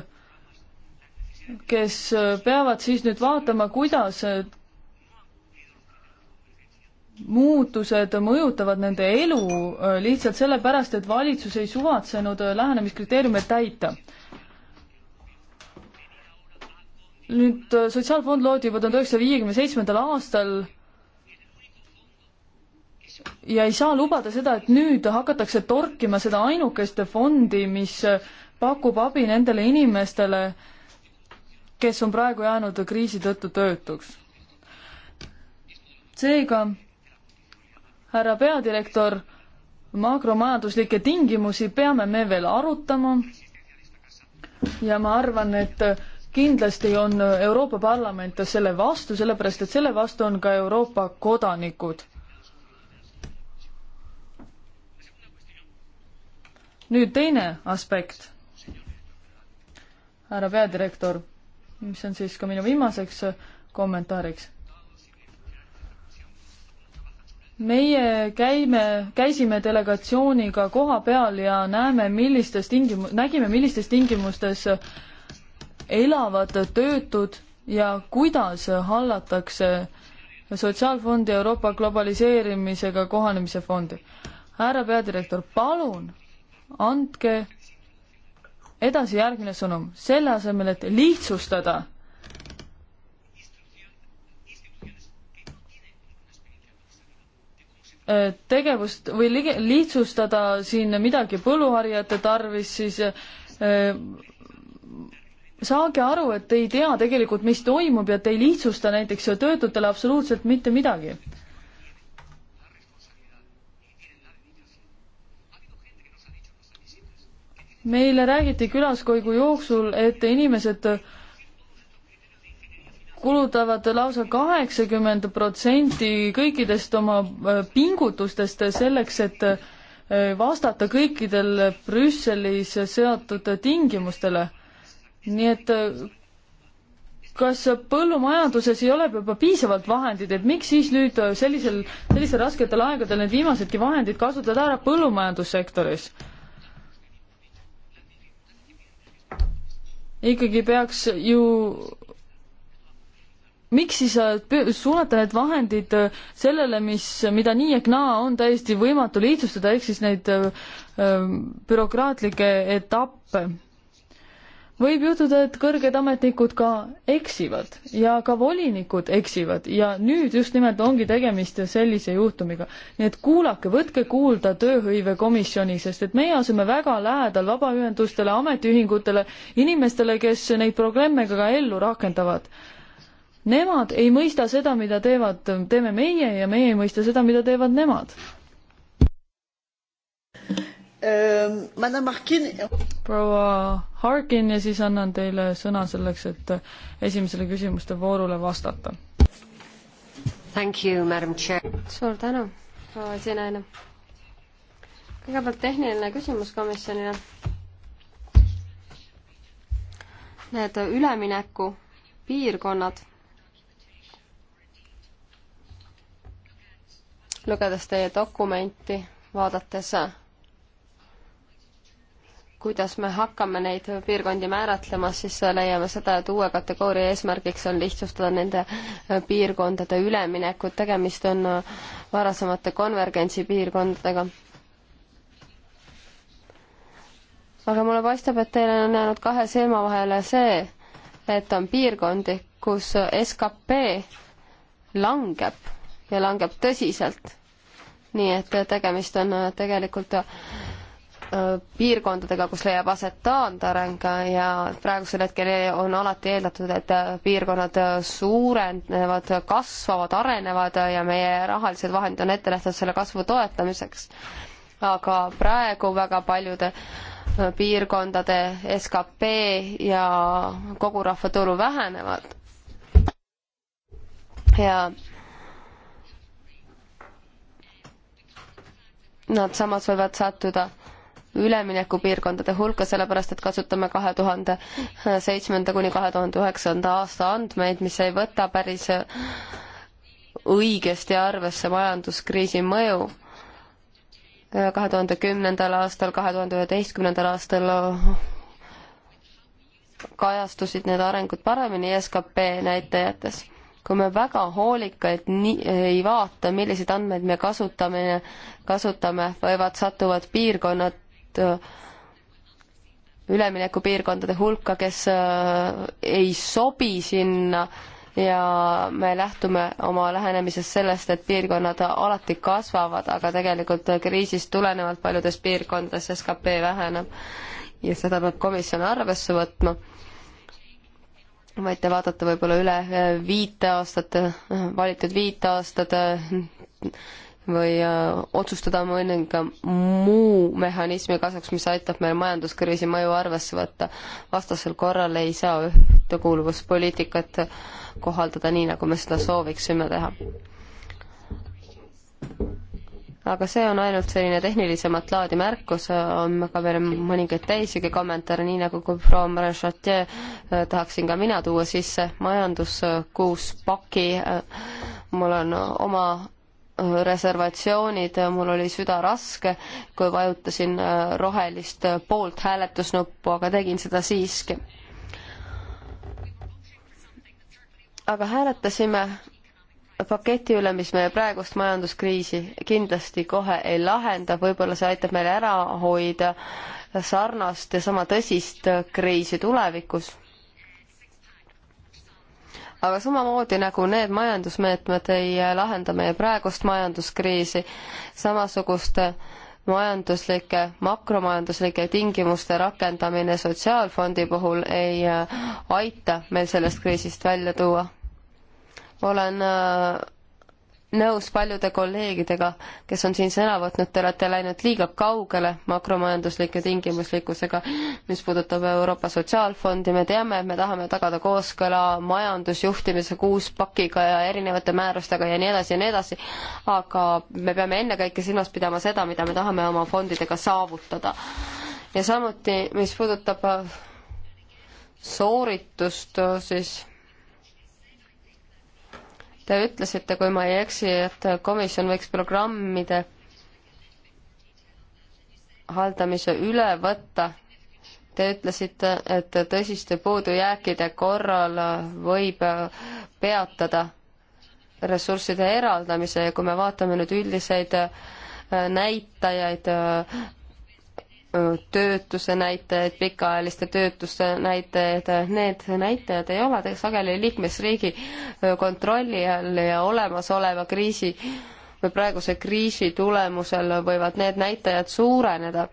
kes äh, peavad siis nüüd vaatama, kuidas äh, muutused mõjutavad nende elu äh, lihtsalt sellepärast, et valitsus ei suvatsenud lähenemiskriteeriume täita. nüüd Sotsiaalfond loodi juba tuhande üheksasaja viiekümne seitsmendal aastal ja ei saa lubada seda, et nüüd hakatakse torkima seda ainukeste fondi, mis pakub abi nendele inimestele, kes on praegu jäänud kriisi tõttu töötuks. seega, härra peadirektor, makromajanduslikke tingimusi peame me veel arutama ja ma arvan, et kindlasti on Euroopa Parlament selle vastu, sellepärast et selle vastu on ka Euroopa kodanikud nüüd teine aspekt, härra peadirektor mis on siis ka minu viimaseks äh, kommentaariks. meie käime, käisime delegatsiooniga koha peal ja näeme, millistes tingim-, nägime, millistes tingimustes äh, elavad töötud ja kuidas hallatakse Sotsiaalfondi Euroopa globaliseerimisega kohanemise fondi. härra peadirektor, palun andke edasi järgmine sõnum, selle asemel, et lihtsustada äh, tegevust või lihtsustada siin midagi põlluharijate tarvis, siis äh, saage aru, et te ei tea tegelikult, mis toimub ja te ei lihtsusta näiteks töötutele absoluutselt mitte midagi meile räägiti külaskäigu jooksul, et inimesed kulutavad lausa kaheksakümmend protsenti kõikidest oma äh, pingutustest selleks, et äh, vastata kõikidel Brüsselis seatud tingimustele. nii et äh, kas põllumajanduses ei ole juba piisavalt vahendeid, et miks siis nüüd sellisel, sellistel rasketel aegadel need viimasedki vahendid kasutada ära põllumajandussektoris? ikkagi peaks ju miks siis suunata need vahendid äh, sellele, mis, mida nii ehk naa on täiesti võimatu lihtsustada, ehk siis neid äh, äh, bürokraatlikke etappe võib juhtuda, et kõrged ametnikud ka eksivad ja ka volinikud eksivad ja nüüd just nimelt ongi tegemist sellise juhtumiga. nii et kuulake, võtke kuulda tööhõivekomisjoni, sest et meie asume väga lähedal vabaühendustele, ametiühingutele, inimestele, kes neid probleeme ka ellu rakendavad. Nemad ei mõista seda, mida teevad, teeme meie ja meie ei mõista seda, mida teevad nemad Euh, Madame Harkin. proua Harkin ja siis annan teile sõna selleks, et esimesele küsimuste voorule vastata. suur tänu, proua esinaine. kõigepealt tehniline küsimus komisjonile. Need ülemineku piirkonnad, lugedes teie dokumenti, vaadates kuidas me hakkame neid piirkondi määratlema, siis leiame seda, et uue kategooria eesmärgiks on lihtsustada nende piirkondade üleminekut, tegemist on varasemate konvergentsi piirkondadega. aga mulle paistab, et teil on jäänud kahe silma vahele see, et on piirkondi, kus skp langeb ja langeb tõsiselt. nii et tegemist on tegelikult Äh, piirkondadega, kus leiab aset taandareng ja praegusel hetkel on alati eeldatud, et äh, piirkonnad äh, suurenevad, kasvavad, arenevad ja meie rahalised vahendid on ette nähtud selle kasvu toetamiseks. aga praegu väga paljude piirkondade skp ja kogu rahvatulu vähenevad. ja nad samas võivad sattuda üleminekupiirkondade hulka, sellepärast et kasutame kahe tuhande seitsmenda kuni kahe tuhande üheksanda aasta andmeid, mis ei võta päris õigesti arvesse majanduskriisi mõju kahe tuhande kümnendal aastal, kahe tuhande üheteistkümnendal aastal kajastusid need arengud paremini SKP näitajates. kui me väga hoolikalt nii, ei vaata, milliseid andmeid me kasutame, kasutame, võivad, satuvad piirkonnad Äh, üleminekupiirkondade hulka, kes äh, ei sobi sinna ja me lähtume oma lähenemises sellest, et piirkonnad alati kasvavad, aga tegelikult kriisist tulenevalt paljudes piirkondades skp väheneb ja seda peab komisjon arvesse võtma võite vaadata võib-olla üle viite aastate, valitud viite aastate või äh, otsustada mõninga muu mehhanismi kasuks, mis aitab meil majanduskriisi mõju arvesse võtta. vastasel korral ei saa ühtekuuluvuspoliitikat kohaldada nii, nagu me seda sooviksime teha. aga see on ainult selline tehnilisemat laadi märkus, on ka veel mõningaid teisigi kommentaare, nii nagu kui proua Marechatier äh, tahaksin ka mina tuua sisse majanduskuus paki. Äh, mul on oma reservatsioonid, mul oli süda raske, kui vajutasin äh, rohelist poolt hääletusnuppu, aga tegin seda siiski. aga hääletasime paketi üle, mis meie praegust majanduskriisi kindlasti kohe ei lahenda, võib-olla see aitab meil ära hoida sarnast ja sama tõsist kriisi tulevikus aga samamoodi nagu need majandusmeetmed ei lahenda meie praegust majanduskriisi, samasuguste majanduslike, makromajanduslike tingimuste rakendamine Sotsiaalfondi puhul ei äh, aita meil sellest kriisist välja tuua. olen äh, nõus paljude kolleegidega, kes on siin sõna võtnud, te olete läinud liiga kaugele makromajanduslike tingimuslikkusega, mis puudutab Euroopa Sotsiaalfondi, me teame, et me tahame tagada kooskõla majandusjuhtimise kuuspakiga ja erinevate määrustega ja nii edasi ja nii edasi, aga me peame ennekõike silmas pidama seda, mida me tahame oma fondidega saavutada. ja samuti, mis puudutab sooritust, siis Te ütlesite, kui ma ei eksi, et komisjon võiks programmide haldamise üle võtta. Te ütlesite, et tõsiste puudujääkide korral võib peatada ressursside eraldamise ja kui me vaatame nüüd üldiseid näitajaid töötuse näitajaid, pikaajaliste töötuse näitajaid, need näitajad ei ole sageli liikmesriigi kontrolli all ja olemasoleva kriisi või praeguse kriisi tulemusel võivad need näitajad suureneda.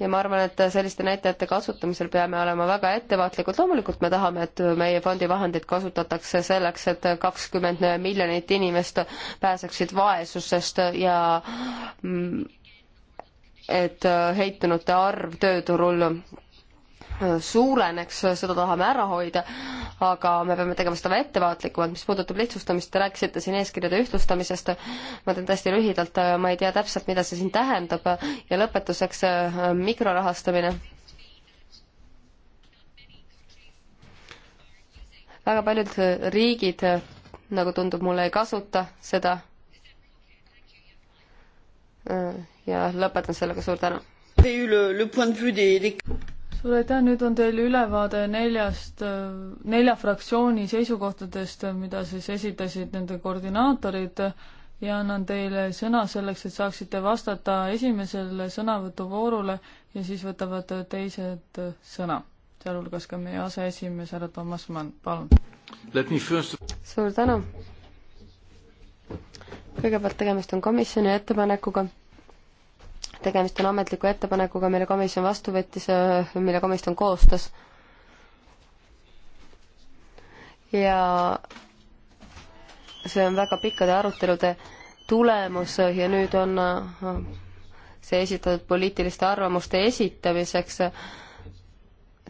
ja ma arvan, et selliste näitajate kasutamisel peame olema väga ettevaatlikud, loomulikult me tahame, et meie fondi vahendeid kasutatakse selleks, et kakskümmend miljonit inimest pääseksid vaesusest ja mm, et äh, heitunute arv tööturul äh, suureneks, äh, seda tahame ära hoida, aga me peame tegema seda ettevaatlikumalt, mis puudutab lihtsustamist, te rääkisite siin eeskirjade ühtlustamisest, ma teen täiesti lühidalt, ma ei tea täpselt, mida see siin tähendab ja lõpetuseks mikrorahastamine. väga paljud riigid, nagu tundub mulle, ei kasuta seda Äh, ja lõpetan sellega, suur tänu. suur aitäh, nüüd on teil ülevaade neljast, äh, nelja fraktsiooni seisukohtadest, mida siis esitasid nende koordinaatorid ja annan teile sõna selleks, et saaksite vastata esimesele sõnavõtuvoorule ja siis võtavad teised sõna, sealhulgas ka meie aseesimees härra Toomas Mann, palun. First... suur tänu. kõigepealt tegemist on komisjoni ettepanekuga tegemist on ametliku ettepanekuga, mille komisjon vastu võttis, mille komisjon koostas. ja see on väga pikkade arutelude tulemus ja nüüd on see esitatud poliitiliste arvamuste esitamiseks.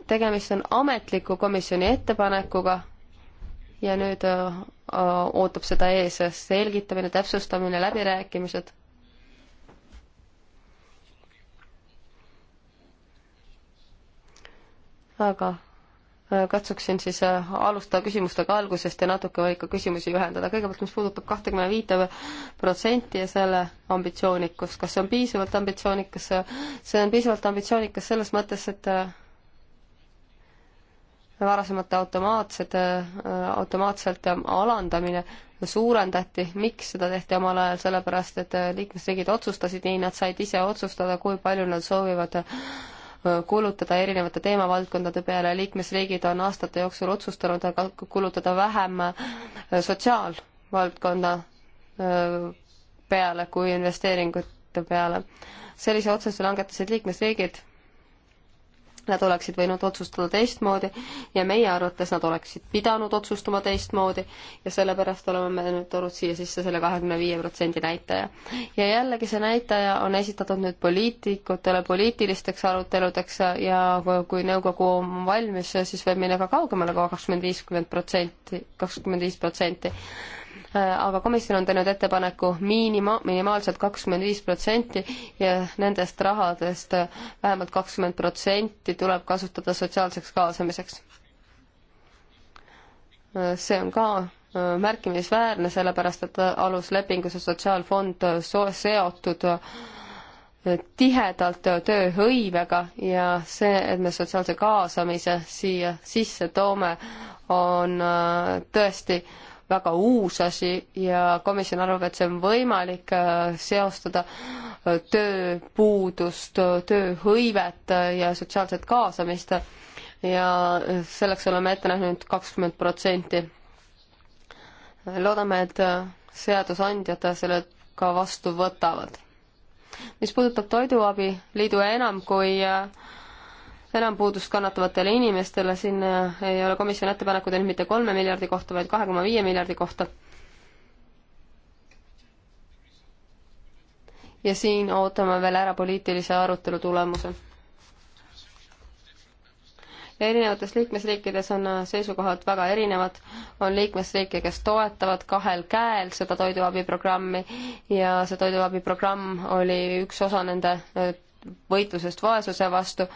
tegemist on ametliku komisjoni ettepanekuga ja nüüd ootab seda ees selgitamine, täpsustamine, läbirääkimised aga äh, katsuksin siis äh, alustada küsimustega algusest ja natuke ikka küsimusi ühendada. kõigepealt, mis puudutab kahtekümne viite protsenti ja selle ambitsioonikust, kas see on piisavalt ambitsioonikas? see on piisavalt ambitsioonikas selles mõttes, et äh, varasemate automaatsed, automaatselt alandamine suurendati, miks seda tehti omal ajal, sellepärast et liikmesriigid otsustasid nii, nad said ise otsustada, kui palju nad soovivad Äh, kulutada erinevate teemavaldkondade peale, liikmesriigid on aastate jooksul otsustanud kulutada vähem äh, sotsiaalvaldkonna äh, peale kui investeeringute peale. sellise otsuse langetasid liikmesriigid Nad oleksid võinud otsustada teistmoodi ja meie arvates nad oleksid pidanud otsustama teistmoodi ja sellepärast oleme me nüüd toonud siia sisse selle kahekümne viie protsendi näitaja. ja jällegi see näitaja on esitatud nüüd poliitikutele poliitilisteks aruteludeks ja kui nõukogu on valmis, siis võib minna ka kaugemale kui kakskümmend, viiskümmend protsenti, kakskümmend viis protsenti Äh, aga komisjon on teinud ettepaneku miinima-, minimaalselt kakskümmend viis protsenti ja nendest rahadest vähemalt kakskümmend protsenti tuleb kasutada sotsiaalseks kaasamiseks. Äh, see on ka äh, märkimisväärne, sellepärast et aluslepingus ja sotsiaalfond seotud tihedalt tööhõivega ja see, et me sotsiaalse kaasamise siia sisse toome, on tõesti äh, väga uus asi ja komisjon arvab, et see on võimalik äh, seostada äh, tööpuudust, äh, tööhõivet ja sotsiaalset kaasamist ja selleks oleme ette näinud kakskümmend protsenti. loodame, et seadusandjad selle ka vastu võtavad. mis puudutab Toiduabi Liidu enam kui enampuudust kannatavatele inimestele, siin äh, ei ole komisjoni ettepanekud ainult mitte kolme miljardi kohta, vaid kahe koma viie miljardi kohta. ja siin ootame veel ära poliitilise arutelu tulemuse. erinevates liikmesriikides on äh, seisukohad väga erinevad, on liikmesriike, kes toetavad kahel käel seda toiduabiprogrammi ja see toiduabiprogramm oli üks osa nende äh, võitlusest vaesuse vastu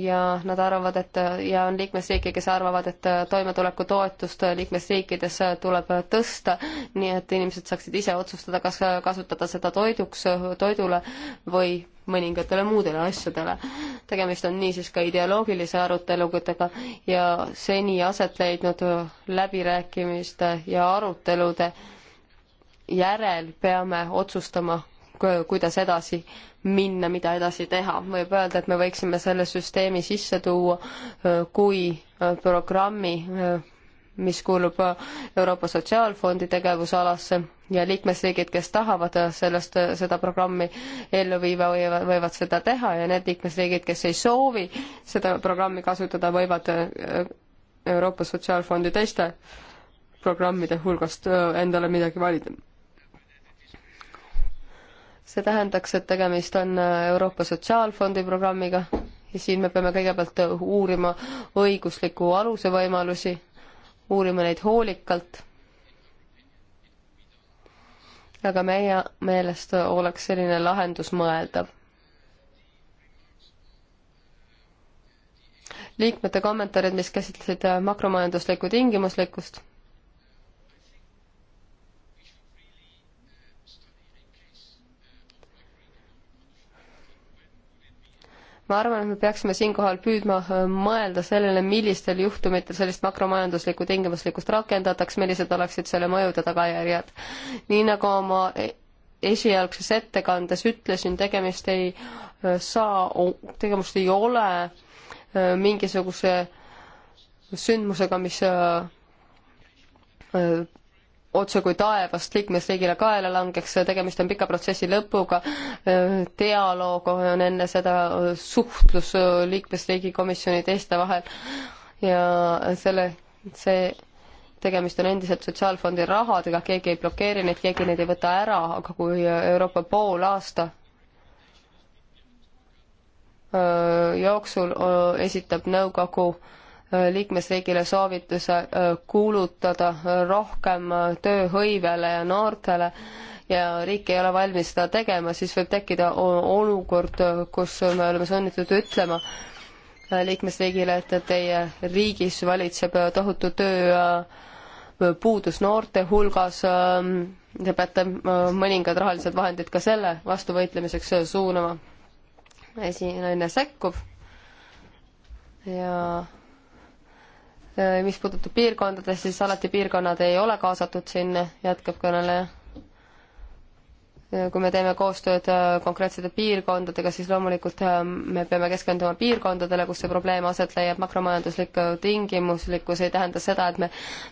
ja nad arvavad, et ja on liikmesriike, kes arvavad, et toimetulekutoetust liikmesriikides tuleb tõsta, nii et inimesed saaksid ise otsustada, kas kasutada seda toiduks, toidule või mõningatele muudele asjadele. tegemist on niisiis ka ideoloogilise aruteludega ja seni aset leidnud läbirääkimiste ja arutelude järel peame otsustama, kuidas edasi minna, mida edasi teha. võib öelda, et me võiksime selle süsteemi sisse tuua kui programmi, mis kuulub Euroopa Sotsiaalfondi tegevusalasse ja liikmesriigid, kes tahavad sellest, seda programmi ellu viia, võivad seda teha ja need liikmesriigid, kes ei soovi seda programmi kasutada, võivad Euroopa Sotsiaalfondi teiste programmide hulgast endale midagi valida see tähendaks, et tegemist on äh, Euroopa Sotsiaalfondi programmiga ja siin me peame kõigepealt äh, uurima õigusliku aluse võimalusi, uurima neid hoolikalt. aga meie meelest oleks selline lahendus mõeldav. liikmete kommentaarid, mis käsitlesid äh, makromajanduslikku tingimuslikkust ma arvan, et me peaksime siinkohal püüdma äh, mõelda sellele, millistel juhtumitel sellist makromajanduslikku tingimuslikkust rakendataks, millised oleksid selle mõjude tagajärjed. nii nagu oma e-, esialgses ettekandes ütlesin, tegemist ei äh, saa, tegemist ei ole äh, mingisuguse sündmusega, mis otse kui taevast liikmesriigile kaela langeks, tegemist on pika protsessi lõpuga, dialoog on enne seda, suhtlus liikmesriigi komisjoni teiste vahel ja selle, see tegemist on endiselt Sotsiaalfondi rahadega, keegi ei blokeeri neid, keegi neid ei võta ära, aga kui Euroopa pool aasta jooksul esitab nõukogu no liikmesriigile soovituse äh, kuulutada äh, rohkem äh, tööhõivele ja noortele ja riik ei ole valmis seda tegema, siis võib tekkida olukord, kus me oleme sunnitud ütlema liikmesriigile, et teie riigis valitseb tohutu tööpuudus noorte hulgas, ähm, te peate mõningad rahalised vahendid ka selle vastu võitlemiseks suunama. esinaine sekkub ja mis puudutab piirkondadest, siis alati piirkonnad ei ole kaasatud sinna, jätkab kõneleja kui me teeme koostööd äh, konkreetsete piirkondadega, siis loomulikult äh, me peame keskenduma piirkondadele, kus see probleem aset leiab, makromajanduslik tingimuslikkus ei tähenda seda, et me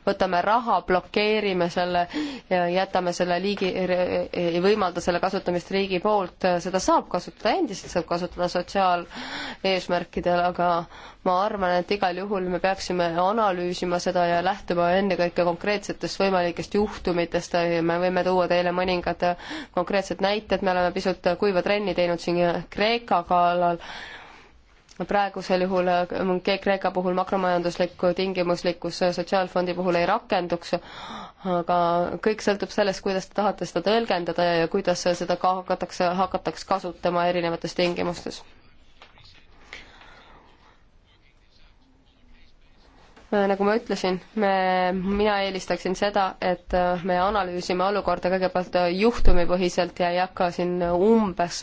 võtame raha, blokeerime selle ja jätame selle liigi, ei võimalda selle kasutamist riigi poolt, seda saab kasutada, endiselt saab kasutada sotsiaaleesmärkidel, aga ma arvan, et igal juhul me peaksime analüüsima seda ja lähtuma ennekõike konkreetsetest võimalikest juhtumitest, me võime tuua teile mõningad konkreetsed konkreetsed näited, me oleme pisut kuiva trenni teinud siin Kreeka kallal, praegusel juhul Kreeka puhul makromajanduslik tingimuslikkus sotsiaalfondi puhul ei rakenduks, aga kõik sõltub sellest, kuidas te tahate seda tõlgendada ja kuidas seda ka hakatakse, hakatakse kasutama erinevates tingimustes Äh, nagu ma ütlesin, me, mina eelistaksin seda, et äh, me analüüsime olukorda kõigepealt äh, juhtumipõhiselt ja ei hakka siin umbes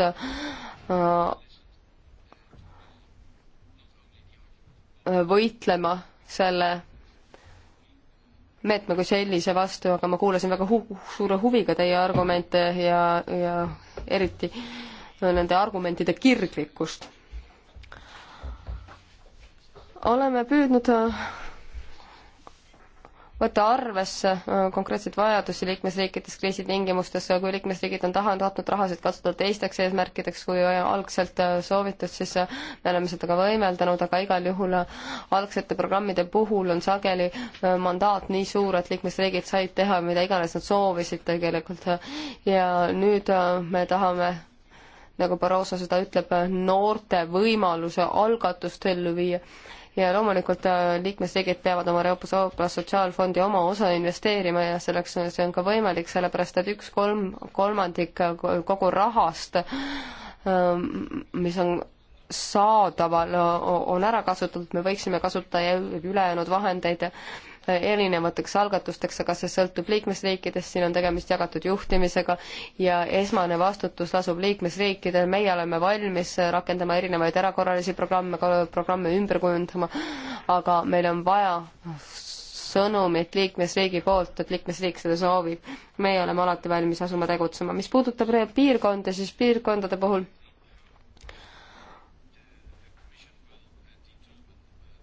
võitlema selle meetme kui sellise vastu, aga ma kuulasin väga hu suure huviga teie argumente ja, ja eriti nende argumentide kirglikkust. oleme püüdnud võtta arvesse äh, konkreetseid vajadusi liikmesriikides kriisi tingimustes, kui liikmesriigid on taha-, tahtnud rahasid kasutada teisteks eesmärkideks, kui äh, algselt äh, soovitud, siis me oleme seda ka võimeldanud, aga igal juhul algsete programmide puhul on sageli mandaat nii suur, et liikmesriigid said teha mida iganes nad soovisid tegelikult ja nüüd me tahame nagu Barroso seda ütleb, noorte võimaluse algatust ellu viia ja loomulikult äh, liikmesriigid peavad oma Euroopa Sotsiaalfondi oma osa investeerima ja selleks see on ka võimalik, sellepärast et üks kolm, kolmandik äh, kogu rahast, ähm, mis on saadaval, on ära kasutatud, me võiksime kasutada ülejäänud vahendeid erinevateks algatusteks, aga see sõltub liikmesriikidest, siin on tegemist jagatud juhtimisega ja esmane vastutus lasub liikmesriikidel, meie oleme valmis rakendama erinevaid erakorralisi programme, programme ümber kujundama, aga meil on vaja sõnumit liikmesriigi poolt, et liikmesriik seda soovib. meie oleme alati valmis asuma tegutsema. mis puudutab piirkonda, siis piirkondade puhul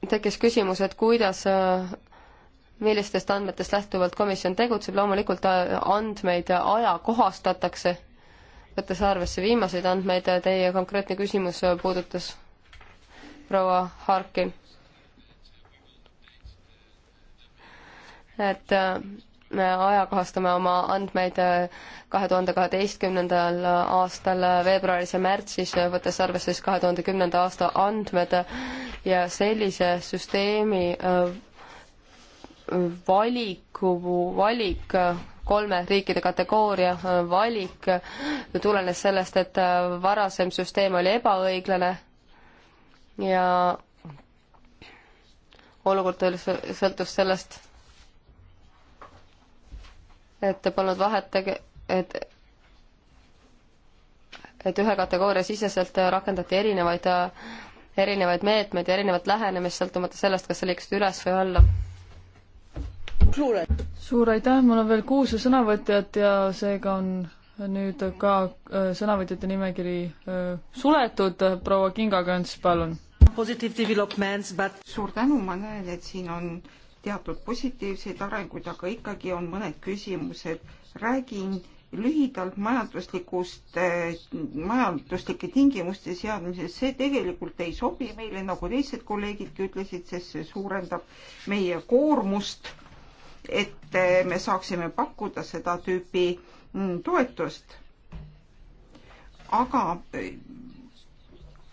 tekkis küsimus, et kuidas äh, millistest andmetest lähtuvalt komisjon tegutseb, loomulikult äh, andmeid äh, ajakohastatakse, võttes arvesse viimaseid andmeid, äh, teie konkreetne küsimus puudutas proua Harkin. et me ajakohastame oma andmeid kahe tuhande kaheteistkümnendal aastal veebruaris ja märtsis, võttes arvesse siis kahe tuhande kümnenda aasta andmed ja sellise süsteemi valiku, valik kolme riikide kategooria valik tulenes sellest, et varasem süsteem oli ebaõiglane ja olukord oli, sõltus sellest, et polnud vahet tege-, et et ühe kategooria siseselt rakendati erinevaid, erinevaid meetmeid ja erinevat lähenemist, sõltumata sellest, kas sa liikusid üles või alla suur aitäh, mul on veel kuus sõnavõtjat ja seega on nüüd ka äh, sõnavõtjate nimekiri äh, suletud. proua Kinga Kants, palun. suur tänu, ma näen, et siin on teatud positiivseid arenguid, aga ikkagi on mõned küsimused. räägin lühidalt majanduslikust, äh, majanduslike tingimuste seadmisest, see tegelikult ei sobi meile, nagu teised kolleegidki ütlesid, sest see suurendab meie koormust et me saaksime pakkuda seda tüüpi mm, toetust. aga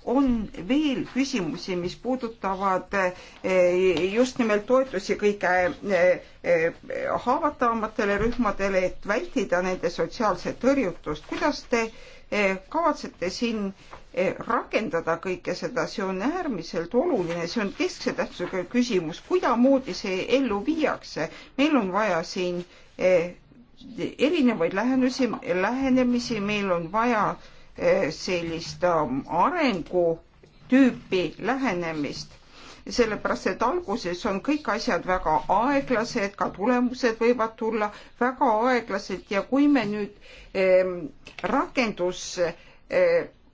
on veel küsimusi, mis puudutavad e, just nimelt toetusi kõige e, e, haavatavamatele rühmadele, et vältida nende sotsiaalset tõrjutust. kuidas te kavatsete siin Eh, rakendada kõike seda, see on äärmiselt oluline, see on keskse tähtsusega küsimus, kuidasmoodi see ellu viiakse. meil on vaja siin eh, erinevaid lähenemisi, lähenemisi, meil on vaja eh, sellist ähm, arengu tüüpi lähenemist, sellepärast et alguses on kõik asjad väga aeglased, ka tulemused võivad tulla väga aeglaselt ja kui me nüüd ehm, rakendus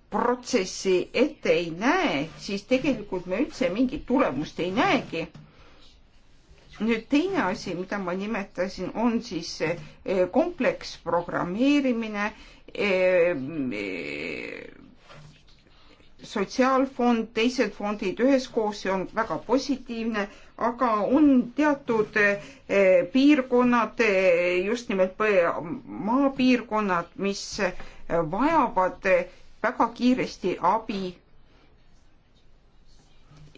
protsessi ette ei näe, siis tegelikult me üldse mingit tulemust ei näegi. nüüd teine asi, mida ma nimetasin, on siis eh, kompleksprogrammeerimine, eh, sotsiaalfond, teised fondid üheskoos, see on väga positiivne, aga on teatud eh, piirkonnad, just nimelt maapiirkonnad, mis vajavad väga kiiresti abi.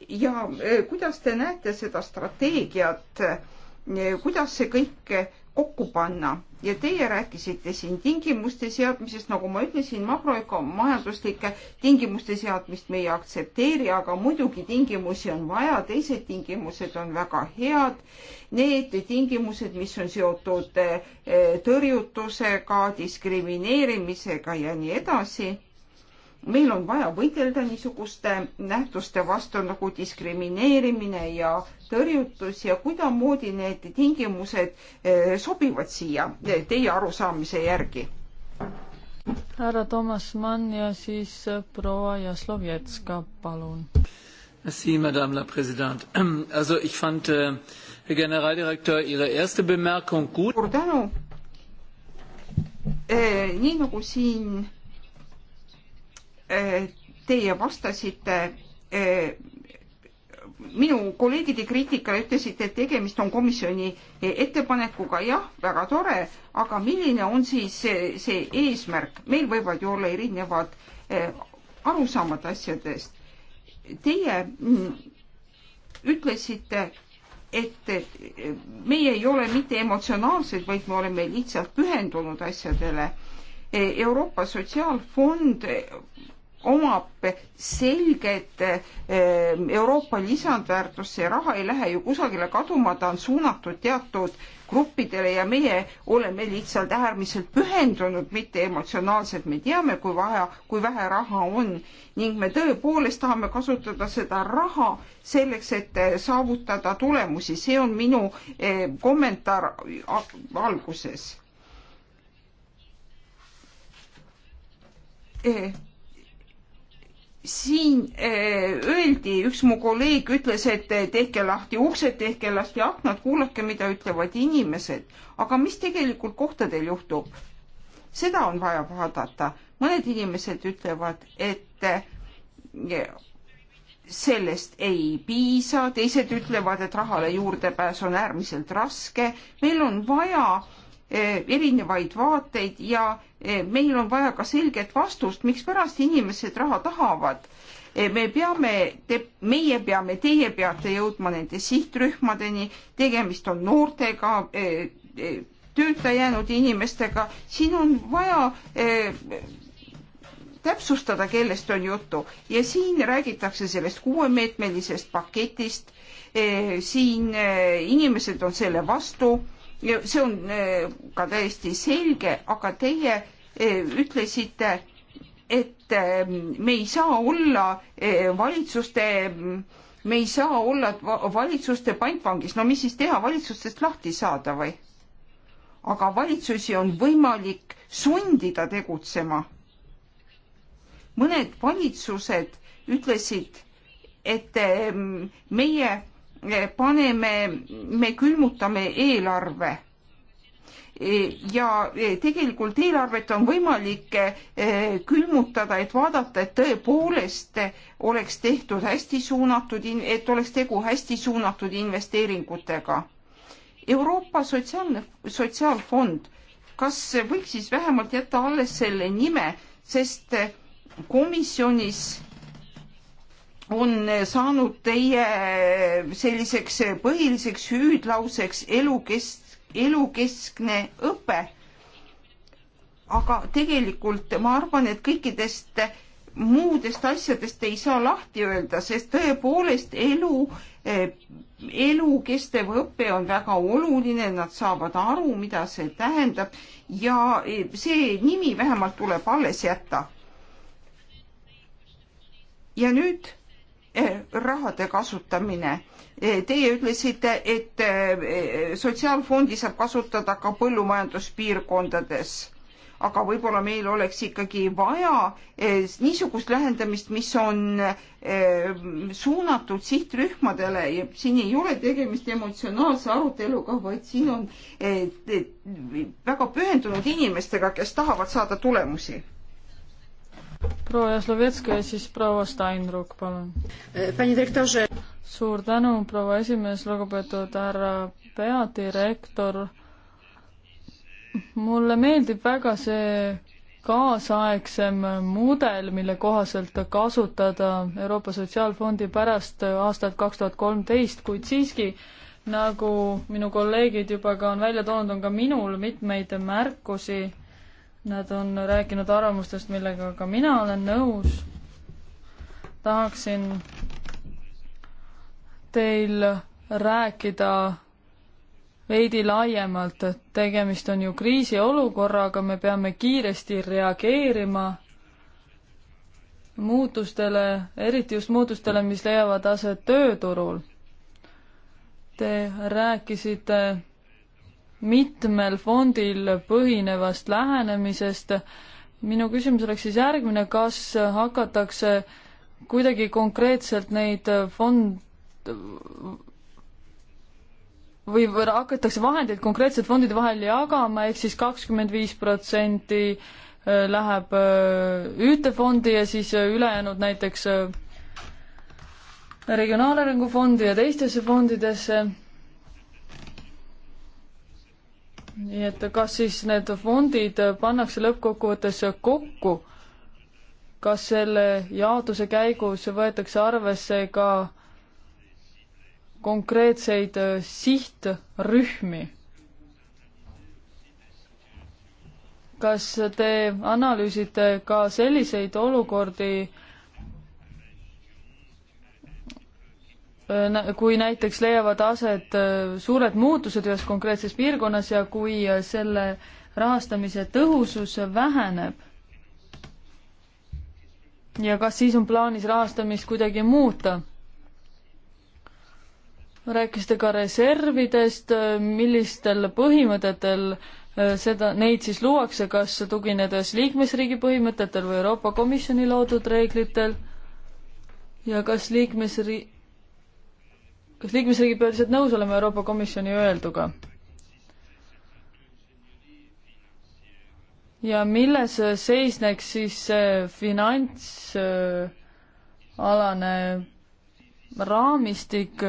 ja e, kuidas te näete seda strateegiat, e, kuidas see kõik kokku panna ja teie rääkisite siin tingimuste seadmisest, nagu ma ütlesin, makromajanduslike tingimuste seadmist me ei aktsepteeri, aga muidugi tingimusi on vaja, teised tingimused on väga head. Need tingimused, mis on seotud e, tõrjutusega, diskrimineerimisega ja nii edasi meil on vaja võidelda niisuguste nähtuste vastu nagu diskrimineerimine ja tõrjutus ja kuidasmoodi need tingimused eh, sobivad siia eh, teie arusaamise järgi? härra Toomas Mann ja siis eh, proua Jaslovjetska, palun. Merci, madame la présidente. Also ich fand äh, Herr Generaldirektor Ihre erste Bemerkung gut. suur tänu äh,. nii nagu siin Äh, teie vastasite äh, minu kolleegide kriitikale, ütlesite, et tegemist on komisjoni äh, ettepanekuga, jah, väga tore, aga milline on siis see, see eesmärk, meil võivad ju olla erinevad arusaamad asjadest. Teie mm, ütlesite, et meie ei ole mitte emotsionaalsed, vaid me oleme lihtsalt pühendunud asjadele. Euroopa Sotsiaalfond omab selget eh, Euroopa lisandväärtust, see raha ei lähe ju kusagile kaduma, ta on suunatud teatud gruppidele ja meie oleme lihtsalt äärmiselt pühendunud, mitte emotsionaalselt, me teame, kui vaja, kui vähe raha on ning me tõepoolest tahame kasutada seda raha selleks, et eh, saavutada tulemusi, see on minu eh, kommentaar alguses siin eh, öeldi, üks mu kolleeg ütles, et eh, tehke lahti uksed, tehke lahti aknad, kuulake, mida ütlevad inimesed. aga mis tegelikult kohtadel juhtub? seda on vaja vaadata. mõned inimesed ütlevad, et eh, sellest ei piisa, teised ütlevad, et rahale juurdepääs on äärmiselt raske. meil on vaja erinevaid vaateid ja Eh, meil on vaja ka selget vastust, mikspärast inimesed raha tahavad. Eh, me peame, meie peame, teie peate jõudma nende sihtrühmadeni, tegemist on noortega, eh, tööta jäänud inimestega, siin on vaja täpsustada, kellest on juttu ja siin räägitakse sellest kuuemeetmelisest paketist. siin inimesed on selle vastu ja see on eh, ka täiesti selge, aga teie eh, ütlesite, et eh, me ei saa olla valitsuste, me ei saa olla valitsuste pantvangis, no mis siis teha, valitsustest lahti saada või? aga valitsusi on võimalik sundida tegutsema. mõned valitsused ütlesid, et meie Eh, paneme, me külmutame eelarve eh, ja eh, tegelikult eelarvet on võimalik külmutada, et vaadata, et tõepoolest oleks tehtud hästi suunatud, et oleks tegu hästi suunatud investeeringutega. Euroopa Sotsiaalne, Sotsiaalfond, kas võiks siis vähemalt jätta alles selle nime, sest komisjonis on saanud teie selliseks põhiliseks hüüdlauseks elukest-, elukeskne õpe. aga tegelikult ma arvan, et kõikidest muudest asjadest ei saa lahti öelda, sest tõepoolest elu, elukestev õpe on väga oluline, nad saavad aru, mida see tähendab ja see nimi vähemalt tuleb alles jätta. ja nüüd Eh, rahade kasutamine. Eh, teie ütlesite, et eh, sotsiaalfondi saab kasutada ka põllumajanduspiirkondades, aga võib-olla meil oleks ikkagi vaja niisugust lähendamist, mis on suunatud sihtrühmadele ja siin ei ole tegemist emotsionaalse aruteluga, vaid siin on väga pühendunud inimestega, kes tahavad saada tulemusi proua Jaslovetska ja siis proua Steinruck, palun. suur tänu, proua esimees, lugupeetud härra peadirektor. mulle meeldib väga see kaasaegsem mudel, mille kohaselt kasutada Euroopa Sotsiaalfondi pärast aastat kaks tuhat kolmteist, kuid siiski nagu minu kolleegid juba ka on välja toonud, on ka minul mitmeid märkusi Nad on rääkinud arvamustest, millega ka mina olen nõus. tahaksin teil rääkida veidi laiemalt, et tegemist on ju kriisiolukorraga, me peame kiiresti reageerima muutustele, eriti just muutustele, mis leiavad aset tööturul. Te rääkisite mitmel fondil põhinevast lähenemisest. minu küsimus oleks siis järgmine, kas hakatakse kuidagi konkreetselt neid fond või hakatakse vahendeid konkreetselt fondide vahel jagama, ehk siis kakskümmend viis protsenti äh, läheb äh, ühte fondi ja siis äh, ülejäänud näiteks regionaalarengu fondi ja teistesse fondidesse nii et kas siis need fondid pannakse lõppkokkuvõttes kokku? kas selle jaotuse käigus võetakse arvesse ka konkreetseid sihtrühmi? kas te analüüsite ka selliseid olukordi, Äh, kui näiteks leiavad aset äh, suured muutused ühes konkreetses piirkonnas ja kui äh, selle rahastamise tõhusus väheneb. ja kas siis on plaanis rahastamist kuidagi muuta? rääkisite ka reservidest, millistel põhimõtetel seda, neid siis luuakse, kas tuginedes liikmesriigi põhimõtetel või Euroopa Komisjoni loodud reeglitel ja kas liikmesriik kas liikmesriigid peavad lihtsalt nõus olema Euroopa Komisjoni öelduga? ja milles seisneks siis see finantsalane raamistik,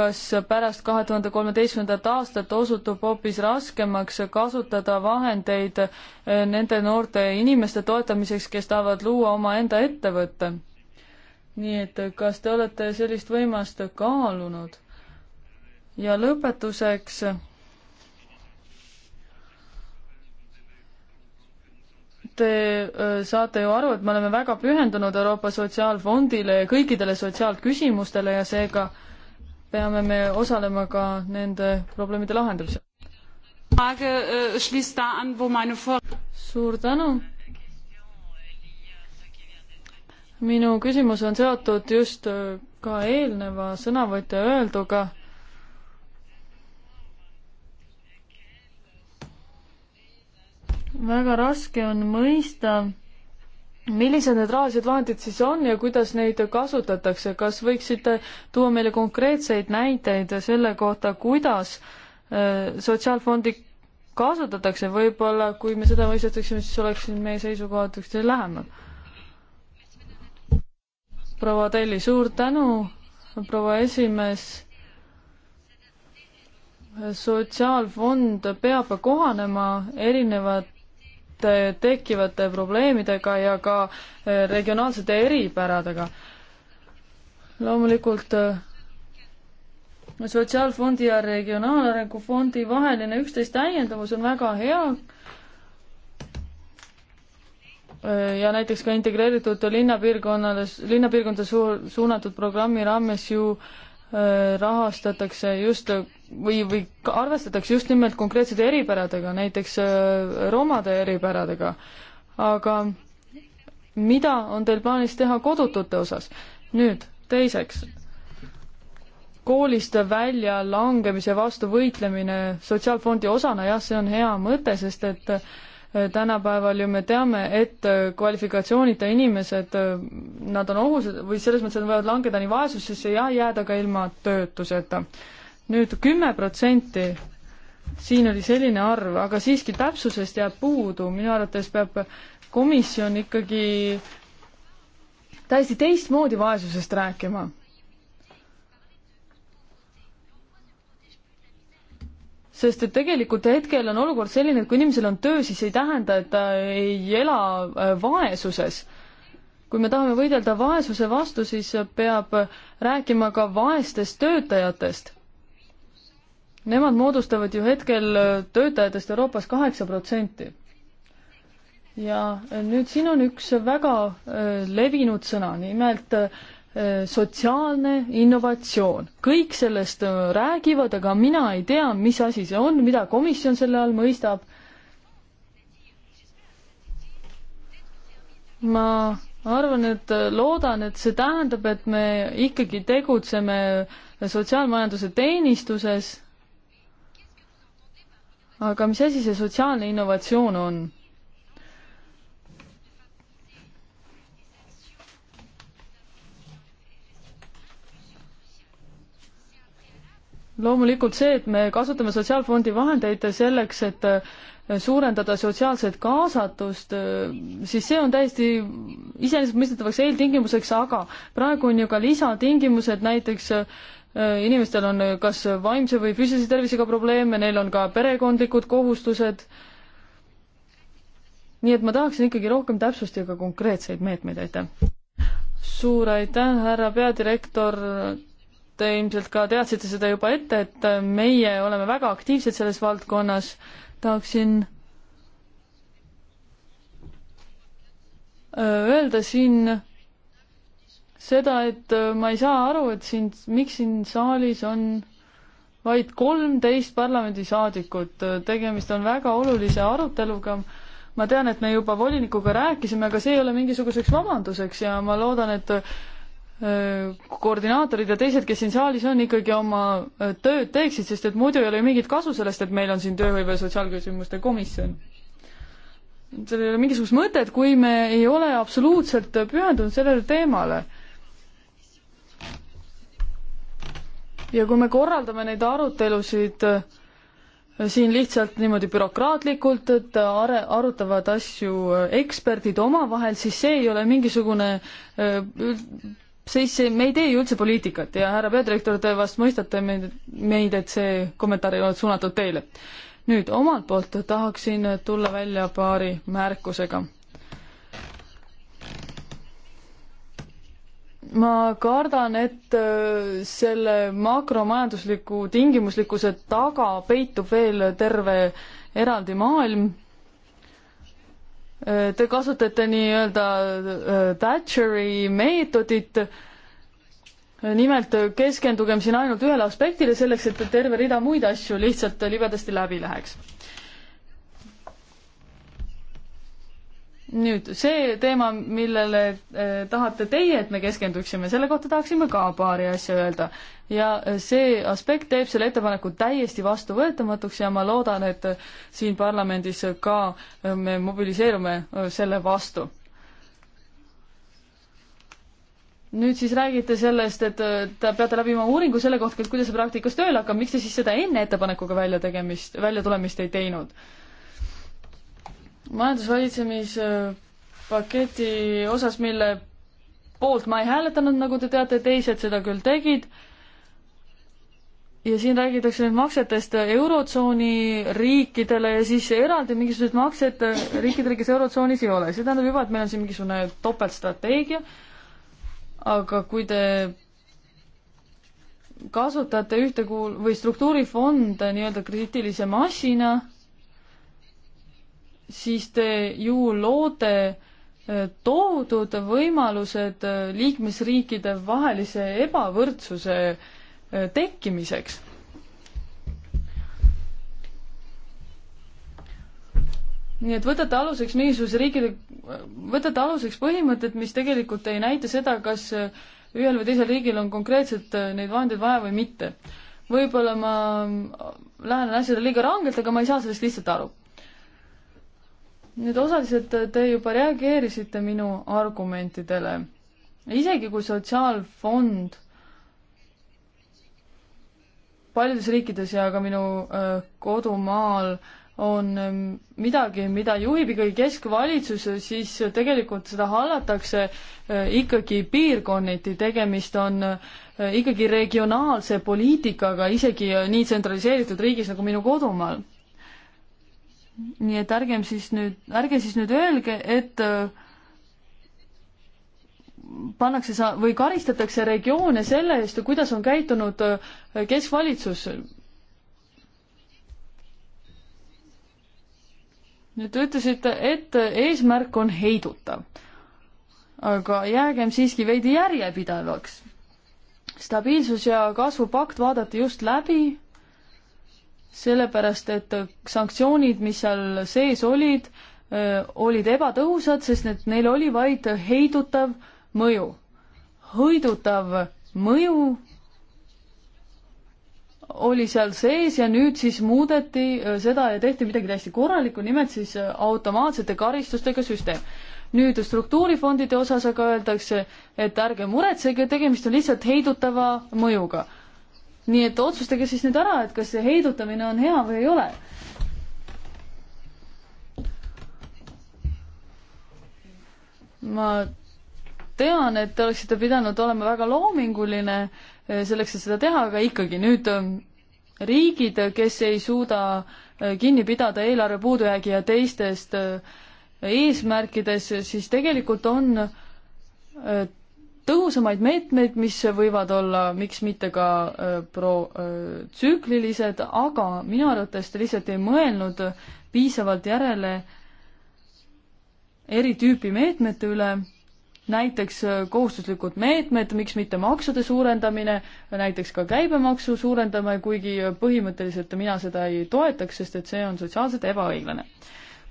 kas pärast kahe tuhande kolmeteistkümnendat aastat osutub hoopis raskemaks kasutada vahendeid nende noorte inimeste toetamiseks, kes tahavad luua omaenda ettevõtte? nii et kas te olete sellist võimast kaalunud? ja lõpetuseks te äh, saate ju aru, et me oleme väga pühendunud Euroopa Sotsiaalfondile ja kõikidele sotsiaalküsimustele ja seega peame me osalema ka nende probleemide lahendamisel. Äh, suur tänu minu küsimus on seotud just äh, ka eelneva sõnavõtja öelduga. väga raske on mõista, millised need rahalised vahendid siis on ja kuidas neid kasutatakse, kas võiksite tuua meile konkreetseid näiteid selle kohta, kuidas äh, sotsiaalfondi kasutatakse, võib-olla kui me seda mõistetaksime, siis oleksid meie seisukohad üksteisele lähemal proua Telli, suur tänu, proua esimees. sotsiaalfond peab kohanema erinevate tekkivate probleemidega ja ka eh, regionaalsete eripäradega. loomulikult eh, sotsiaalfondi ja regionaalarengu fondi vaheline üksteist täiendavus on väga hea ja näiteks ka integreeritud linnapiirkonnades, linnapiirkonda su-, suunatud programmi raames ju äh, rahastatakse just või, või arvestatakse just nimelt konkreetsete eripäradega, näiteks äh, romade eripäradega. aga mida on teil plaanis teha kodutute osas? nüüd teiseks, koolist välja langemise vastu võitlemine sotsiaalfondi osana, jah, see on hea mõte, sest et äh, tänapäeval ju me teame, et kvalifikatsioonita inimesed, nad on ohus või selles mõttes, et nad võivad langeda nii vaesusesse ja jääda ka ilma töötuseta. nüüd kümme protsenti, siin oli selline arv, aga siiski täpsusest jääb puudu, minu arvates peab komisjon ikkagi täiesti teistmoodi vaesusest rääkima sest et tegelikult hetkel on olukord selline, et kui inimesel on töö, siis ei tähenda, et ta ei ela äh, vaesuses. kui me tahame võidelda vaesuse vastu, siis peab rääkima ka vaestest töötajatest. Nemad moodustavad ju hetkel äh, töötajatest Euroopas kaheksa protsenti. ja nüüd siin on üks väga äh, levinud sõna, nimelt Äh, sotsiaalne innovatsioon. kõik sellest äh, räägivad, aga mina ei tea, mis asi see on, mida komisjon selle all mõistab. ma arvan, et äh, loodan, et see tähendab, et me ikkagi tegutseme sotsiaalmajanduse teenistuses. aga mis asi see sotsiaalne innovatsioon on? loomulikult see, et me kasutame Sotsiaalfondi vahendeid selleks, et äh, suurendada sotsiaalset kaasatust, äh, siis see on täiesti iseenesestmõistetavaks eeltingimuseks, aga praegu on ju ka lisatingimused, näiteks äh, inimestel on kas vaimse või füüsilise tervisega probleeme, neil on ka perekondlikud kohustused. nii et ma tahaksin ikkagi rohkem täpsust ja ka konkreetseid meetmeid, aitäh! suur aitäh, härra peadirektor te ilmselt ka teadsite seda juba ette, et meie oleme väga aktiivsed selles valdkonnas. tahaksin äh, öelda siin seda, et äh, ma ei saa aru, et siin, miks siin saalis on vaid kolmteist parlamendisaadikut, tegemist on väga olulise aruteluga. ma tean, et me juba volinikuga rääkisime, aga see ei ole mingisuguseks vabanduseks ja ma loodan, et Äh, koordinaatorid ja teised, kes siin saalis on, ikkagi oma äh, tööd teeksid, sest et muidu ei ole ju mingit kasu sellest, et meil on siin tööhõive sotsiaalküsimuste komisjon. sellel ei ole mingisugust mõtet, kui me ei ole absoluutselt pühendunud sellele teemale. ja kui me korraldame neid arutelusid äh, siin lihtsalt niimoodi bürokraatlikult, et are-, arutavad asju eksperdid omavahel, siis see ei ole mingisugune siis me ei tee ju üldse poliitikat ja härra peadirektor, te vast mõistate meid, meid, et see kommentaar ei olnud suunatud teile. nüüd omalt poolt tahaksin tulla välja paari märkusega. ma kardan, et äh, selle makromajandusliku tingimuslikkuse taga peitub veel terve eraldi maailm Te kasutate nii-öelda äh, Thatcheri meetodit. nimelt keskendugem siin ainult ühele aspektile, selleks et terve rida muid asju lihtsalt libedasti läbi läheks nüüd see teema, millele eh, tahate teie, et me keskenduksime, selle kohta tahaksime ka paari asja öelda. ja eh, see aspekt teeb selle ettepaneku täiesti vastuvõetamatuks ja ma loodan, et eh, siin parlamendis ka me mobiliseerume selle vastu. nüüd siis räägite sellest, et te peate läbima uuringu selle kohta, et kuidas see praktikas tööle hakkab, miks te siis seda enne ettepanekuga välja tegemist, välja tulemist ei teinud? majandusvalitsemispaketi osas, mille poolt ma ei hääletanud, nagu te teate, teised seda küll tegid. ja siin räägitakse nüüd maksetest Eurotsooni riikidele ja siis eraldi mingisugused maksed riikidele, kes Eurotsoonis ei ole. see tähendab juba, et meil on siin mingisugune topeltstrateegia, aga kui te kasutate ühtekuul- või struktuurifonde nii-öelda kriitilise massina, siis te ju loote äh, toodud võimalused äh, liikmesriikide vahelise ebavõrdsuse äh, tekkimiseks. nii et võtate aluseks mingisuguse riikide, võtate aluseks põhimõtted, mis tegelikult ei näita seda, kas ühel või teisel riigil on konkreetselt neid vahendeid vaja või mitte. võib-olla ma lähenen asjadele liiga rangelt, aga ma ei saa sellest lihtsalt aru nüüd osaliselt te juba reageerisite minu argumentidele. isegi kui sotsiaalfond paljudes riikides ja ka minu äh, kodumaal on ähm, midagi, mida juhib ikkagi keskvalitsus, siis tegelikult seda hallatakse äh, ikkagi piirkonniti, tegemist on äh, ikkagi regionaalse poliitikaga, isegi nii tsentraliseeritud riigis nagu minu kodumaal nii et ärgem siis nüüd, ärge siis nüüd öelge, et äh, pannakse sa- või karistatakse regioone selle eest, kuidas on käitunud äh, keskvalitsus. nüüd te ütlesite, et eesmärk on heidutav. aga jäägem siiski veidi järjepidevaks. stabiilsus ja kasvupakt vaadati just läbi sellepärast, et sanktsioonid, mis seal sees olid, olid ebatõhusad, sest et neil oli vaid heidutav mõju. heidutav mõju oli seal sees ja nüüd siis muudeti seda ja tehti midagi täiesti korralikku, nimelt siis automaatsete karistustega süsteem. nüüd struktuurifondide osas aga öeldakse, et ärge muretsege, tegemist on lihtsalt heidutava mõjuga nii et otsustage siis nüüd ära, et kas see heidutamine on hea või ei ole. ma tean, et te oleksite pidanud olema väga loominguline eh, selleks, et seda teha, aga ikkagi nüüd eh, riigid, kes ei suuda eh, kinni pidada eelarve puudujäägi ja teistest eesmärkides, siis tegelikult on tõhusamaid meetmeid, mis võivad olla, miks mitte ka äh, protsüklilised, äh, aga minu arvates te lihtsalt ei mõelnud piisavalt järele eri tüüpi meetmete üle, näiteks äh, kohustuslikud meetmed, miks mitte maksude suurendamine, näiteks ka käibemaksu suurendame, kuigi põhimõtteliselt mina seda ei toetaks, sest et see on sotsiaalselt ebaõiglane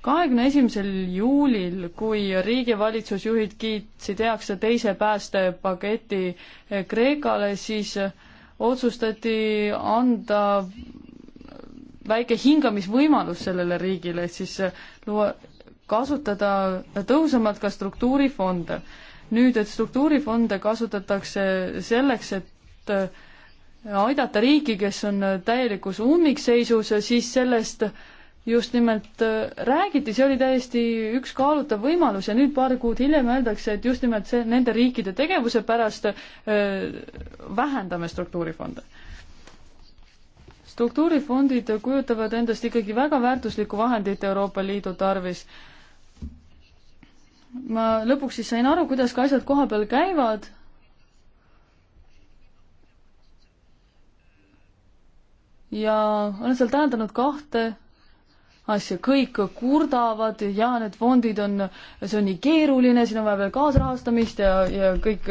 kahekümne esimesel juulil, kui riigivalitsusjuhid kiitsid heaks teise päästepaketi Kreekale, siis otsustati anda väike hingamisvõimalus sellele riigile, et siis luua, kasutada tõhusamalt ka struktuurifonde. nüüd, et struktuurifonde kasutatakse selleks, et aidata riiki, kes on täielikus ummikseisus, siis sellest äh, just nimelt äh, räägiti, see oli täiesti üks kaalutav võimalus ja nüüd paar kuud hiljem öeldakse, et just nimelt see, nende riikide tegevuse pärast öö, äh, vähendame struktuurifonde. struktuurifondid kujutavad endast ikkagi väga väärtuslikku vahendit Euroopa Liidu tarvis. ma lõpuks siis sain aru, kuidas ka asjad kohapeal käivad ja olen seal tähendanud kahte asja, kõik kurdavad ja need fondid on, see on nii keeruline, siin on vaja veel kaasrahastamist ja, ja kõik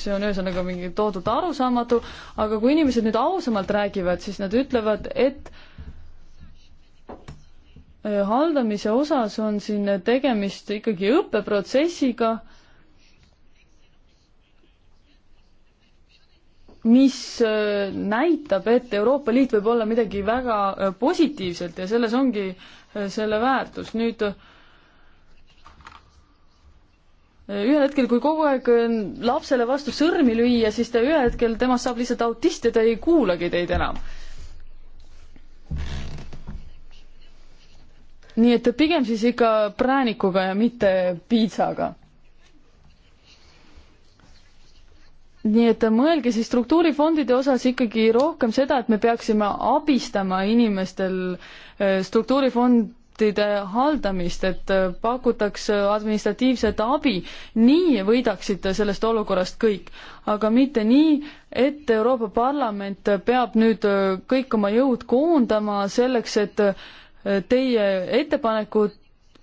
see on ühesõnaga mingi toodud arusaamatu, aga kui inimesed nüüd ausamalt räägivad, siis nad ütlevad, et äh, haldamise osas on siin tegemist ikkagi õppeprotsessiga, mis äh, näitab, et Euroopa Liit võib olla midagi väga äh, positiivset ja selles ongi äh, selle väärtus. nüüd ühel hetkel, kui kogu aeg lapsele vastu sõrmi lüüa, siis ta ühel hetkel, temast saab lihtsalt autist ja ta ei kuulagi teid enam. nii et pigem siis ikka präänikuga ja mitte piitsaga nii et mõelge siis struktuurifondide osas ikkagi rohkem seda, et me peaksime abistama inimestel äh, struktuurifondide haldamist, et äh, pakutakse äh, administratiivset abi, nii võidaksid sellest olukorrast kõik. aga mitte nii, et Euroopa Parlament peab nüüd kõik oma jõud koondama selleks, et teie ettepanekud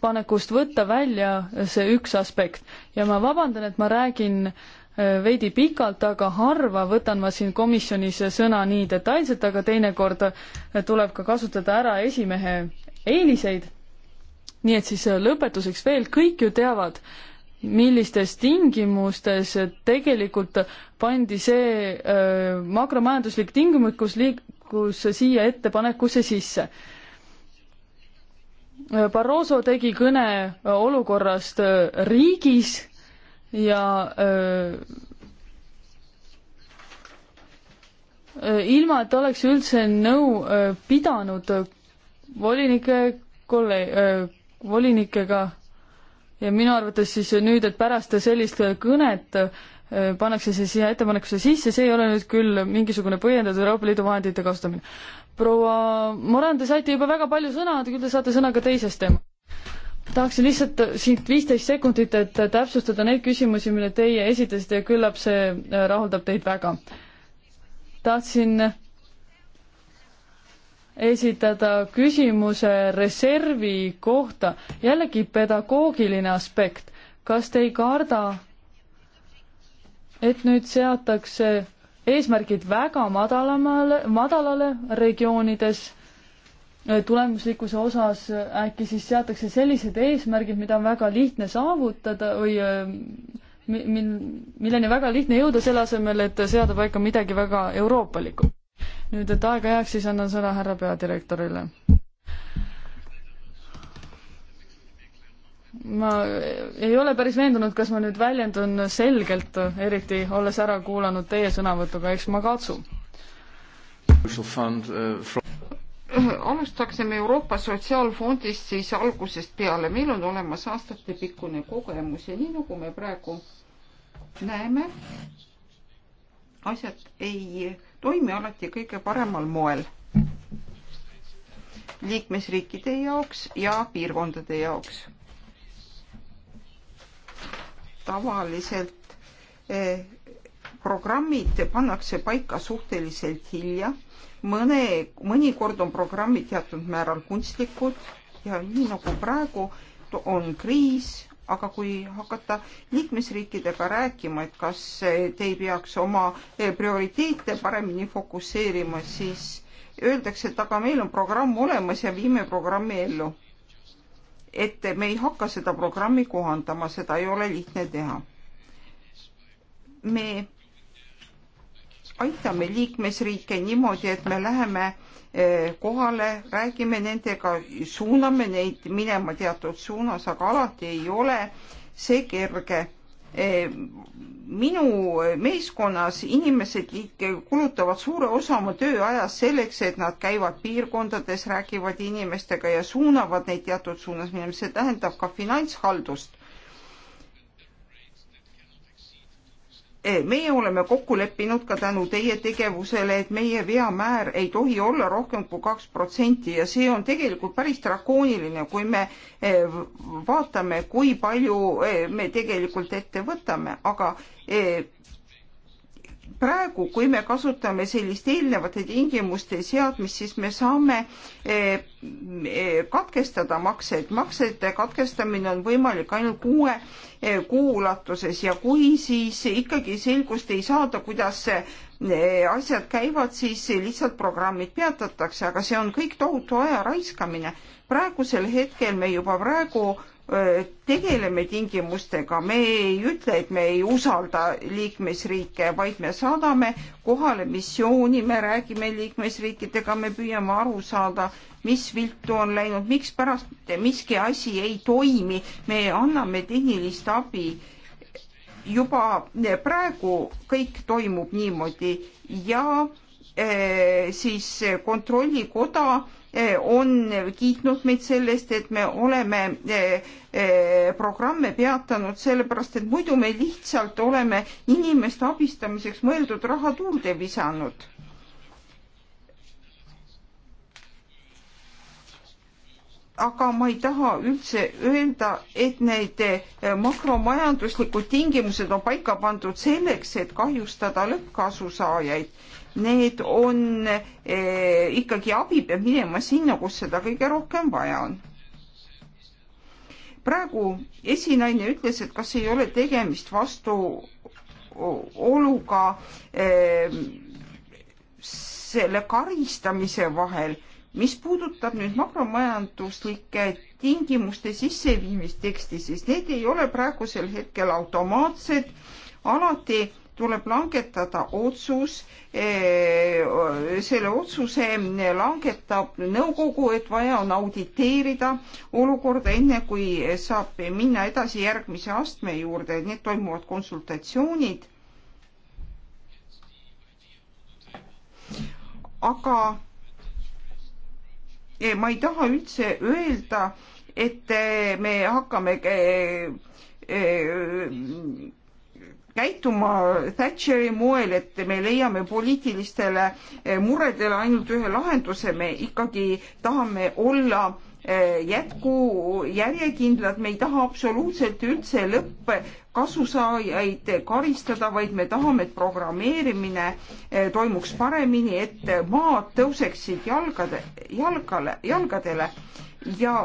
panekust võtta välja see üks aspekt ja ma vabandan, et ma räägin äh, Äh, veidi pikalt, aga harva võtan ma siin komisjonis sõna nii detailselt, aga teinekord äh, tuleb ka kasutada ära esimehe eeliseid. nii et siis äh, lõpetuseks veel, kõik ju teavad, millistes tingimustes tegelikult pandi see öö, makromajanduslik tingimuslikkus liikus siia ettepanekusse sisse Barroso tegi kõne olukorrast riigis ja öö, ilma, et oleks üldse nõu öö, pidanud volinike kolle-, volinikega ja minu arvates siis nüüd, et pärast sellist kõnet pannakse see siia ettepanekusse sisse, see ei ole nüüd küll mingisugune põhjendatud Euroopa Liidu vahendite kasutamine. proua Moran, te saite juba väga palju sõna, küll te saate sõna ka teisest teemast tahaksin lihtsalt äh, siit viisteist sekundit, et äh, täpsustada neid küsimusi, mille teie esitasite ja küllap see äh, rahuldab teid väga. tahtsin esitada küsimuse reservi kohta, jällegi pedagoogiline aspekt. kas te ei karda, et nüüd seatakse eesmärgid väga madalamale, madalale regioonides Äh, tulemuslikkuse osas äh, äkki siis seatakse sellised eesmärgid, mida on väga lihtne saavutada või äh, mil, milleni väga lihtne jõuda, selle asemel, et seada paika midagi väga euroopalikku. nüüd, et aega jääks, siis annan sõna härra peadirektorile. ma ei ole päris veendunud, kas ma nüüd väljendun selgelt, eriti olles ära kuulanud teie sõnavõtuga, eks ma katsun. Fund, uh, from alustaksime Euroopa Sotsiaalfondist siis algusest peale. meil on olemas aastatepikkune kogemus ja nii nagu me praegu näeme, asjad ei toimi alati kõige paremal moel liikmesriikide jaoks ja piirkondade jaoks. tavaliselt eh, programmid pannakse paika suhteliselt hilja mõne, mõnikord on programmid teatud määral kunstlikud ja nii nagu praegu on kriis, aga kui hakata liikmesriikidega rääkima, et kas te ei peaks oma eh, prioriteete paremini fokusseerima, siis öeldakse, et aga meil on programm olemas ja viime programmi ellu. et me ei hakka seda programmi kohandama, seda ei ole lihtne teha. me aitame liikmesriike niimoodi, et me läheme eh, kohale, räägime nendega, suuname neid minema teatud suunas, aga alati ei ole see kerge. Eh, minu meeskonnas inimesed kulutavad suure osa oma tööajast selleks, et nad käivad piirkondades, räägivad inimestega ja suunavad neid teatud suunas minema, see tähendab ka finantshaldust Eh, meie oleme kokku leppinud ka tänu teie tegevusele, et meie veamäär ei tohi olla rohkem kui kaks protsenti ja see on tegelikult päris drakooniline, kui me eh, vaatame, kui palju eh, me tegelikult ette võtame, aga praegu, kui me kasutame sellist eelnevate tingimuste seadmist, siis me saame eh, eh, katkestada maksed. maksete katkestamine on võimalik ainult kuue eh, kuu ulatuses ja kui siis ikkagi selgust ei saada, kuidas asjad käivad, siis lihtsalt programmid peatatakse, aga see on kõik tohutu aja raiskamine. praegusel hetkel me juba praegu tegeleme tingimustega, me ei ütle, et me ei usalda liikmesriike, vaid me saadame kohale missiooni, me räägime liikmesriikidega, me püüame aru saada, mis viltu on läinud, mikspärast miski asi ei toimi, me anname tehnilist abi. juba praegu kõik toimub niimoodi ja siis kontrollikoda Eh, on kiitnud meid sellest, et me oleme eh, eh, programme peatanud, sellepärast et muidu me lihtsalt oleme inimeste abistamiseks mõeldud raha tuulde visanud. aga ma ei taha üldse öelda, et need makromajanduslikud tingimused on paika pandud selleks, et kahjustada lõppkasusaajaid need on eh, ikkagi, abi peab minema sinna, kus seda kõige rohkem vaja on. praegu esinaine ütles, et kas ei ole tegemist vastuoluga eh, selle karistamise vahel mis puudutab nüüd makromajanduslike tingimuste sisseviimist teksti, siis need ei ole praegusel hetkel automaatsed, alati tuleb langetada otsus, eh, selle otsuse langetab nõukogu, et vaja on auditeerida olukorda, enne kui saab minna edasi järgmise astme juurde, need toimuvad konsultatsioonid. aga eh, ma ei taha üldse öelda, et eh, me hakkame käituma Thatcheri moel, et me leiame poliitilistele eh, muredele ainult ühe lahenduse, me ikkagi tahame olla eh, jätku järjekindlad, me ei taha absoluutselt üldse lõppe kasusaajaid karistada, vaid me tahame, et programmeerimine eh, toimuks paremini, et maad tõuseksid jalgade, jalgale, jalgadele ja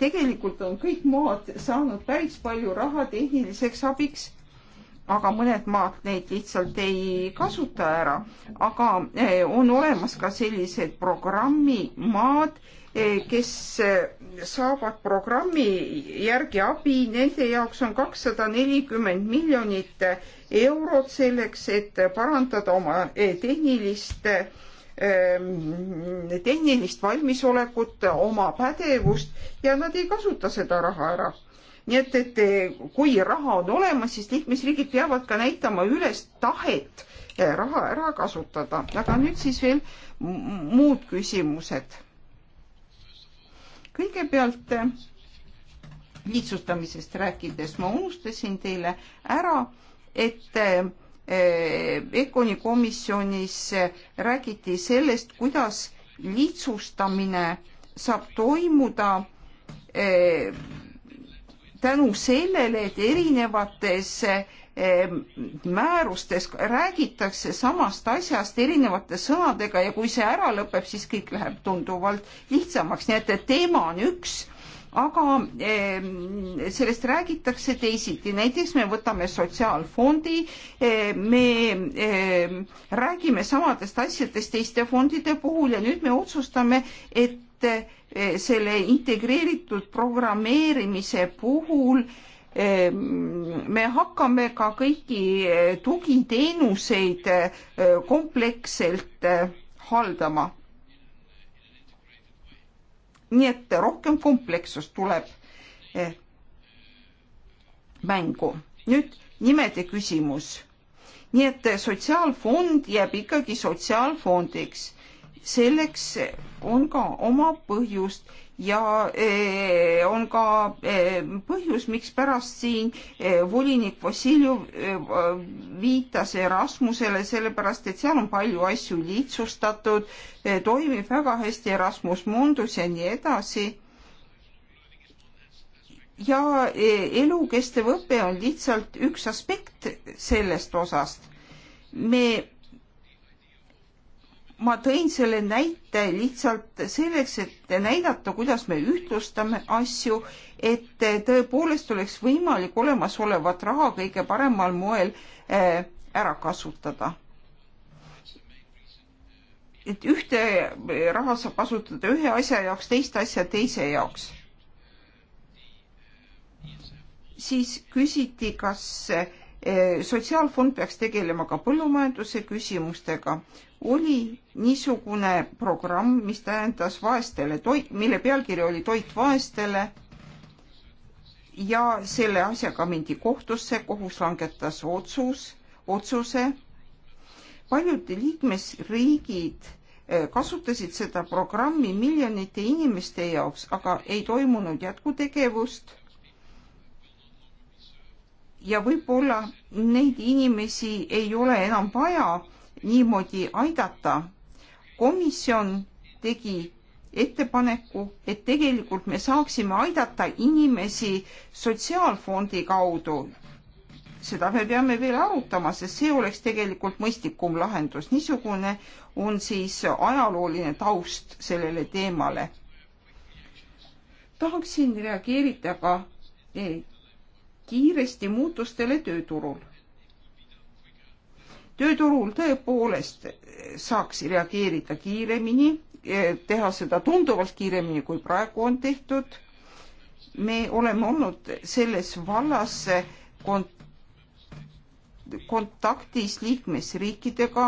tegelikult on kõik maad saanud päris palju raha tehniliseks abiks aga mõned maad neid lihtsalt ei kasuta ära. aga eh, on olemas ka sellised programmimaad, eh, kes eh, saavad programmi järgi abi, nende jaoks on kakssada nelikümmend miljonit eurot selleks, et parandada oma tehnilist tehnilist valmisolekut, oma pädevust ja nad ei kasuta seda raha ära nii et, et kui raha on olemas, siis liikmesriigid peavad ka näitama üles tahet eh, raha ära kasutada, aga nüüd siis veel muud küsimused. kõigepealt eh, lihtsustamisest rääkides ma unustasin teile ära, et EKONi eh, komisjonis räägiti sellest, kuidas lihtsustamine saab toimuda tänu sellele, et erinevates eh, määrustes räägitakse samast asjast erinevate sõnadega ja kui see ära lõpeb, siis kõik läheb tunduvalt lihtsamaks, nii et, et teema on üks, aga eh, sellest räägitakse teisiti, näiteks me võtame sotsiaalfondi, eh, me räägime samadest asjadest teiste fondide puhul ja nüüd me otsustame, et et eh, selle integreeritud programmeerimise puhul eh, me hakkame ka kõiki eh, tugiteenuseid kompleksselt haldama. nii et rohkem komplekssust tuleb mängu. nüüd nimede küsimus. nii et sotsiaalfond jääb ikkagi sotsiaalfondiks selleks on ka oma põhjust ja eh, on ka eh, põhjus, mikspärast siin eh, volinik Vassiljev viitas Erasmusele, sellepärast et seal on palju asju lihtsustatud, toimib väga hästi Erasmus Mundus ja nii edasi ja elukestev õpe on lihtsalt üks aspekt sellest osast. me ma tõin selle näite lihtsalt selleks, et näidata, kuidas me ühtlustame asju, et tõepoolest oleks võimalik olemasolevat raha kõige paremal moel äh, ära kasutada. et ühte raha saab kasutada ühe asja jaoks, teist asja teise jaoks. siis küsiti, kas sotsiaalfond peaks tegelema ka põllumajanduse küsimustega, oli niisugune programm, mis tähendas vaestele toit, mille pealkiri oli Toit vaestele. ja selle asjaga mindi kohtusse, kohus langetas otsus, otsuse. paljud liikmesriigid e, kasutasid seda programmi miljonite inimeste jaoks, aga ei toimunud jätkutegevust ja võib-olla neid inimesi ei ole enam vaja niimoodi aidata. komisjon tegi ettepaneku, et tegelikult me saaksime aidata inimesi sotsiaalfondi kaudu. seda me peame veel arutama, sest see oleks tegelikult mõistlikum lahendus. niisugune on siis ajalooline taust sellele teemale. tahaksin reageerida ka eh, kiiresti muutustele tööturul. tööturul tõepoolest saaks reageerida kiiremini, eh, teha seda tunduvalt kiiremini, kui praegu on tehtud. me oleme olnud selles vallas eh, kont-, kontaktis liikmesriikidega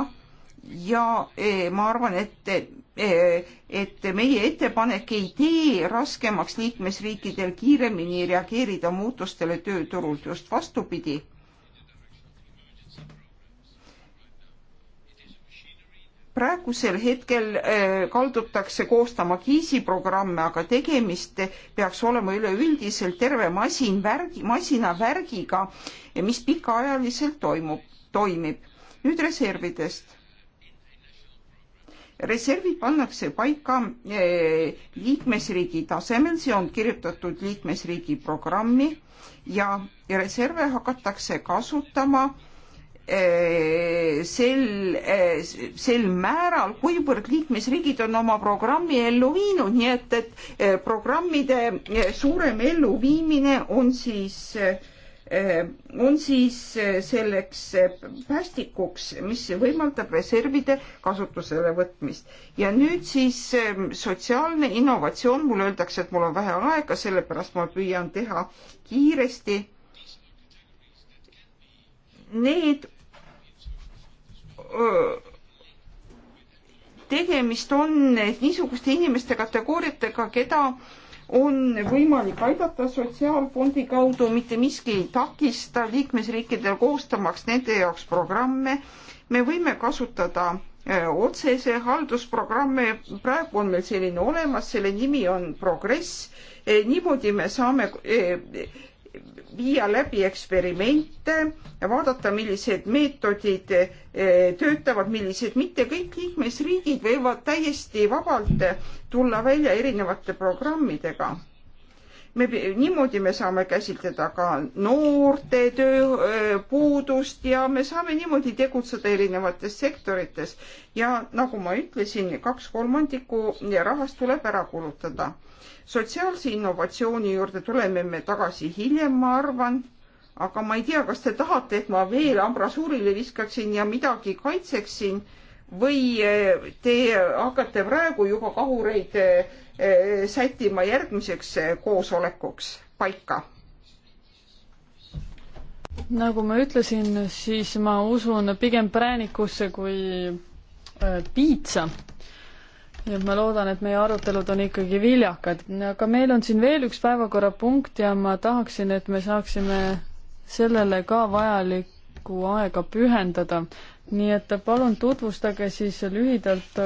ja eh, ma arvan, et Eh, et meie ettepanek ei tee raskemaks liikmesriikidel kiiremini reageerida muutustele tööturul, just vastupidi. praegusel hetkel eh, kaldutakse koostama kriisiprogramme, aga tegemist peaks olema üleüldiselt terve masin värgi, masinavärgiga, mis pikaajaliselt toimub, toimib. nüüd reservidest reservid pannakse paika eh, liikmesriigi tasemel, see on kirjutatud liikmesriigi programmi ja reserve hakatakse kasutama eh, sel, eh, sel määral, kuivõrd liikmesriigid on oma programmi ellu viinud, nii et, et programmide suurem elluviimine on siis äh, Äh, on siis äh, selleks äh, päästikuks, mis võimaldab reservide kasutusele võtmist. ja nüüd siis ähm, sotsiaalne innovatsioon, mulle öeldakse, et mul on vähe aega, sellepärast ma püüan teha kiiresti. Need öö, tegemist on niisuguste inimeste kategooriatega, keda öö, on võimalik aidata sotsiaalfondi kaudu, mitte miski ei takista liikmesriikidel koostamaks nende jaoks programme. me võime kasutada äh, otsese haldusprogramme, praegu on meil selline olemas, selle nimi on Progress. Äh, niimoodi me saame äh, viia läbi eksperimente, vaadata, millised meetodid eh, töötavad, millised mitte. kõik liikmesriigid võivad täiesti vabalt tulla välja erinevate programmidega. me, niimoodi me saame käsitleda ka noorte tööpuudust eh, ja me saame niimoodi tegutseda erinevates sektorites. ja nagu ma ütlesin, kaks kolmandikku rahast tuleb ära kulutada sotsiaalse innovatsiooni juurde tuleme me tagasi hiljem, ma arvan, aga ma ei tea, kas te tahate, et ma veel ambrasuurile viskaksin ja midagi kaitseksin või eh, te hakkate praegu juba kahureid eh, sättima järgmiseks eh, koosolekuks paika? nagu ma ütlesin, siis ma usun pigem präänikusse kui piitsa nii et ma loodan, et meie arutelud on ikkagi viljakad, aga meil on siin veel üks päevakorrapunkt ja ma tahaksin, et me saaksime sellele ka vajalikku aega pühendada. nii et palun tutvustage siis lühidalt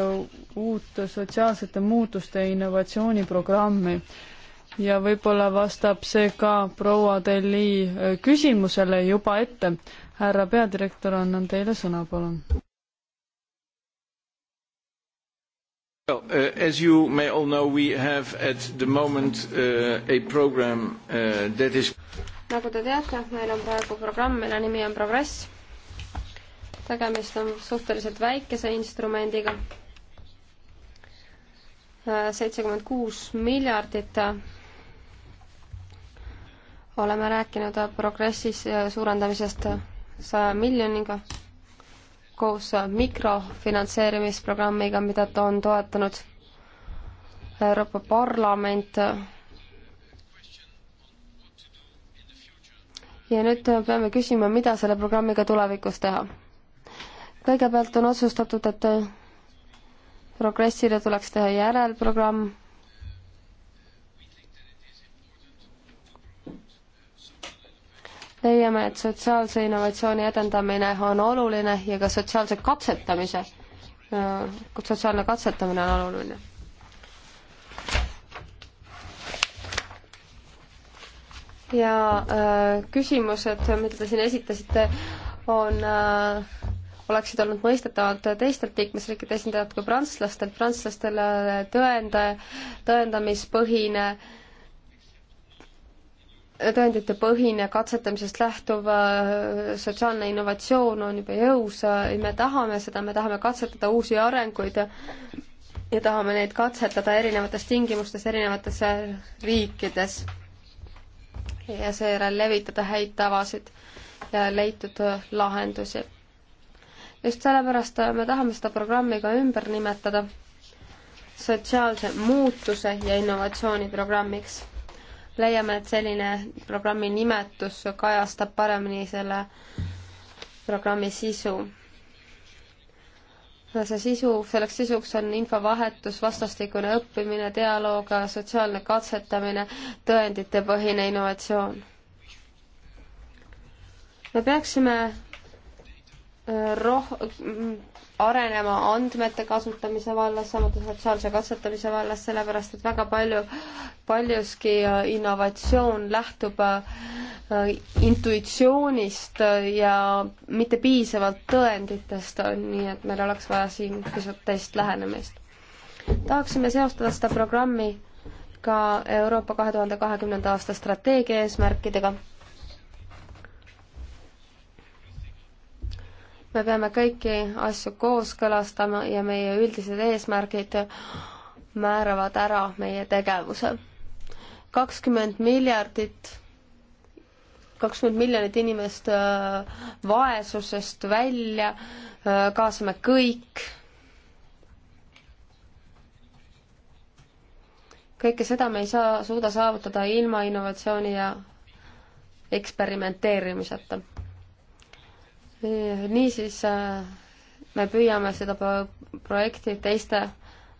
uut sotsiaalsete muutuste innovatsiooniprogrammi ja võib-olla vastab see ka proua Deli küsimusele juba ette. härra peadirektor, annan teile sõna, palun. Well, uh, as you may all know, we have at the moment uh, a program uh, that is nagu te teate, meil on praegu programm, mille nimi on Progress. tegemist on suhteliselt väikese instrumendiga, äh, seitsekümmend kuus miljardit. Äh, oleme rääkinud äh, Progressis suurendamisest saja miljoniga koos mikrofinantseerimisprogrammiga, mida ta on toetanud Euroopa Parlament. ja nüüd peame küsima, mida selle programmiga tulevikus teha. kõigepealt on otsustatud, et progressile tuleks teha järelprogramm leiame, et sotsiaalse innovatsiooni edendamine on oluline ja ka sotsiaalse katsetamise, sotsiaalne katsetamine on oluline. ja öö, äh, küsimused, mida te siin esitasite, on öö, äh, oleksid olnud mõistetavad teistelt liikmesriikide esindajatelt kui prantslastelt, prantslastele tõende, tõendamispõhine öö, tõenditepõhine katsetamisest lähtuv äh, sotsiaalne innovatsioon on juba jõus ja äh, me tahame seda, me tahame katsetada uusi arenguid ja, ja tahame neid katsetada erinevates tingimustes erinevates äh, riikides. ja seejärel levitada häid tavasid ja leitud lahendusi. just sellepärast me tahame seda programmi ka ümber nimetada sotsiaalse muutuse ja innovatsiooni programmiks leiame, et selline programmi nimetus kajastab paremini selle programmi sisu. see sisu, selleks sisuks on infovahetus, vastastikune õppimine, dialoog, sotsiaalne katsetamine, tõenditepõhine innovatsioon. me peaksime roh-, arenema andmete kasutamise vallas, samuti sotsiaalse katsetamise vallas, sellepärast et väga palju, paljuski äh, innovatsioon lähtub äh, intuitsioonist äh, ja mitte piisavalt tõenditest, nii et meil oleks vaja siin pisut teist lähenemist. tahaksime seostada seda programmi ka Euroopa kahe tuhande kahekümnenda aasta strateegia eesmärkidega me peame kõiki asju kooskõlastama ja meie üldised eesmärgid määravad ära meie tegevuse. kakskümmend miljardit, kakskümmend miljonit inimest äh, vaesusest välja, äh, kaasame kõik. kõike seda me ei saa, suuda saavutada ilma innovatsiooni ja eksperimenteerimiseta niisiis äh, me püüame seda projekti teiste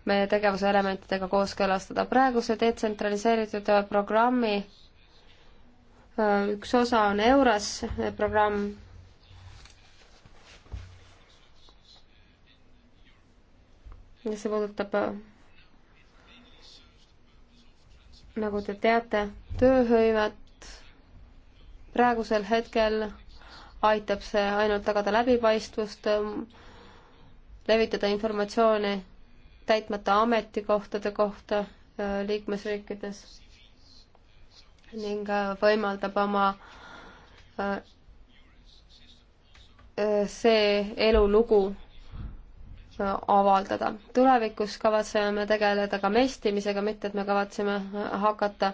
meie tegevuse elementidega kooskõlastada. praeguse detsentraliseeritud programmi äh, üks osa on EURES programm, ja see puudutab, äh, nagu te teate, tööhõivet praegusel hetkel aitab see ainult tagada läbipaistvust, levitada informatsiooni täitmata ametikohtade kohta äh, liikmesriikides ning äh, võimaldab oma äh, see elulugu avaldada. tulevikus kavatseme me tegeleda ka mestimisega, mitte et me kavatseme hakata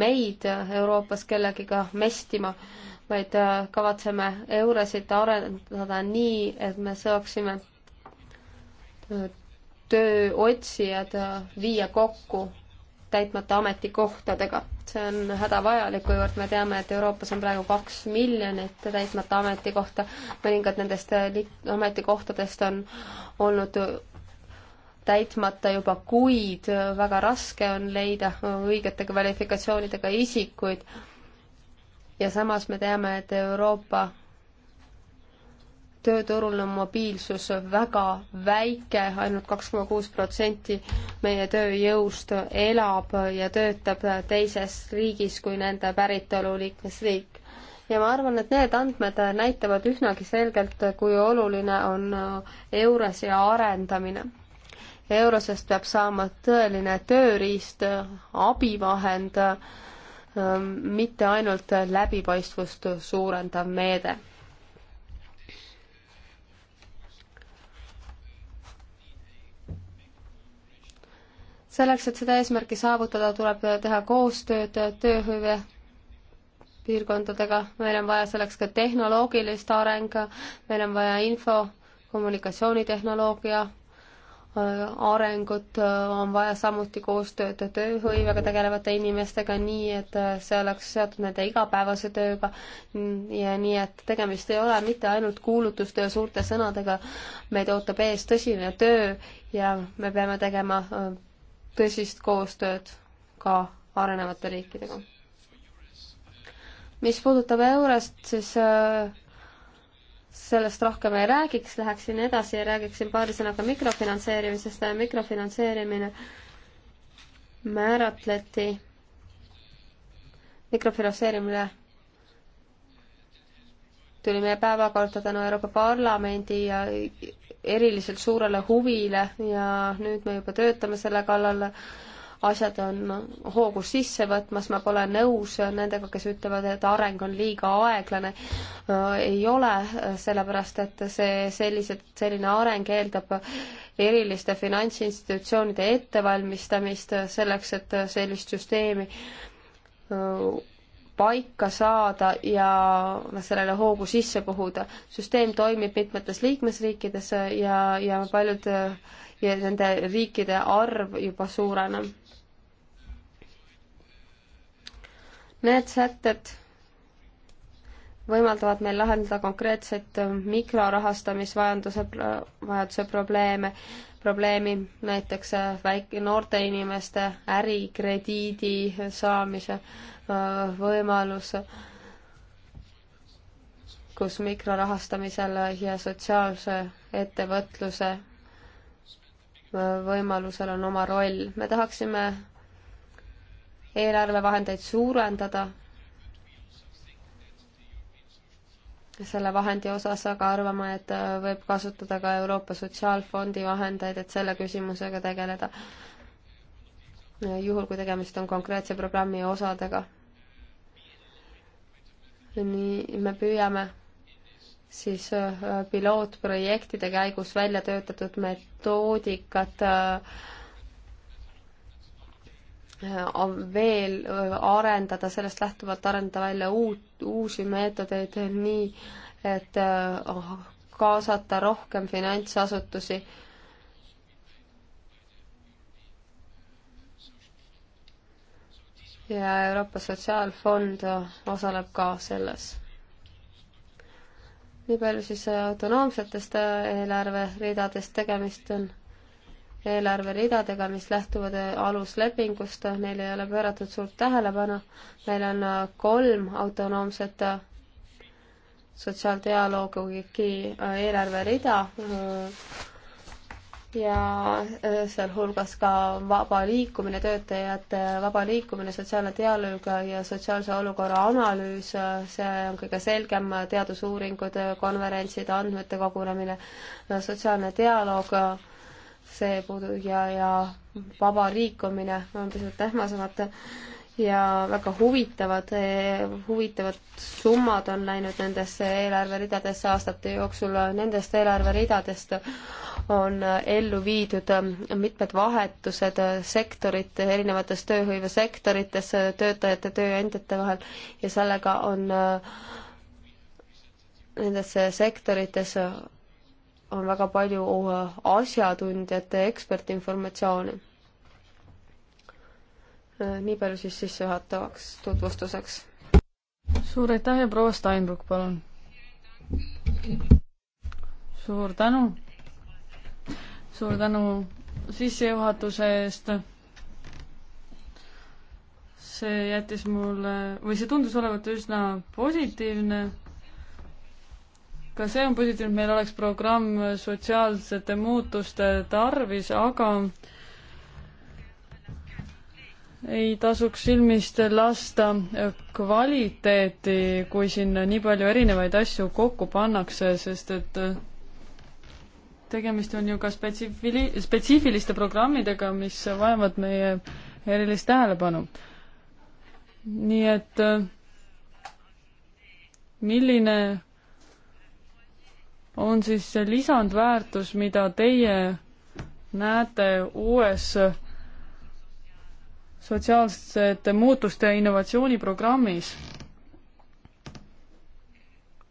meid Euroopas kellegiga mestima, vaid äh, kavatseme eurosid arendada nii, et me saaksime äh, tööotsijad äh, viia kokku täitmata ametikohtadega. see on hädavajalik, kuivõrd me teame, et Euroopas on praegu kaks miljonit täitmata ametikohta, mõningad nendest ametikohtadest on olnud täitmata juba kuid, väga raske on leida õigete kvalifikatsioonidega isikuid ja samas me teame, et Euroopa tööturul on mobiilsus väga väike ainult, ainult kaks koma kuus protsenti meie tööjõust elab ja töötab teises riigis kui nende päritolu liikmesriik. ja ma arvan, et need andmed näitavad üsnagi selgelt, kui oluline on EURES ja arendamine. EURES-est peab saama tõeline tööriist, abivahend Ähm, mitte ainult läbipaistvust suurendav meede. selleks, et seda eesmärki saavutada, tuleb teha koostööd tööhõive piirkondadega, meil on vaja selleks ka tehnoloogilist arengu, meil on vaja info, kommunikatsioonitehnoloogia arengut, äh, on vaja samuti koostööd tööhõivega tegelevate inimestega, nii et äh, see oleks seotud nende igapäevase tööga ja nii, et tegemist ei ole mitte ainult kuulutuste ja suurte sõnadega, meid ootab ees tõsine töö ja me peame tegema äh, tõsist koostööd ka arenevate riikidega. mis puudutab Eurost, siis sellest rohkem ei räägiks, läheksin edasi ja räägiksin paari sõnaga mikrofinantseerimisest. mikrofinantseerimine määratleti, mikrofinantseerimine tuli meie päevakorda tänu Euroopa Parlamendi ja eriliselt suurele huvile ja nüüd me juba töötame selle kallal asjad on hoogu sisse võtmas, ma pole nõus nendega, kes ütlevad, et areng on liiga aeglane. Äh, ei ole, sellepärast et see sellised, selline areng eeldab eriliste finantsinstitutsioonide ettevalmistamist selleks, et sellist süsteemi äh, paika saada ja sellele hoogu sisse puhuda. süsteem toimib mitmetes liikmesriikides ja, ja paljud ja nende riikide arv juba suureneb. Need sätted võimaldavad meil lahendada konkreetset mikrorahastamisvajaduse, vajaduse probleeme, probleemi näiteks äh, väik-, noorte inimeste ärikrediidi saamise äh, võimalus, kus mikrorahastamisel ja sotsiaalse ettevõtluse äh, võimalusel on oma roll. me tahaksime eelarvevahendeid suurendada selle vahendi osas, aga arvame, et äh, võib kasutada ka Euroopa Sotsiaalfondi vahendeid, et selle küsimusega tegeleda. juhul, kui tegemist on konkreetse programmi osadega. nii, me püüame siis äh, pilootprojektide käigus välja töötatud metoodikat äh, Äh, veel äh, arendada, sellest lähtuvalt arendada välja uut, uusi meetodeid nii, et äh, ah, kaasata rohkem finantsasutusi. ja Euroopa Sotsiaalfond osaleb ka selles. nii palju siis autonoomsetest eelarveridadest tegemist on eelarveridadega, mis lähtuvad aluslepingust, neile ei ole pööratud suurt tähelepanu. meil on kolm autonoomset sotsiaaldialoogi eelarverida ja sealhulgas ka vaba liikumine, töötajate vaba liikumine, sotsiaalne dialoog ja sotsiaalse olukorra analüüs, see on kõige selgem, teadusuuringud, konverentsid, andmete kogunemine, sotsiaalne dialoog see puudu- ja, ja vaba liikumine on pisut ähmasemad ja väga huvitavad, huvitavad summad on läinud nendesse eelarveridadesse aastate jooksul, nendest eelarveridadest on ellu viidud mitmed vahetused sektorite, erinevates tööhõivesektorites töötajate, tööandjate vahel ja sellega on nendesse sektoritesse on väga palju äh, asjatundjate ekspertinformatsiooni. Äh, nii palju siis sissejuhatavaks tutvustuseks. suur aitäh ja proua Steinruck, palun. suur tänu. suur tänu sissejuhatuse eest. see jättis mulle või see tundus olevat üsna positiivne ka see on positiivne, et meil oleks programm sotsiaalsete muutuste tarvis, aga ei tasuks silmist lasta kvaliteeti, kui siin nii palju erinevaid asju kokku pannakse, sest et tegemist on ju ka spetsifili-, spetsiifiliste programmidega, mis vajavad meie erilist tähelepanu. nii et äh, milline on siis see lisandväärtus, mida teie näete uues sotsiaalsete muutuste ja innovatsiooniprogrammis?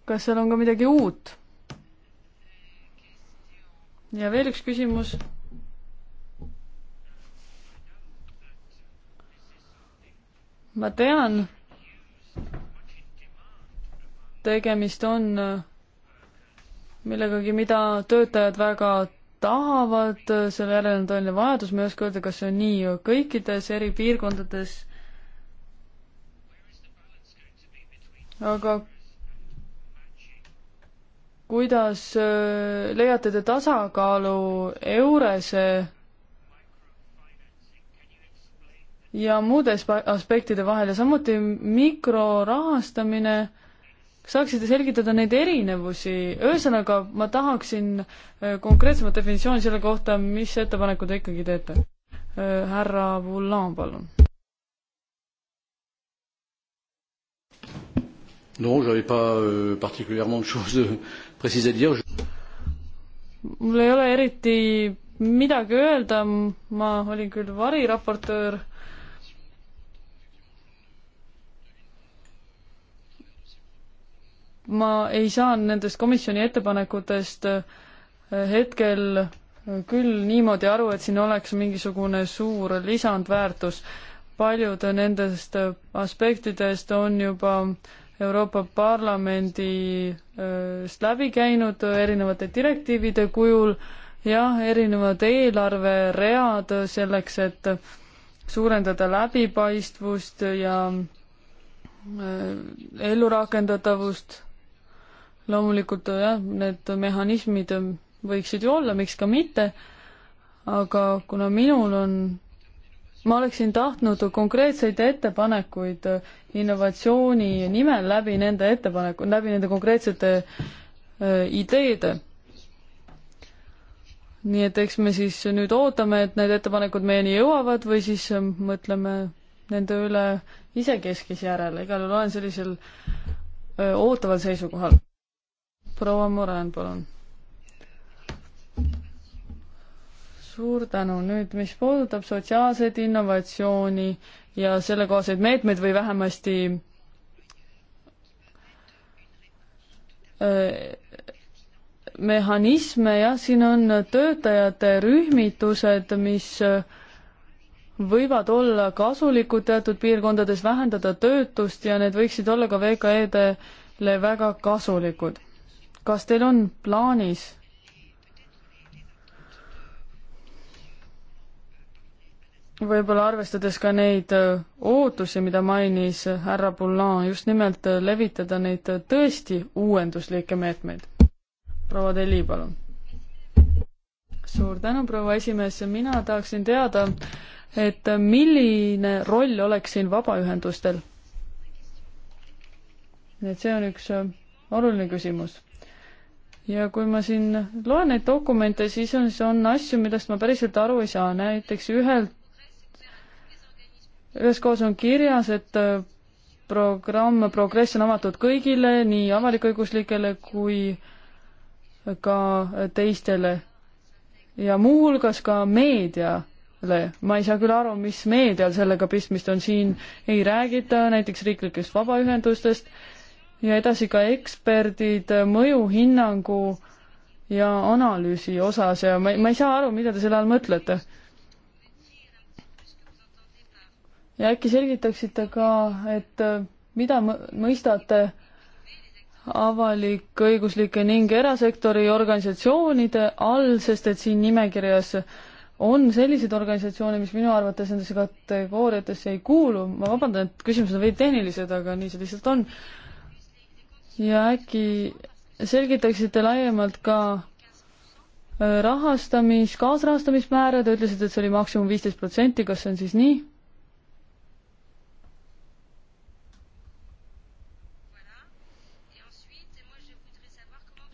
kas seal on ka midagi uut? ja veel üks küsimus. ma tean, tegemist on äh, millegagi, mida töötajad väga tahavad, selle järele on tõeline vajadus, ma ei oska öelda, kas see on nii kõikides eri piirkondades. aga kuidas äh, leiate te tasakaalu Eurese ja muude aspektide vahel ja samuti mikrorahastamine saaksite selgitada neid erinevusi, ühesõnaga ma tahaksin äh, konkreetsemat definitsiooni selle kohta, mis ettepaneku te ikkagi teete. Äh, härra Voulan, palun. Non, j'avais pas euh, particulièrement de choses précises à dire. Je... mul ei ole eriti midagi öelda, ma olin küll variraportöör ma ei saa nendest komisjoni ettepanekutest eh, hetkel eh, küll niimoodi aru, et siin oleks mingisugune suur lisandväärtus. paljud nendest eh, aspektidest on juba Euroopa Parlamendist läbi käinud erinevate direktiivide kujul ja erinevad eelarveread selleks, et suurendada läbipaistvust ja ellurakendatavust loomulikult jah, need mehhanismid võiksid ju olla, miks ka mitte, aga kuna minul on, ma oleksin tahtnud konkreetseid ettepanekuid innovatsiooni nimel läbi nende ettepaneku, läbi nende konkreetsete äh, ideede. nii et eks me siis nüüd ootame, et need ettepanekud meieni jõuavad või siis mõtleme nende üle isekeskis järele, igal juhul olen sellisel äh, ootaval seisukohal proua Moran, palun. suur tänu, nüüd mis puudutab sotsiaalset innovatsiooni ja sellekohaseid meetmeid või vähemasti öö, äh, mehhanisme, jah, siin on töötajate rühmitused, mis äh, võivad olla kasulikud teatud piirkondades, vähendada töötust ja need võiksid olla ka VKE-dele väga kasulikud kas teil on plaanis võib-olla arvestades ka neid äh, ootusi, mida mainis härra Poulan, just nimelt äh, levitada neid äh, tõesti uuenduslikke meetmeid. proua Teli, palun. suur tänu, proua esimees, mina tahaksin teada, et milline roll oleks siin vabaühendustel? nii et see on üks oluline küsimus ja kui ma siin loen neid dokumente, siis on, on asju, millest ma päriselt aru ei saa, näiteks ühelt, ühes kohas on kirjas, et äh, programm Progress on avatud kõigile, nii avalik-õiguslikele kui ka teistele ja muuhulgas ka meedia ma ei saa küll aru, mis meedial sellega pistmist on, siin ei räägita näiteks riiklikest vabaühendustest, ja edasi ka eksperdid mõjuhinnangu ja analüüsi osas ja ma, ma ei saa aru, mida te selle all mõtlete. ja äkki selgitaksite ka, et äh, mida mõistate avalik-õiguslike ning erasektori organisatsioonide all, sest et siin nimekirjas on selliseid organisatsioone, mis minu arvates nendesse kategooriatesse ei kuulu, ma vabandan, et küsimused on veidi tehnilised, aga nii see lihtsalt on ja äkki selgitaksite laiemalt ka äh, rahastamis, kaasrahastamismäära, te ütlesite, et see oli maksimum viisteist protsenti, kas see on siis nii?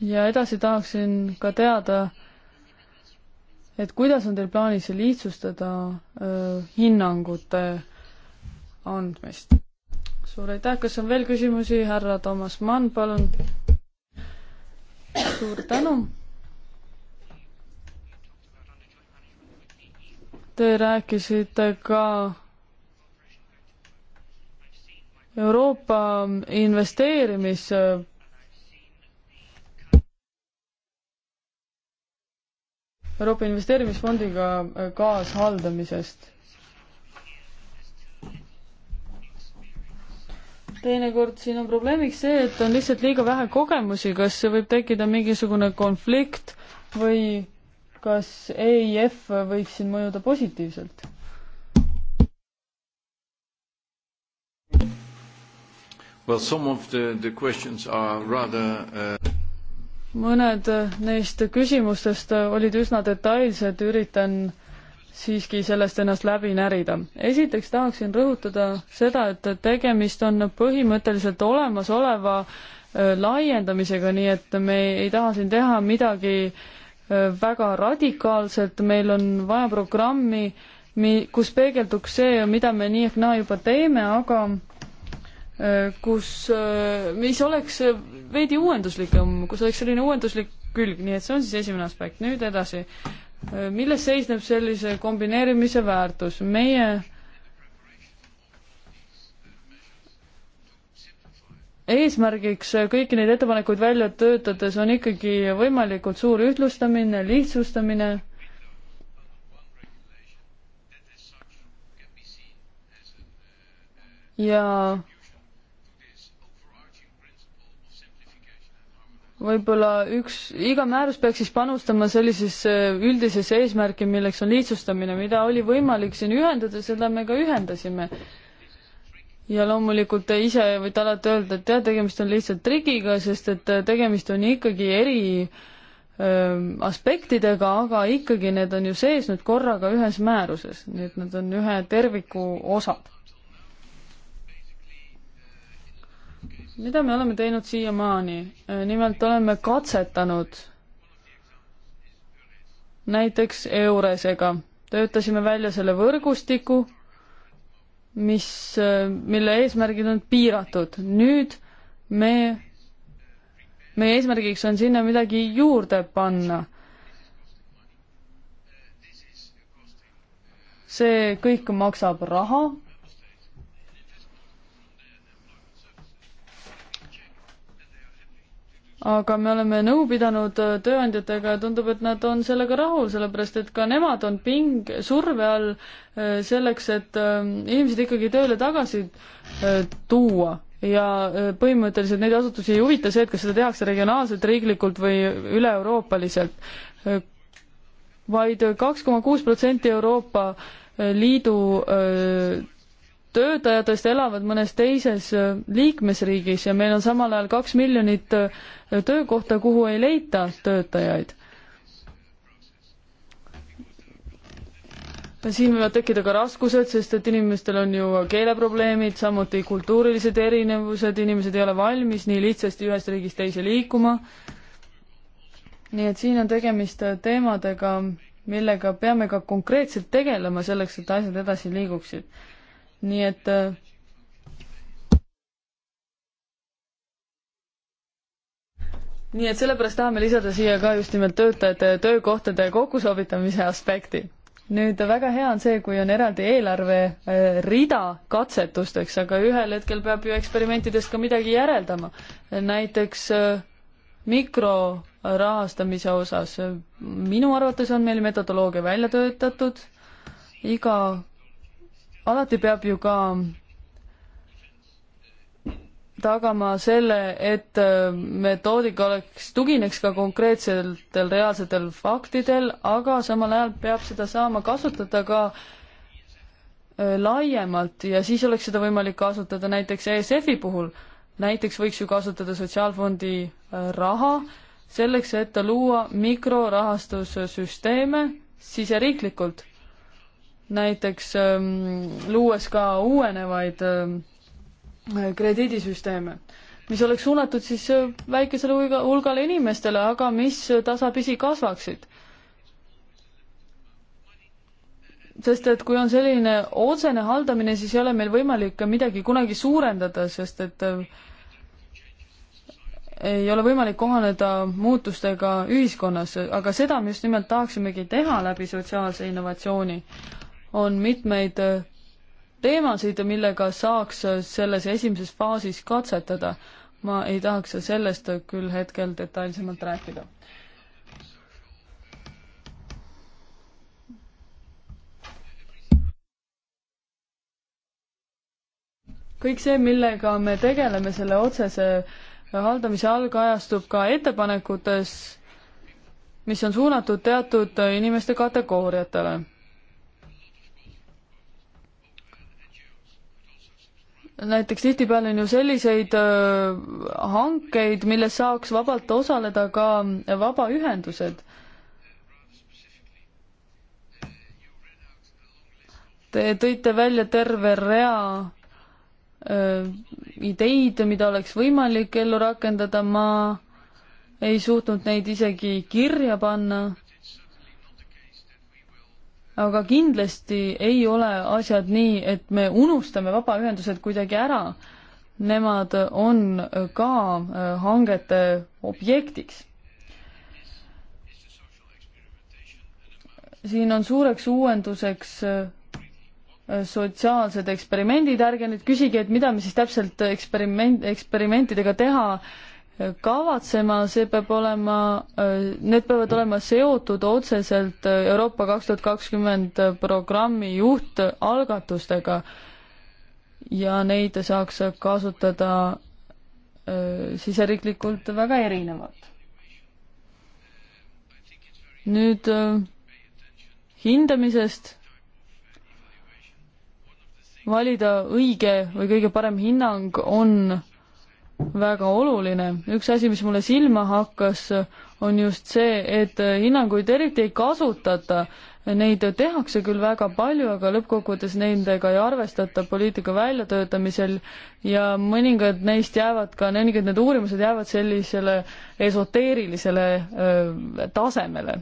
ja edasi tahaksin ka teada, et kuidas on teil plaanis lihtsustada öö, äh, hinnangute andmist? suur aitäh, kas on veel küsimusi, härra Toomas Mann, palun. suur tänu. Te rääkisite ka Euroopa investeerimis Euroopa Investeerimisfondiga kaashaldamisest teinekord siin on probleemiks see, et on lihtsalt liiga vähe kogemusi, kas võib tekkida mingisugune konflikt või kas EIF võiks siin mõjuda positiivselt? Well, some of the, the questions are rather uh... mõned neist küsimustest olid üsna detailsed, üritan siiski sellest ennast läbi närida. esiteks tahaksin rõhutada seda, et tegemist on põhimõtteliselt olemasoleva laiendamisega, nii et me ei taha siin teha midagi väga radikaalset, meil on vaja programmi, mi-, kus peegelduks see, mida me nii ehk naa juba teeme, aga kus, mis oleks veidi uuenduslikum, kus oleks selline uuenduslik külg, nii et see on siis esimene aspekt, nüüd edasi Äh, milles seisneb sellise kombineerimise väärtus? meie eesmärgiks kõiki neid ettepanekuid välja töötades on ikkagi võimalikult suur ühtlustamine, lihtsustamine. ja võib-olla üks, iga määrus peaks siis panustama sellisesse äh, üldisesse eesmärki, milleks on lihtsustamine, mida oli võimalik siin ühendada, seda me ka ühendasime. ja loomulikult te ise võite alati öelda, et jah, tegemist on lihtsalt trikiga, sest et äh, tegemist on ikkagi eri öö, ähm, aspektidega, aga ikkagi need on ju sees nüüd korraga ühes määruses, nii et nad on ühe terviku osad. mida me oleme teinud siiamaani? Äh, nimelt oleme katsetanud näiteks Euresega, töötasime välja selle võrgustiku, mis, äh, mille eesmärgid on piiratud. nüüd me, meie eesmärgiks on sinna midagi juurde panna. see kõik maksab raha aga me oleme nõu pidanud äh, tööandjatega ja tundub, et nad on sellega rahul, sellepärast et ka nemad on ping, surve all äh, selleks, et äh, inimesed ikkagi tööle tagasi tuua ja põhimõtteliselt neid asutusi ei huvita see, et kas seda tehakse regionaalselt, riiklikult või üle-euroopaliselt, vaid kaks koma kuus protsenti Euroopa Liidu töötajatest elavad mõnes teises äh, liikmesriigis ja meil on samal ajal kaks miljonit äh, töökohta, kuhu ei leita töötajaid. siin võivad tekkida ka raskused, sest et inimestel on ju keeleprobleemid, samuti kultuurilised erinevused, inimesed ei ole valmis nii lihtsasti ühest riigist teise liikuma. nii et siin on tegemist äh, teemadega, millega peame ka konkreetselt tegelema selleks, et asjad edasi liiguksid nii et äh, nii et sellepärast tahame lisada siia ka just nimelt töötajate töökohtade kokkusobitamise aspekti. nüüd väga hea on see, kui on eraldi eelarverida äh, katsetusteks, aga ühel hetkel peab ju eksperimentidest ka midagi järeldama. näiteks äh, mikrorahastamise osas minu arvates on meil metodoloogia välja töötatud, iga alati peab ju ka tagama selle, et äh, metoodika oleks, tugineks ka konkreetsetel reaalsetel faktidel, aga samal ajal peab seda saama kasutada ka äh, laiemalt ja siis oleks seda võimalik kasutada näiteks ESF-i puhul. näiteks võiks ju kasutada Sotsiaalfondi äh, raha selleks, et luua mikrorahastussüsteeme siseriiklikult näiteks ähm, luues ka uuenevaid ähm, krediidisüsteeme, mis oleks suunatud siis äh, väikesele hulga, hulgale inimestele, aga mis tasapisi kasvaksid. sest et kui on selline otsene haldamine, siis ei ole meil võimalik ka midagi kunagi suurendada, sest et äh, ei ole võimalik kohaneda muutustega ühiskonnas, aga seda me just nimelt tahaksimegi teha läbi sotsiaalse innovatsiooni on mitmeid äh, teemasid, millega saaks äh, selles esimeses faasis katsetada. ma ei tahaks sellest küll hetkel detailsemalt rääkida. kõik see, millega me tegeleme, selle otsese äh, haldamise all kajastub ka ettepanekutes, mis on suunatud teatud inimeste kategooriatele näiteks tihtipeale on ju selliseid äh, hankeid, milles saaks vabalt osaleda ka vabaühendused. Te tõite välja terve rea äh, ideid, mida oleks võimalik ellu rakendada, ma ei suutnud neid isegi kirja panna aga kindlasti ei ole asjad nii, et me unustame vabaühendused kuidagi ära. Nemad on ka äh, hangete objektiks. siin on suureks uuenduseks äh, sotsiaalsed eksperimendid, ärge nüüd küsige, et mida me siis täpselt eksperiment, eksperimentidega teha kavatsema, see peab olema, need peavad olema seotud otseselt Euroopa kaks tuhat kakskümmend programmi juhtalgatustega ja neid saaks kasutada äh, siseriiklikult väga erinevalt. nüüd äh, hindamisest valida õige või kõige parem hinnang on väga oluline. üks asi, mis mulle silma hakkas, on just see, et hinnanguid eriti ei kasutata. Neid tehakse küll väga palju, aga lõppkokkuvõttes nendega ei arvestata poliitika väljatöötamisel ja mõningad neist jäävad ka, mõningad need uurimused jäävad sellisele esoteerilisele öö, tasemele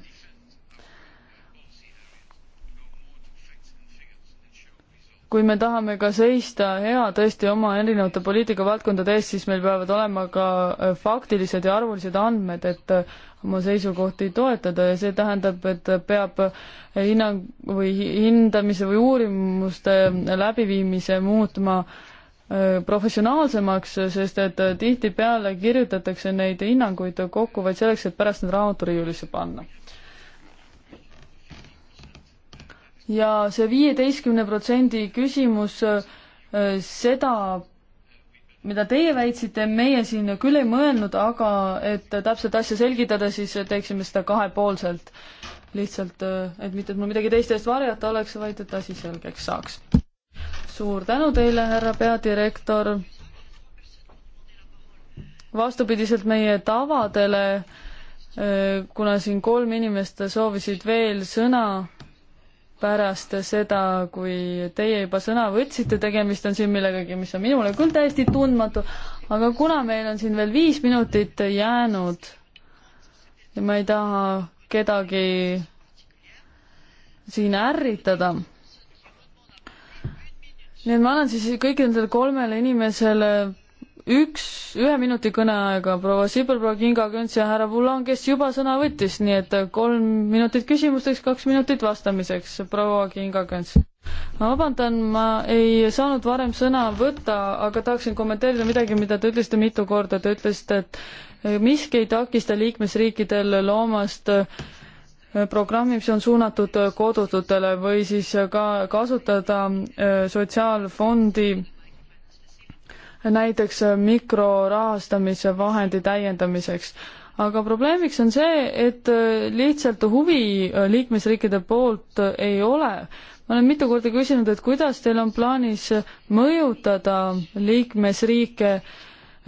kui me tahame ka seista hea tõesti oma erinevate poliitikavaldkondade eest, siis meil peavad olema ka äh, faktilised ja arvulised andmed, et äh, oma seisukohti toetada ja see tähendab, et peab äh, hinnang või hindamise või uurimuste läbiviimise muutma professionaalsemaks, sest et tihtipeale kirjutatakse neid hinnanguid kokku vaid selleks, et pärast need raamaturiiulisse panna ja see viieteistkümne protsendi küsimus, äh, seda, mida teie väitsite, meie siin küll ei mõelnud, aga et täpset asja selgitada, siis teeksime seda kahepoolselt. lihtsalt, äh, et mitte, et mul midagi teiste eest varjata oleks, vaid et asi selgeks saaks. suur tänu teile, härra peadirektor. vastupidiselt meie tavadele äh, kuna siin kolm inimest soovisid veel sõna, pärast seda, kui teie juba sõna võtsite, tegemist on siin millegagi, mis on minule küll täiesti tundmatu, aga kuna meil on siin veel viis minutit jäänud ja ma ei taha kedagi siin ärritada, nii et ma annan siis kõikidele kolmele inimesele üks, ühe minuti kõneaega proua Sibel, proua Kinga Künts ja härra Bulan, kes juba sõna võttis, nii et kolm minutit küsimusteks, kaks minutit vastamiseks, proua Kinga Künts. ma vabandan, ma ei saanud varem sõna võtta, aga tahaksin kommenteerida midagi, mida te ütlesite mitu korda, te ütlesite, et miski ei takista liikmesriikidel loomast äh, programmi, mis on suunatud kodututele või siis ka kasutada äh, sotsiaalfondi näiteks äh, mikrorahastamise vahendi täiendamiseks. aga probleemiks on see, et äh, lihtsalt huvi äh, liikmesriikide poolt ei ole. ma olen mitu korda küsinud, et kuidas teil on plaanis mõjutada liikmesriike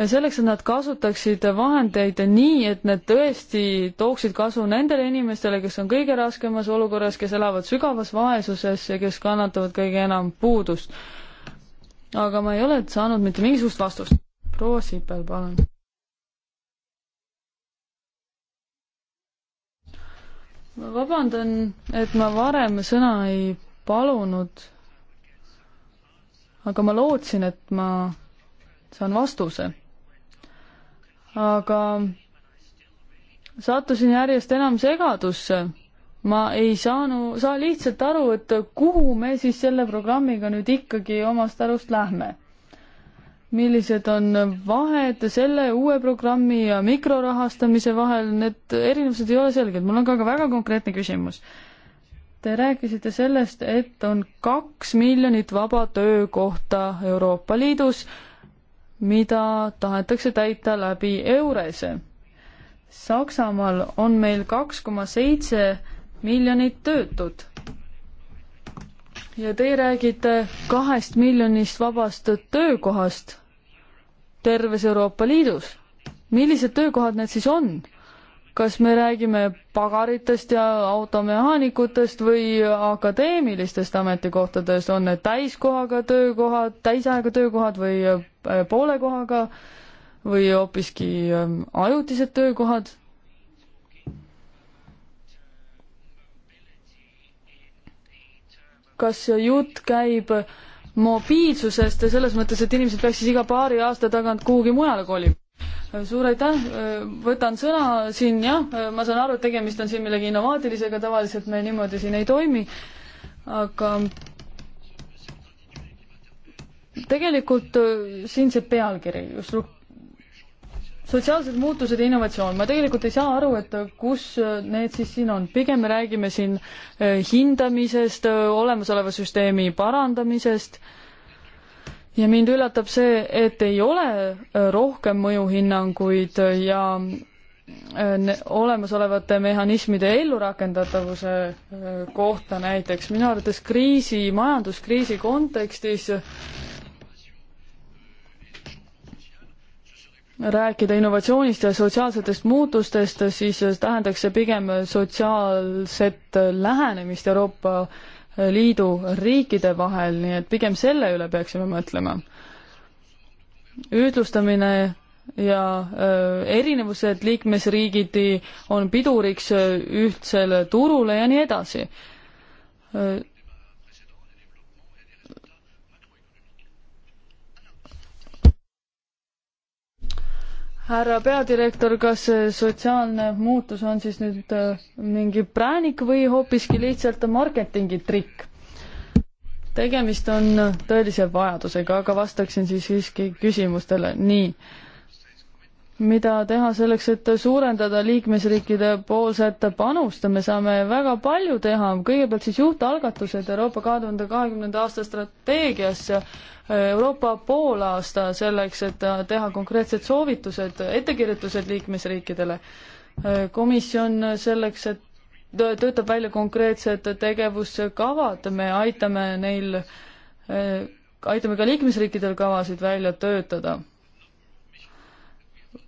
selleks, et nad kasutaksid vahendeid nii, et need tõesti tooksid kasu nendele inimestele, kes on kõige raskemas olukorras, kes elavad sügavas vaesuses ja kes kannatavad kõige enam puudust aga ma ei ole saanud mitte mingisugust vastust. proua Sipel, palun. ma vabandan, et ma varem sõna ei palunud, aga ma lootsin, et ma saan vastuse. aga sattusin järjest enam segadusse ma ei saanud, saa lihtsalt aru, et kuhu me siis selle programmiga nüüd ikkagi omast arust lähme. millised on vahed selle uue programmi ja mikrorahastamise vahel, need erinevused ei ole selged, mul on ka, ka väga konkreetne küsimus. Te rääkisite sellest, et on kaks miljonit vaba töökohta Euroopa Liidus, mida tahetakse täita läbi Eurese. Saksamaal on meil kaks koma seitse miljonit töötut. ja teie räägite kahest miljonist vabast töökohast terves Euroopa Liidus. millised töökohad need siis on? kas me räägime pagaritest ja automehaanikutest või akadeemilistest ametikohtadest, on need täiskohaga töökohad, täisaega töökohad või äh, poole kohaga või hoopiski ähm, ajutised töökohad? kas jutt käib mobiilsusest ja selles mõttes, et inimesed peaks siis iga paari aasta tagant kuhugi mujale kolima. suur aitäh, võtan sõna siin, jah, ma saan aru, et tegemist on siin millegi innovaatilisega, tavaliselt me niimoodi siin ei toimi, aga tegelikult siin see pealkiri, sotsiaalsed muutused ja innovatsioon, ma tegelikult ei saa aru, et kus need siis siin on, pigem me räägime siin eh, hindamisest, eh, olemasoleva süsteemi parandamisest ja mind üllatab see, et ei ole eh, rohkem mõjuhinnanguid ja olemasolevate mehhanismide ellurakendatavuse kohta näiteks, minu arvates kriisi, majanduskriisi kontekstis rääkida innovatsioonist ja sotsiaalsetest muutustest, siis tähendaks see pigem sotsiaalset lähenemist Euroopa Liidu riikide vahel, nii et pigem selle üle peaksime mõtlema. ühtlustamine ja äh, erinevused liikmesriigiti on piduriks ühtsele turule ja nii edasi äh, härra peadirektor, kas see sotsiaalne muutus on siis nüüd äh, mingi präänik või hoopiski lihtsalt marketingi trikk? tegemist on äh, tõelise vajadusega, aga vastaksin siis siiski küsimustele, nii. mida teha selleks, et suurendada liikmesriikide poolset panust, me saame väga palju teha, kõigepealt siis juhtalgatused Euroopa kahe tuhande kahekümnenda aasta strateegiasse Euroopa poolaasta selleks, et teha konkreetsed soovitused, ettekirjutused liikmesriikidele. komisjon selleks, et töötab välja konkreetsed tegevuskavad, me aitame neil, aitame ka liikmesriikidel kavasid välja töötada.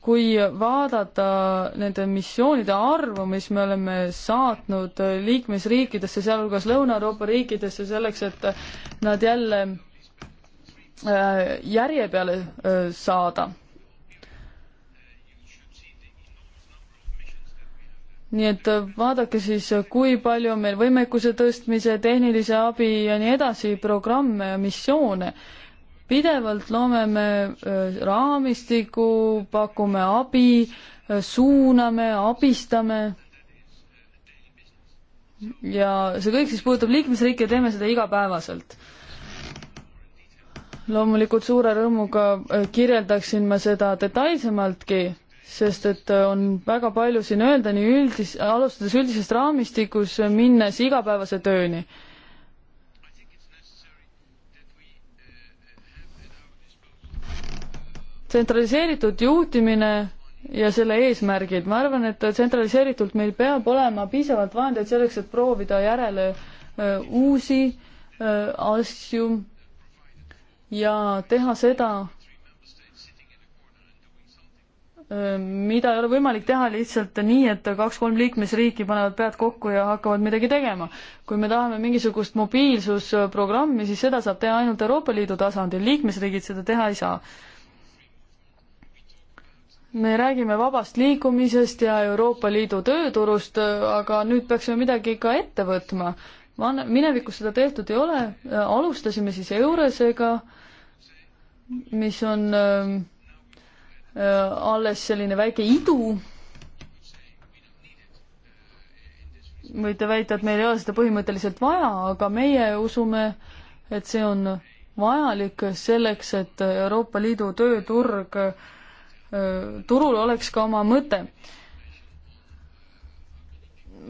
kui vaadata nende missioonide arvu, mis me oleme saatnud liikmesriikidesse, sealhulgas Lõuna-Euroopa riikidesse, selleks et nad jälle Äh, järje peale äh, saada. nii et äh, vaadake siis, kui palju on meil võimekuse tõstmise, tehnilise abi ja nii edasi programme ja missioone. pidevalt loome me raamistiku, pakume abi, suuname, abistame ja see kõik siis puudutab liikmesriike ja teeme seda igapäevaselt loomulikult suure rõõmuga äh, kirjeldaksin ma seda detailsemaltki, sest et äh, on väga palju siin öelda, nii üldis, alustades üldisest raamistikus, äh, minnes igapäevase tööni. tsentraliseeritud juhtimine ja selle eesmärgid, ma arvan, et tsentraliseeritult meil peab olema piisavalt vahendeid selleks, et proovida järele uusi asju ja teha seda, mida ei ole võimalik teha lihtsalt nii, et kaks-kolm liikmesriiki panevad pead kokku ja hakkavad midagi tegema. kui me tahame mingisugust mobiilsusprogrammi, siis seda saab teha ainult Euroopa Liidu tasandil, liikmesriigid seda teha ei saa. me räägime vabast liikumisest ja Euroopa Liidu tööturust, aga nüüd peaksime midagi ka ette võtma van-, minevikus seda tehtud ei ole, alustasime siis Euresega, mis on ähm, äh, alles selline väike idu. võite väita, et meil ei ole seda põhimõtteliselt vaja, aga meie usume, et see on vajalik selleks, et Euroopa Liidu tööturg äh,, turul oleks ka oma mõte äh,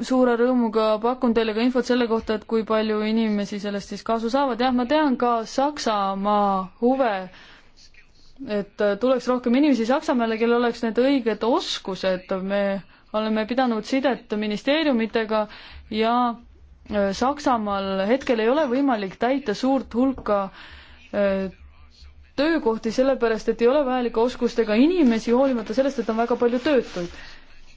suure rõõmuga pakun teile ka infot selle kohta, et kui palju inimesi sellest siis kasu saavad. jah, ma tean ka Saksamaa huve, et tuleks rohkem inimesi Saksamaale, kellel oleks need õiged oskused. me oleme pidanud sidet ministeeriumitega ja e, Saksamaal hetkel ei ole võimalik täita suurt hulka e, töökohti, sellepärast et ei ole vajalike oskustega inimesi, hoolimata sellest, et on väga palju töötuid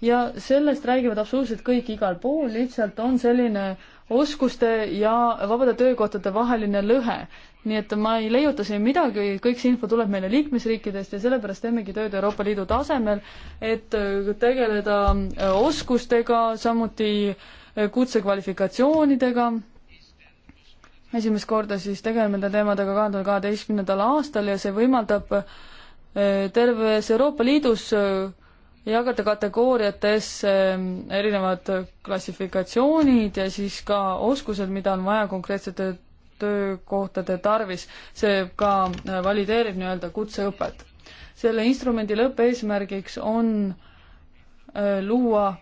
ja sellest räägivad absoluutselt kõik igal pool, lihtsalt on selline oskuste ja vabade töökohtade vaheline lõhe. nii et ma ei leiuta siin midagi, kõik see info tuleb meile liikmesriikidest ja sellepärast teemegi tööd Euroopa Liidu tasemel, et tegeleda oskustega, samuti kutsekvalifikatsioonidega esimest korda siis tegeleme nende teemadega kahe tuhande kaheteistkümnendal aastal ja see võimaldab eh, terves Euroopa Liidus eh, jagada kategooriatesse ehm, erinevad klassifikatsioonid ja siis ka oskused, mida on vaja konkreetsete töökohtade tarvis. see ka äh, valideerib nii-öelda kutseõpet. selle instrumendi lõppeesmärgiks on äh, luua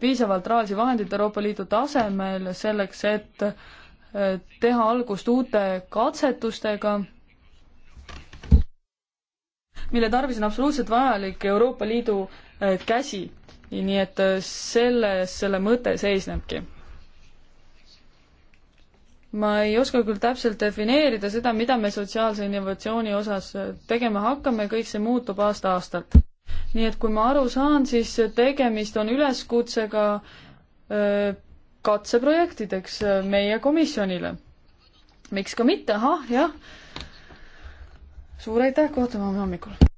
piisavalt rahalisi vahendeid Euroopa Liidu tasemel selleks, et äh, teha algust uute katsetustega mille tarvis on absoluutselt vajalik Euroopa Liidu eh, käsi. nii et eh, selles selle mõte seisnebki. ma ei oska küll täpselt defineerida seda, mida me sotsiaalse innovatsiooni osas eh, tegema hakkame, kõik see muutub aasta-aastalt. nii et kui ma aru saan, siis tegemist on üleskutsega katseprojektideks meie komisjonile. miks ka mitte, ahah, jah suur aitäh, kohtume homme hommikul!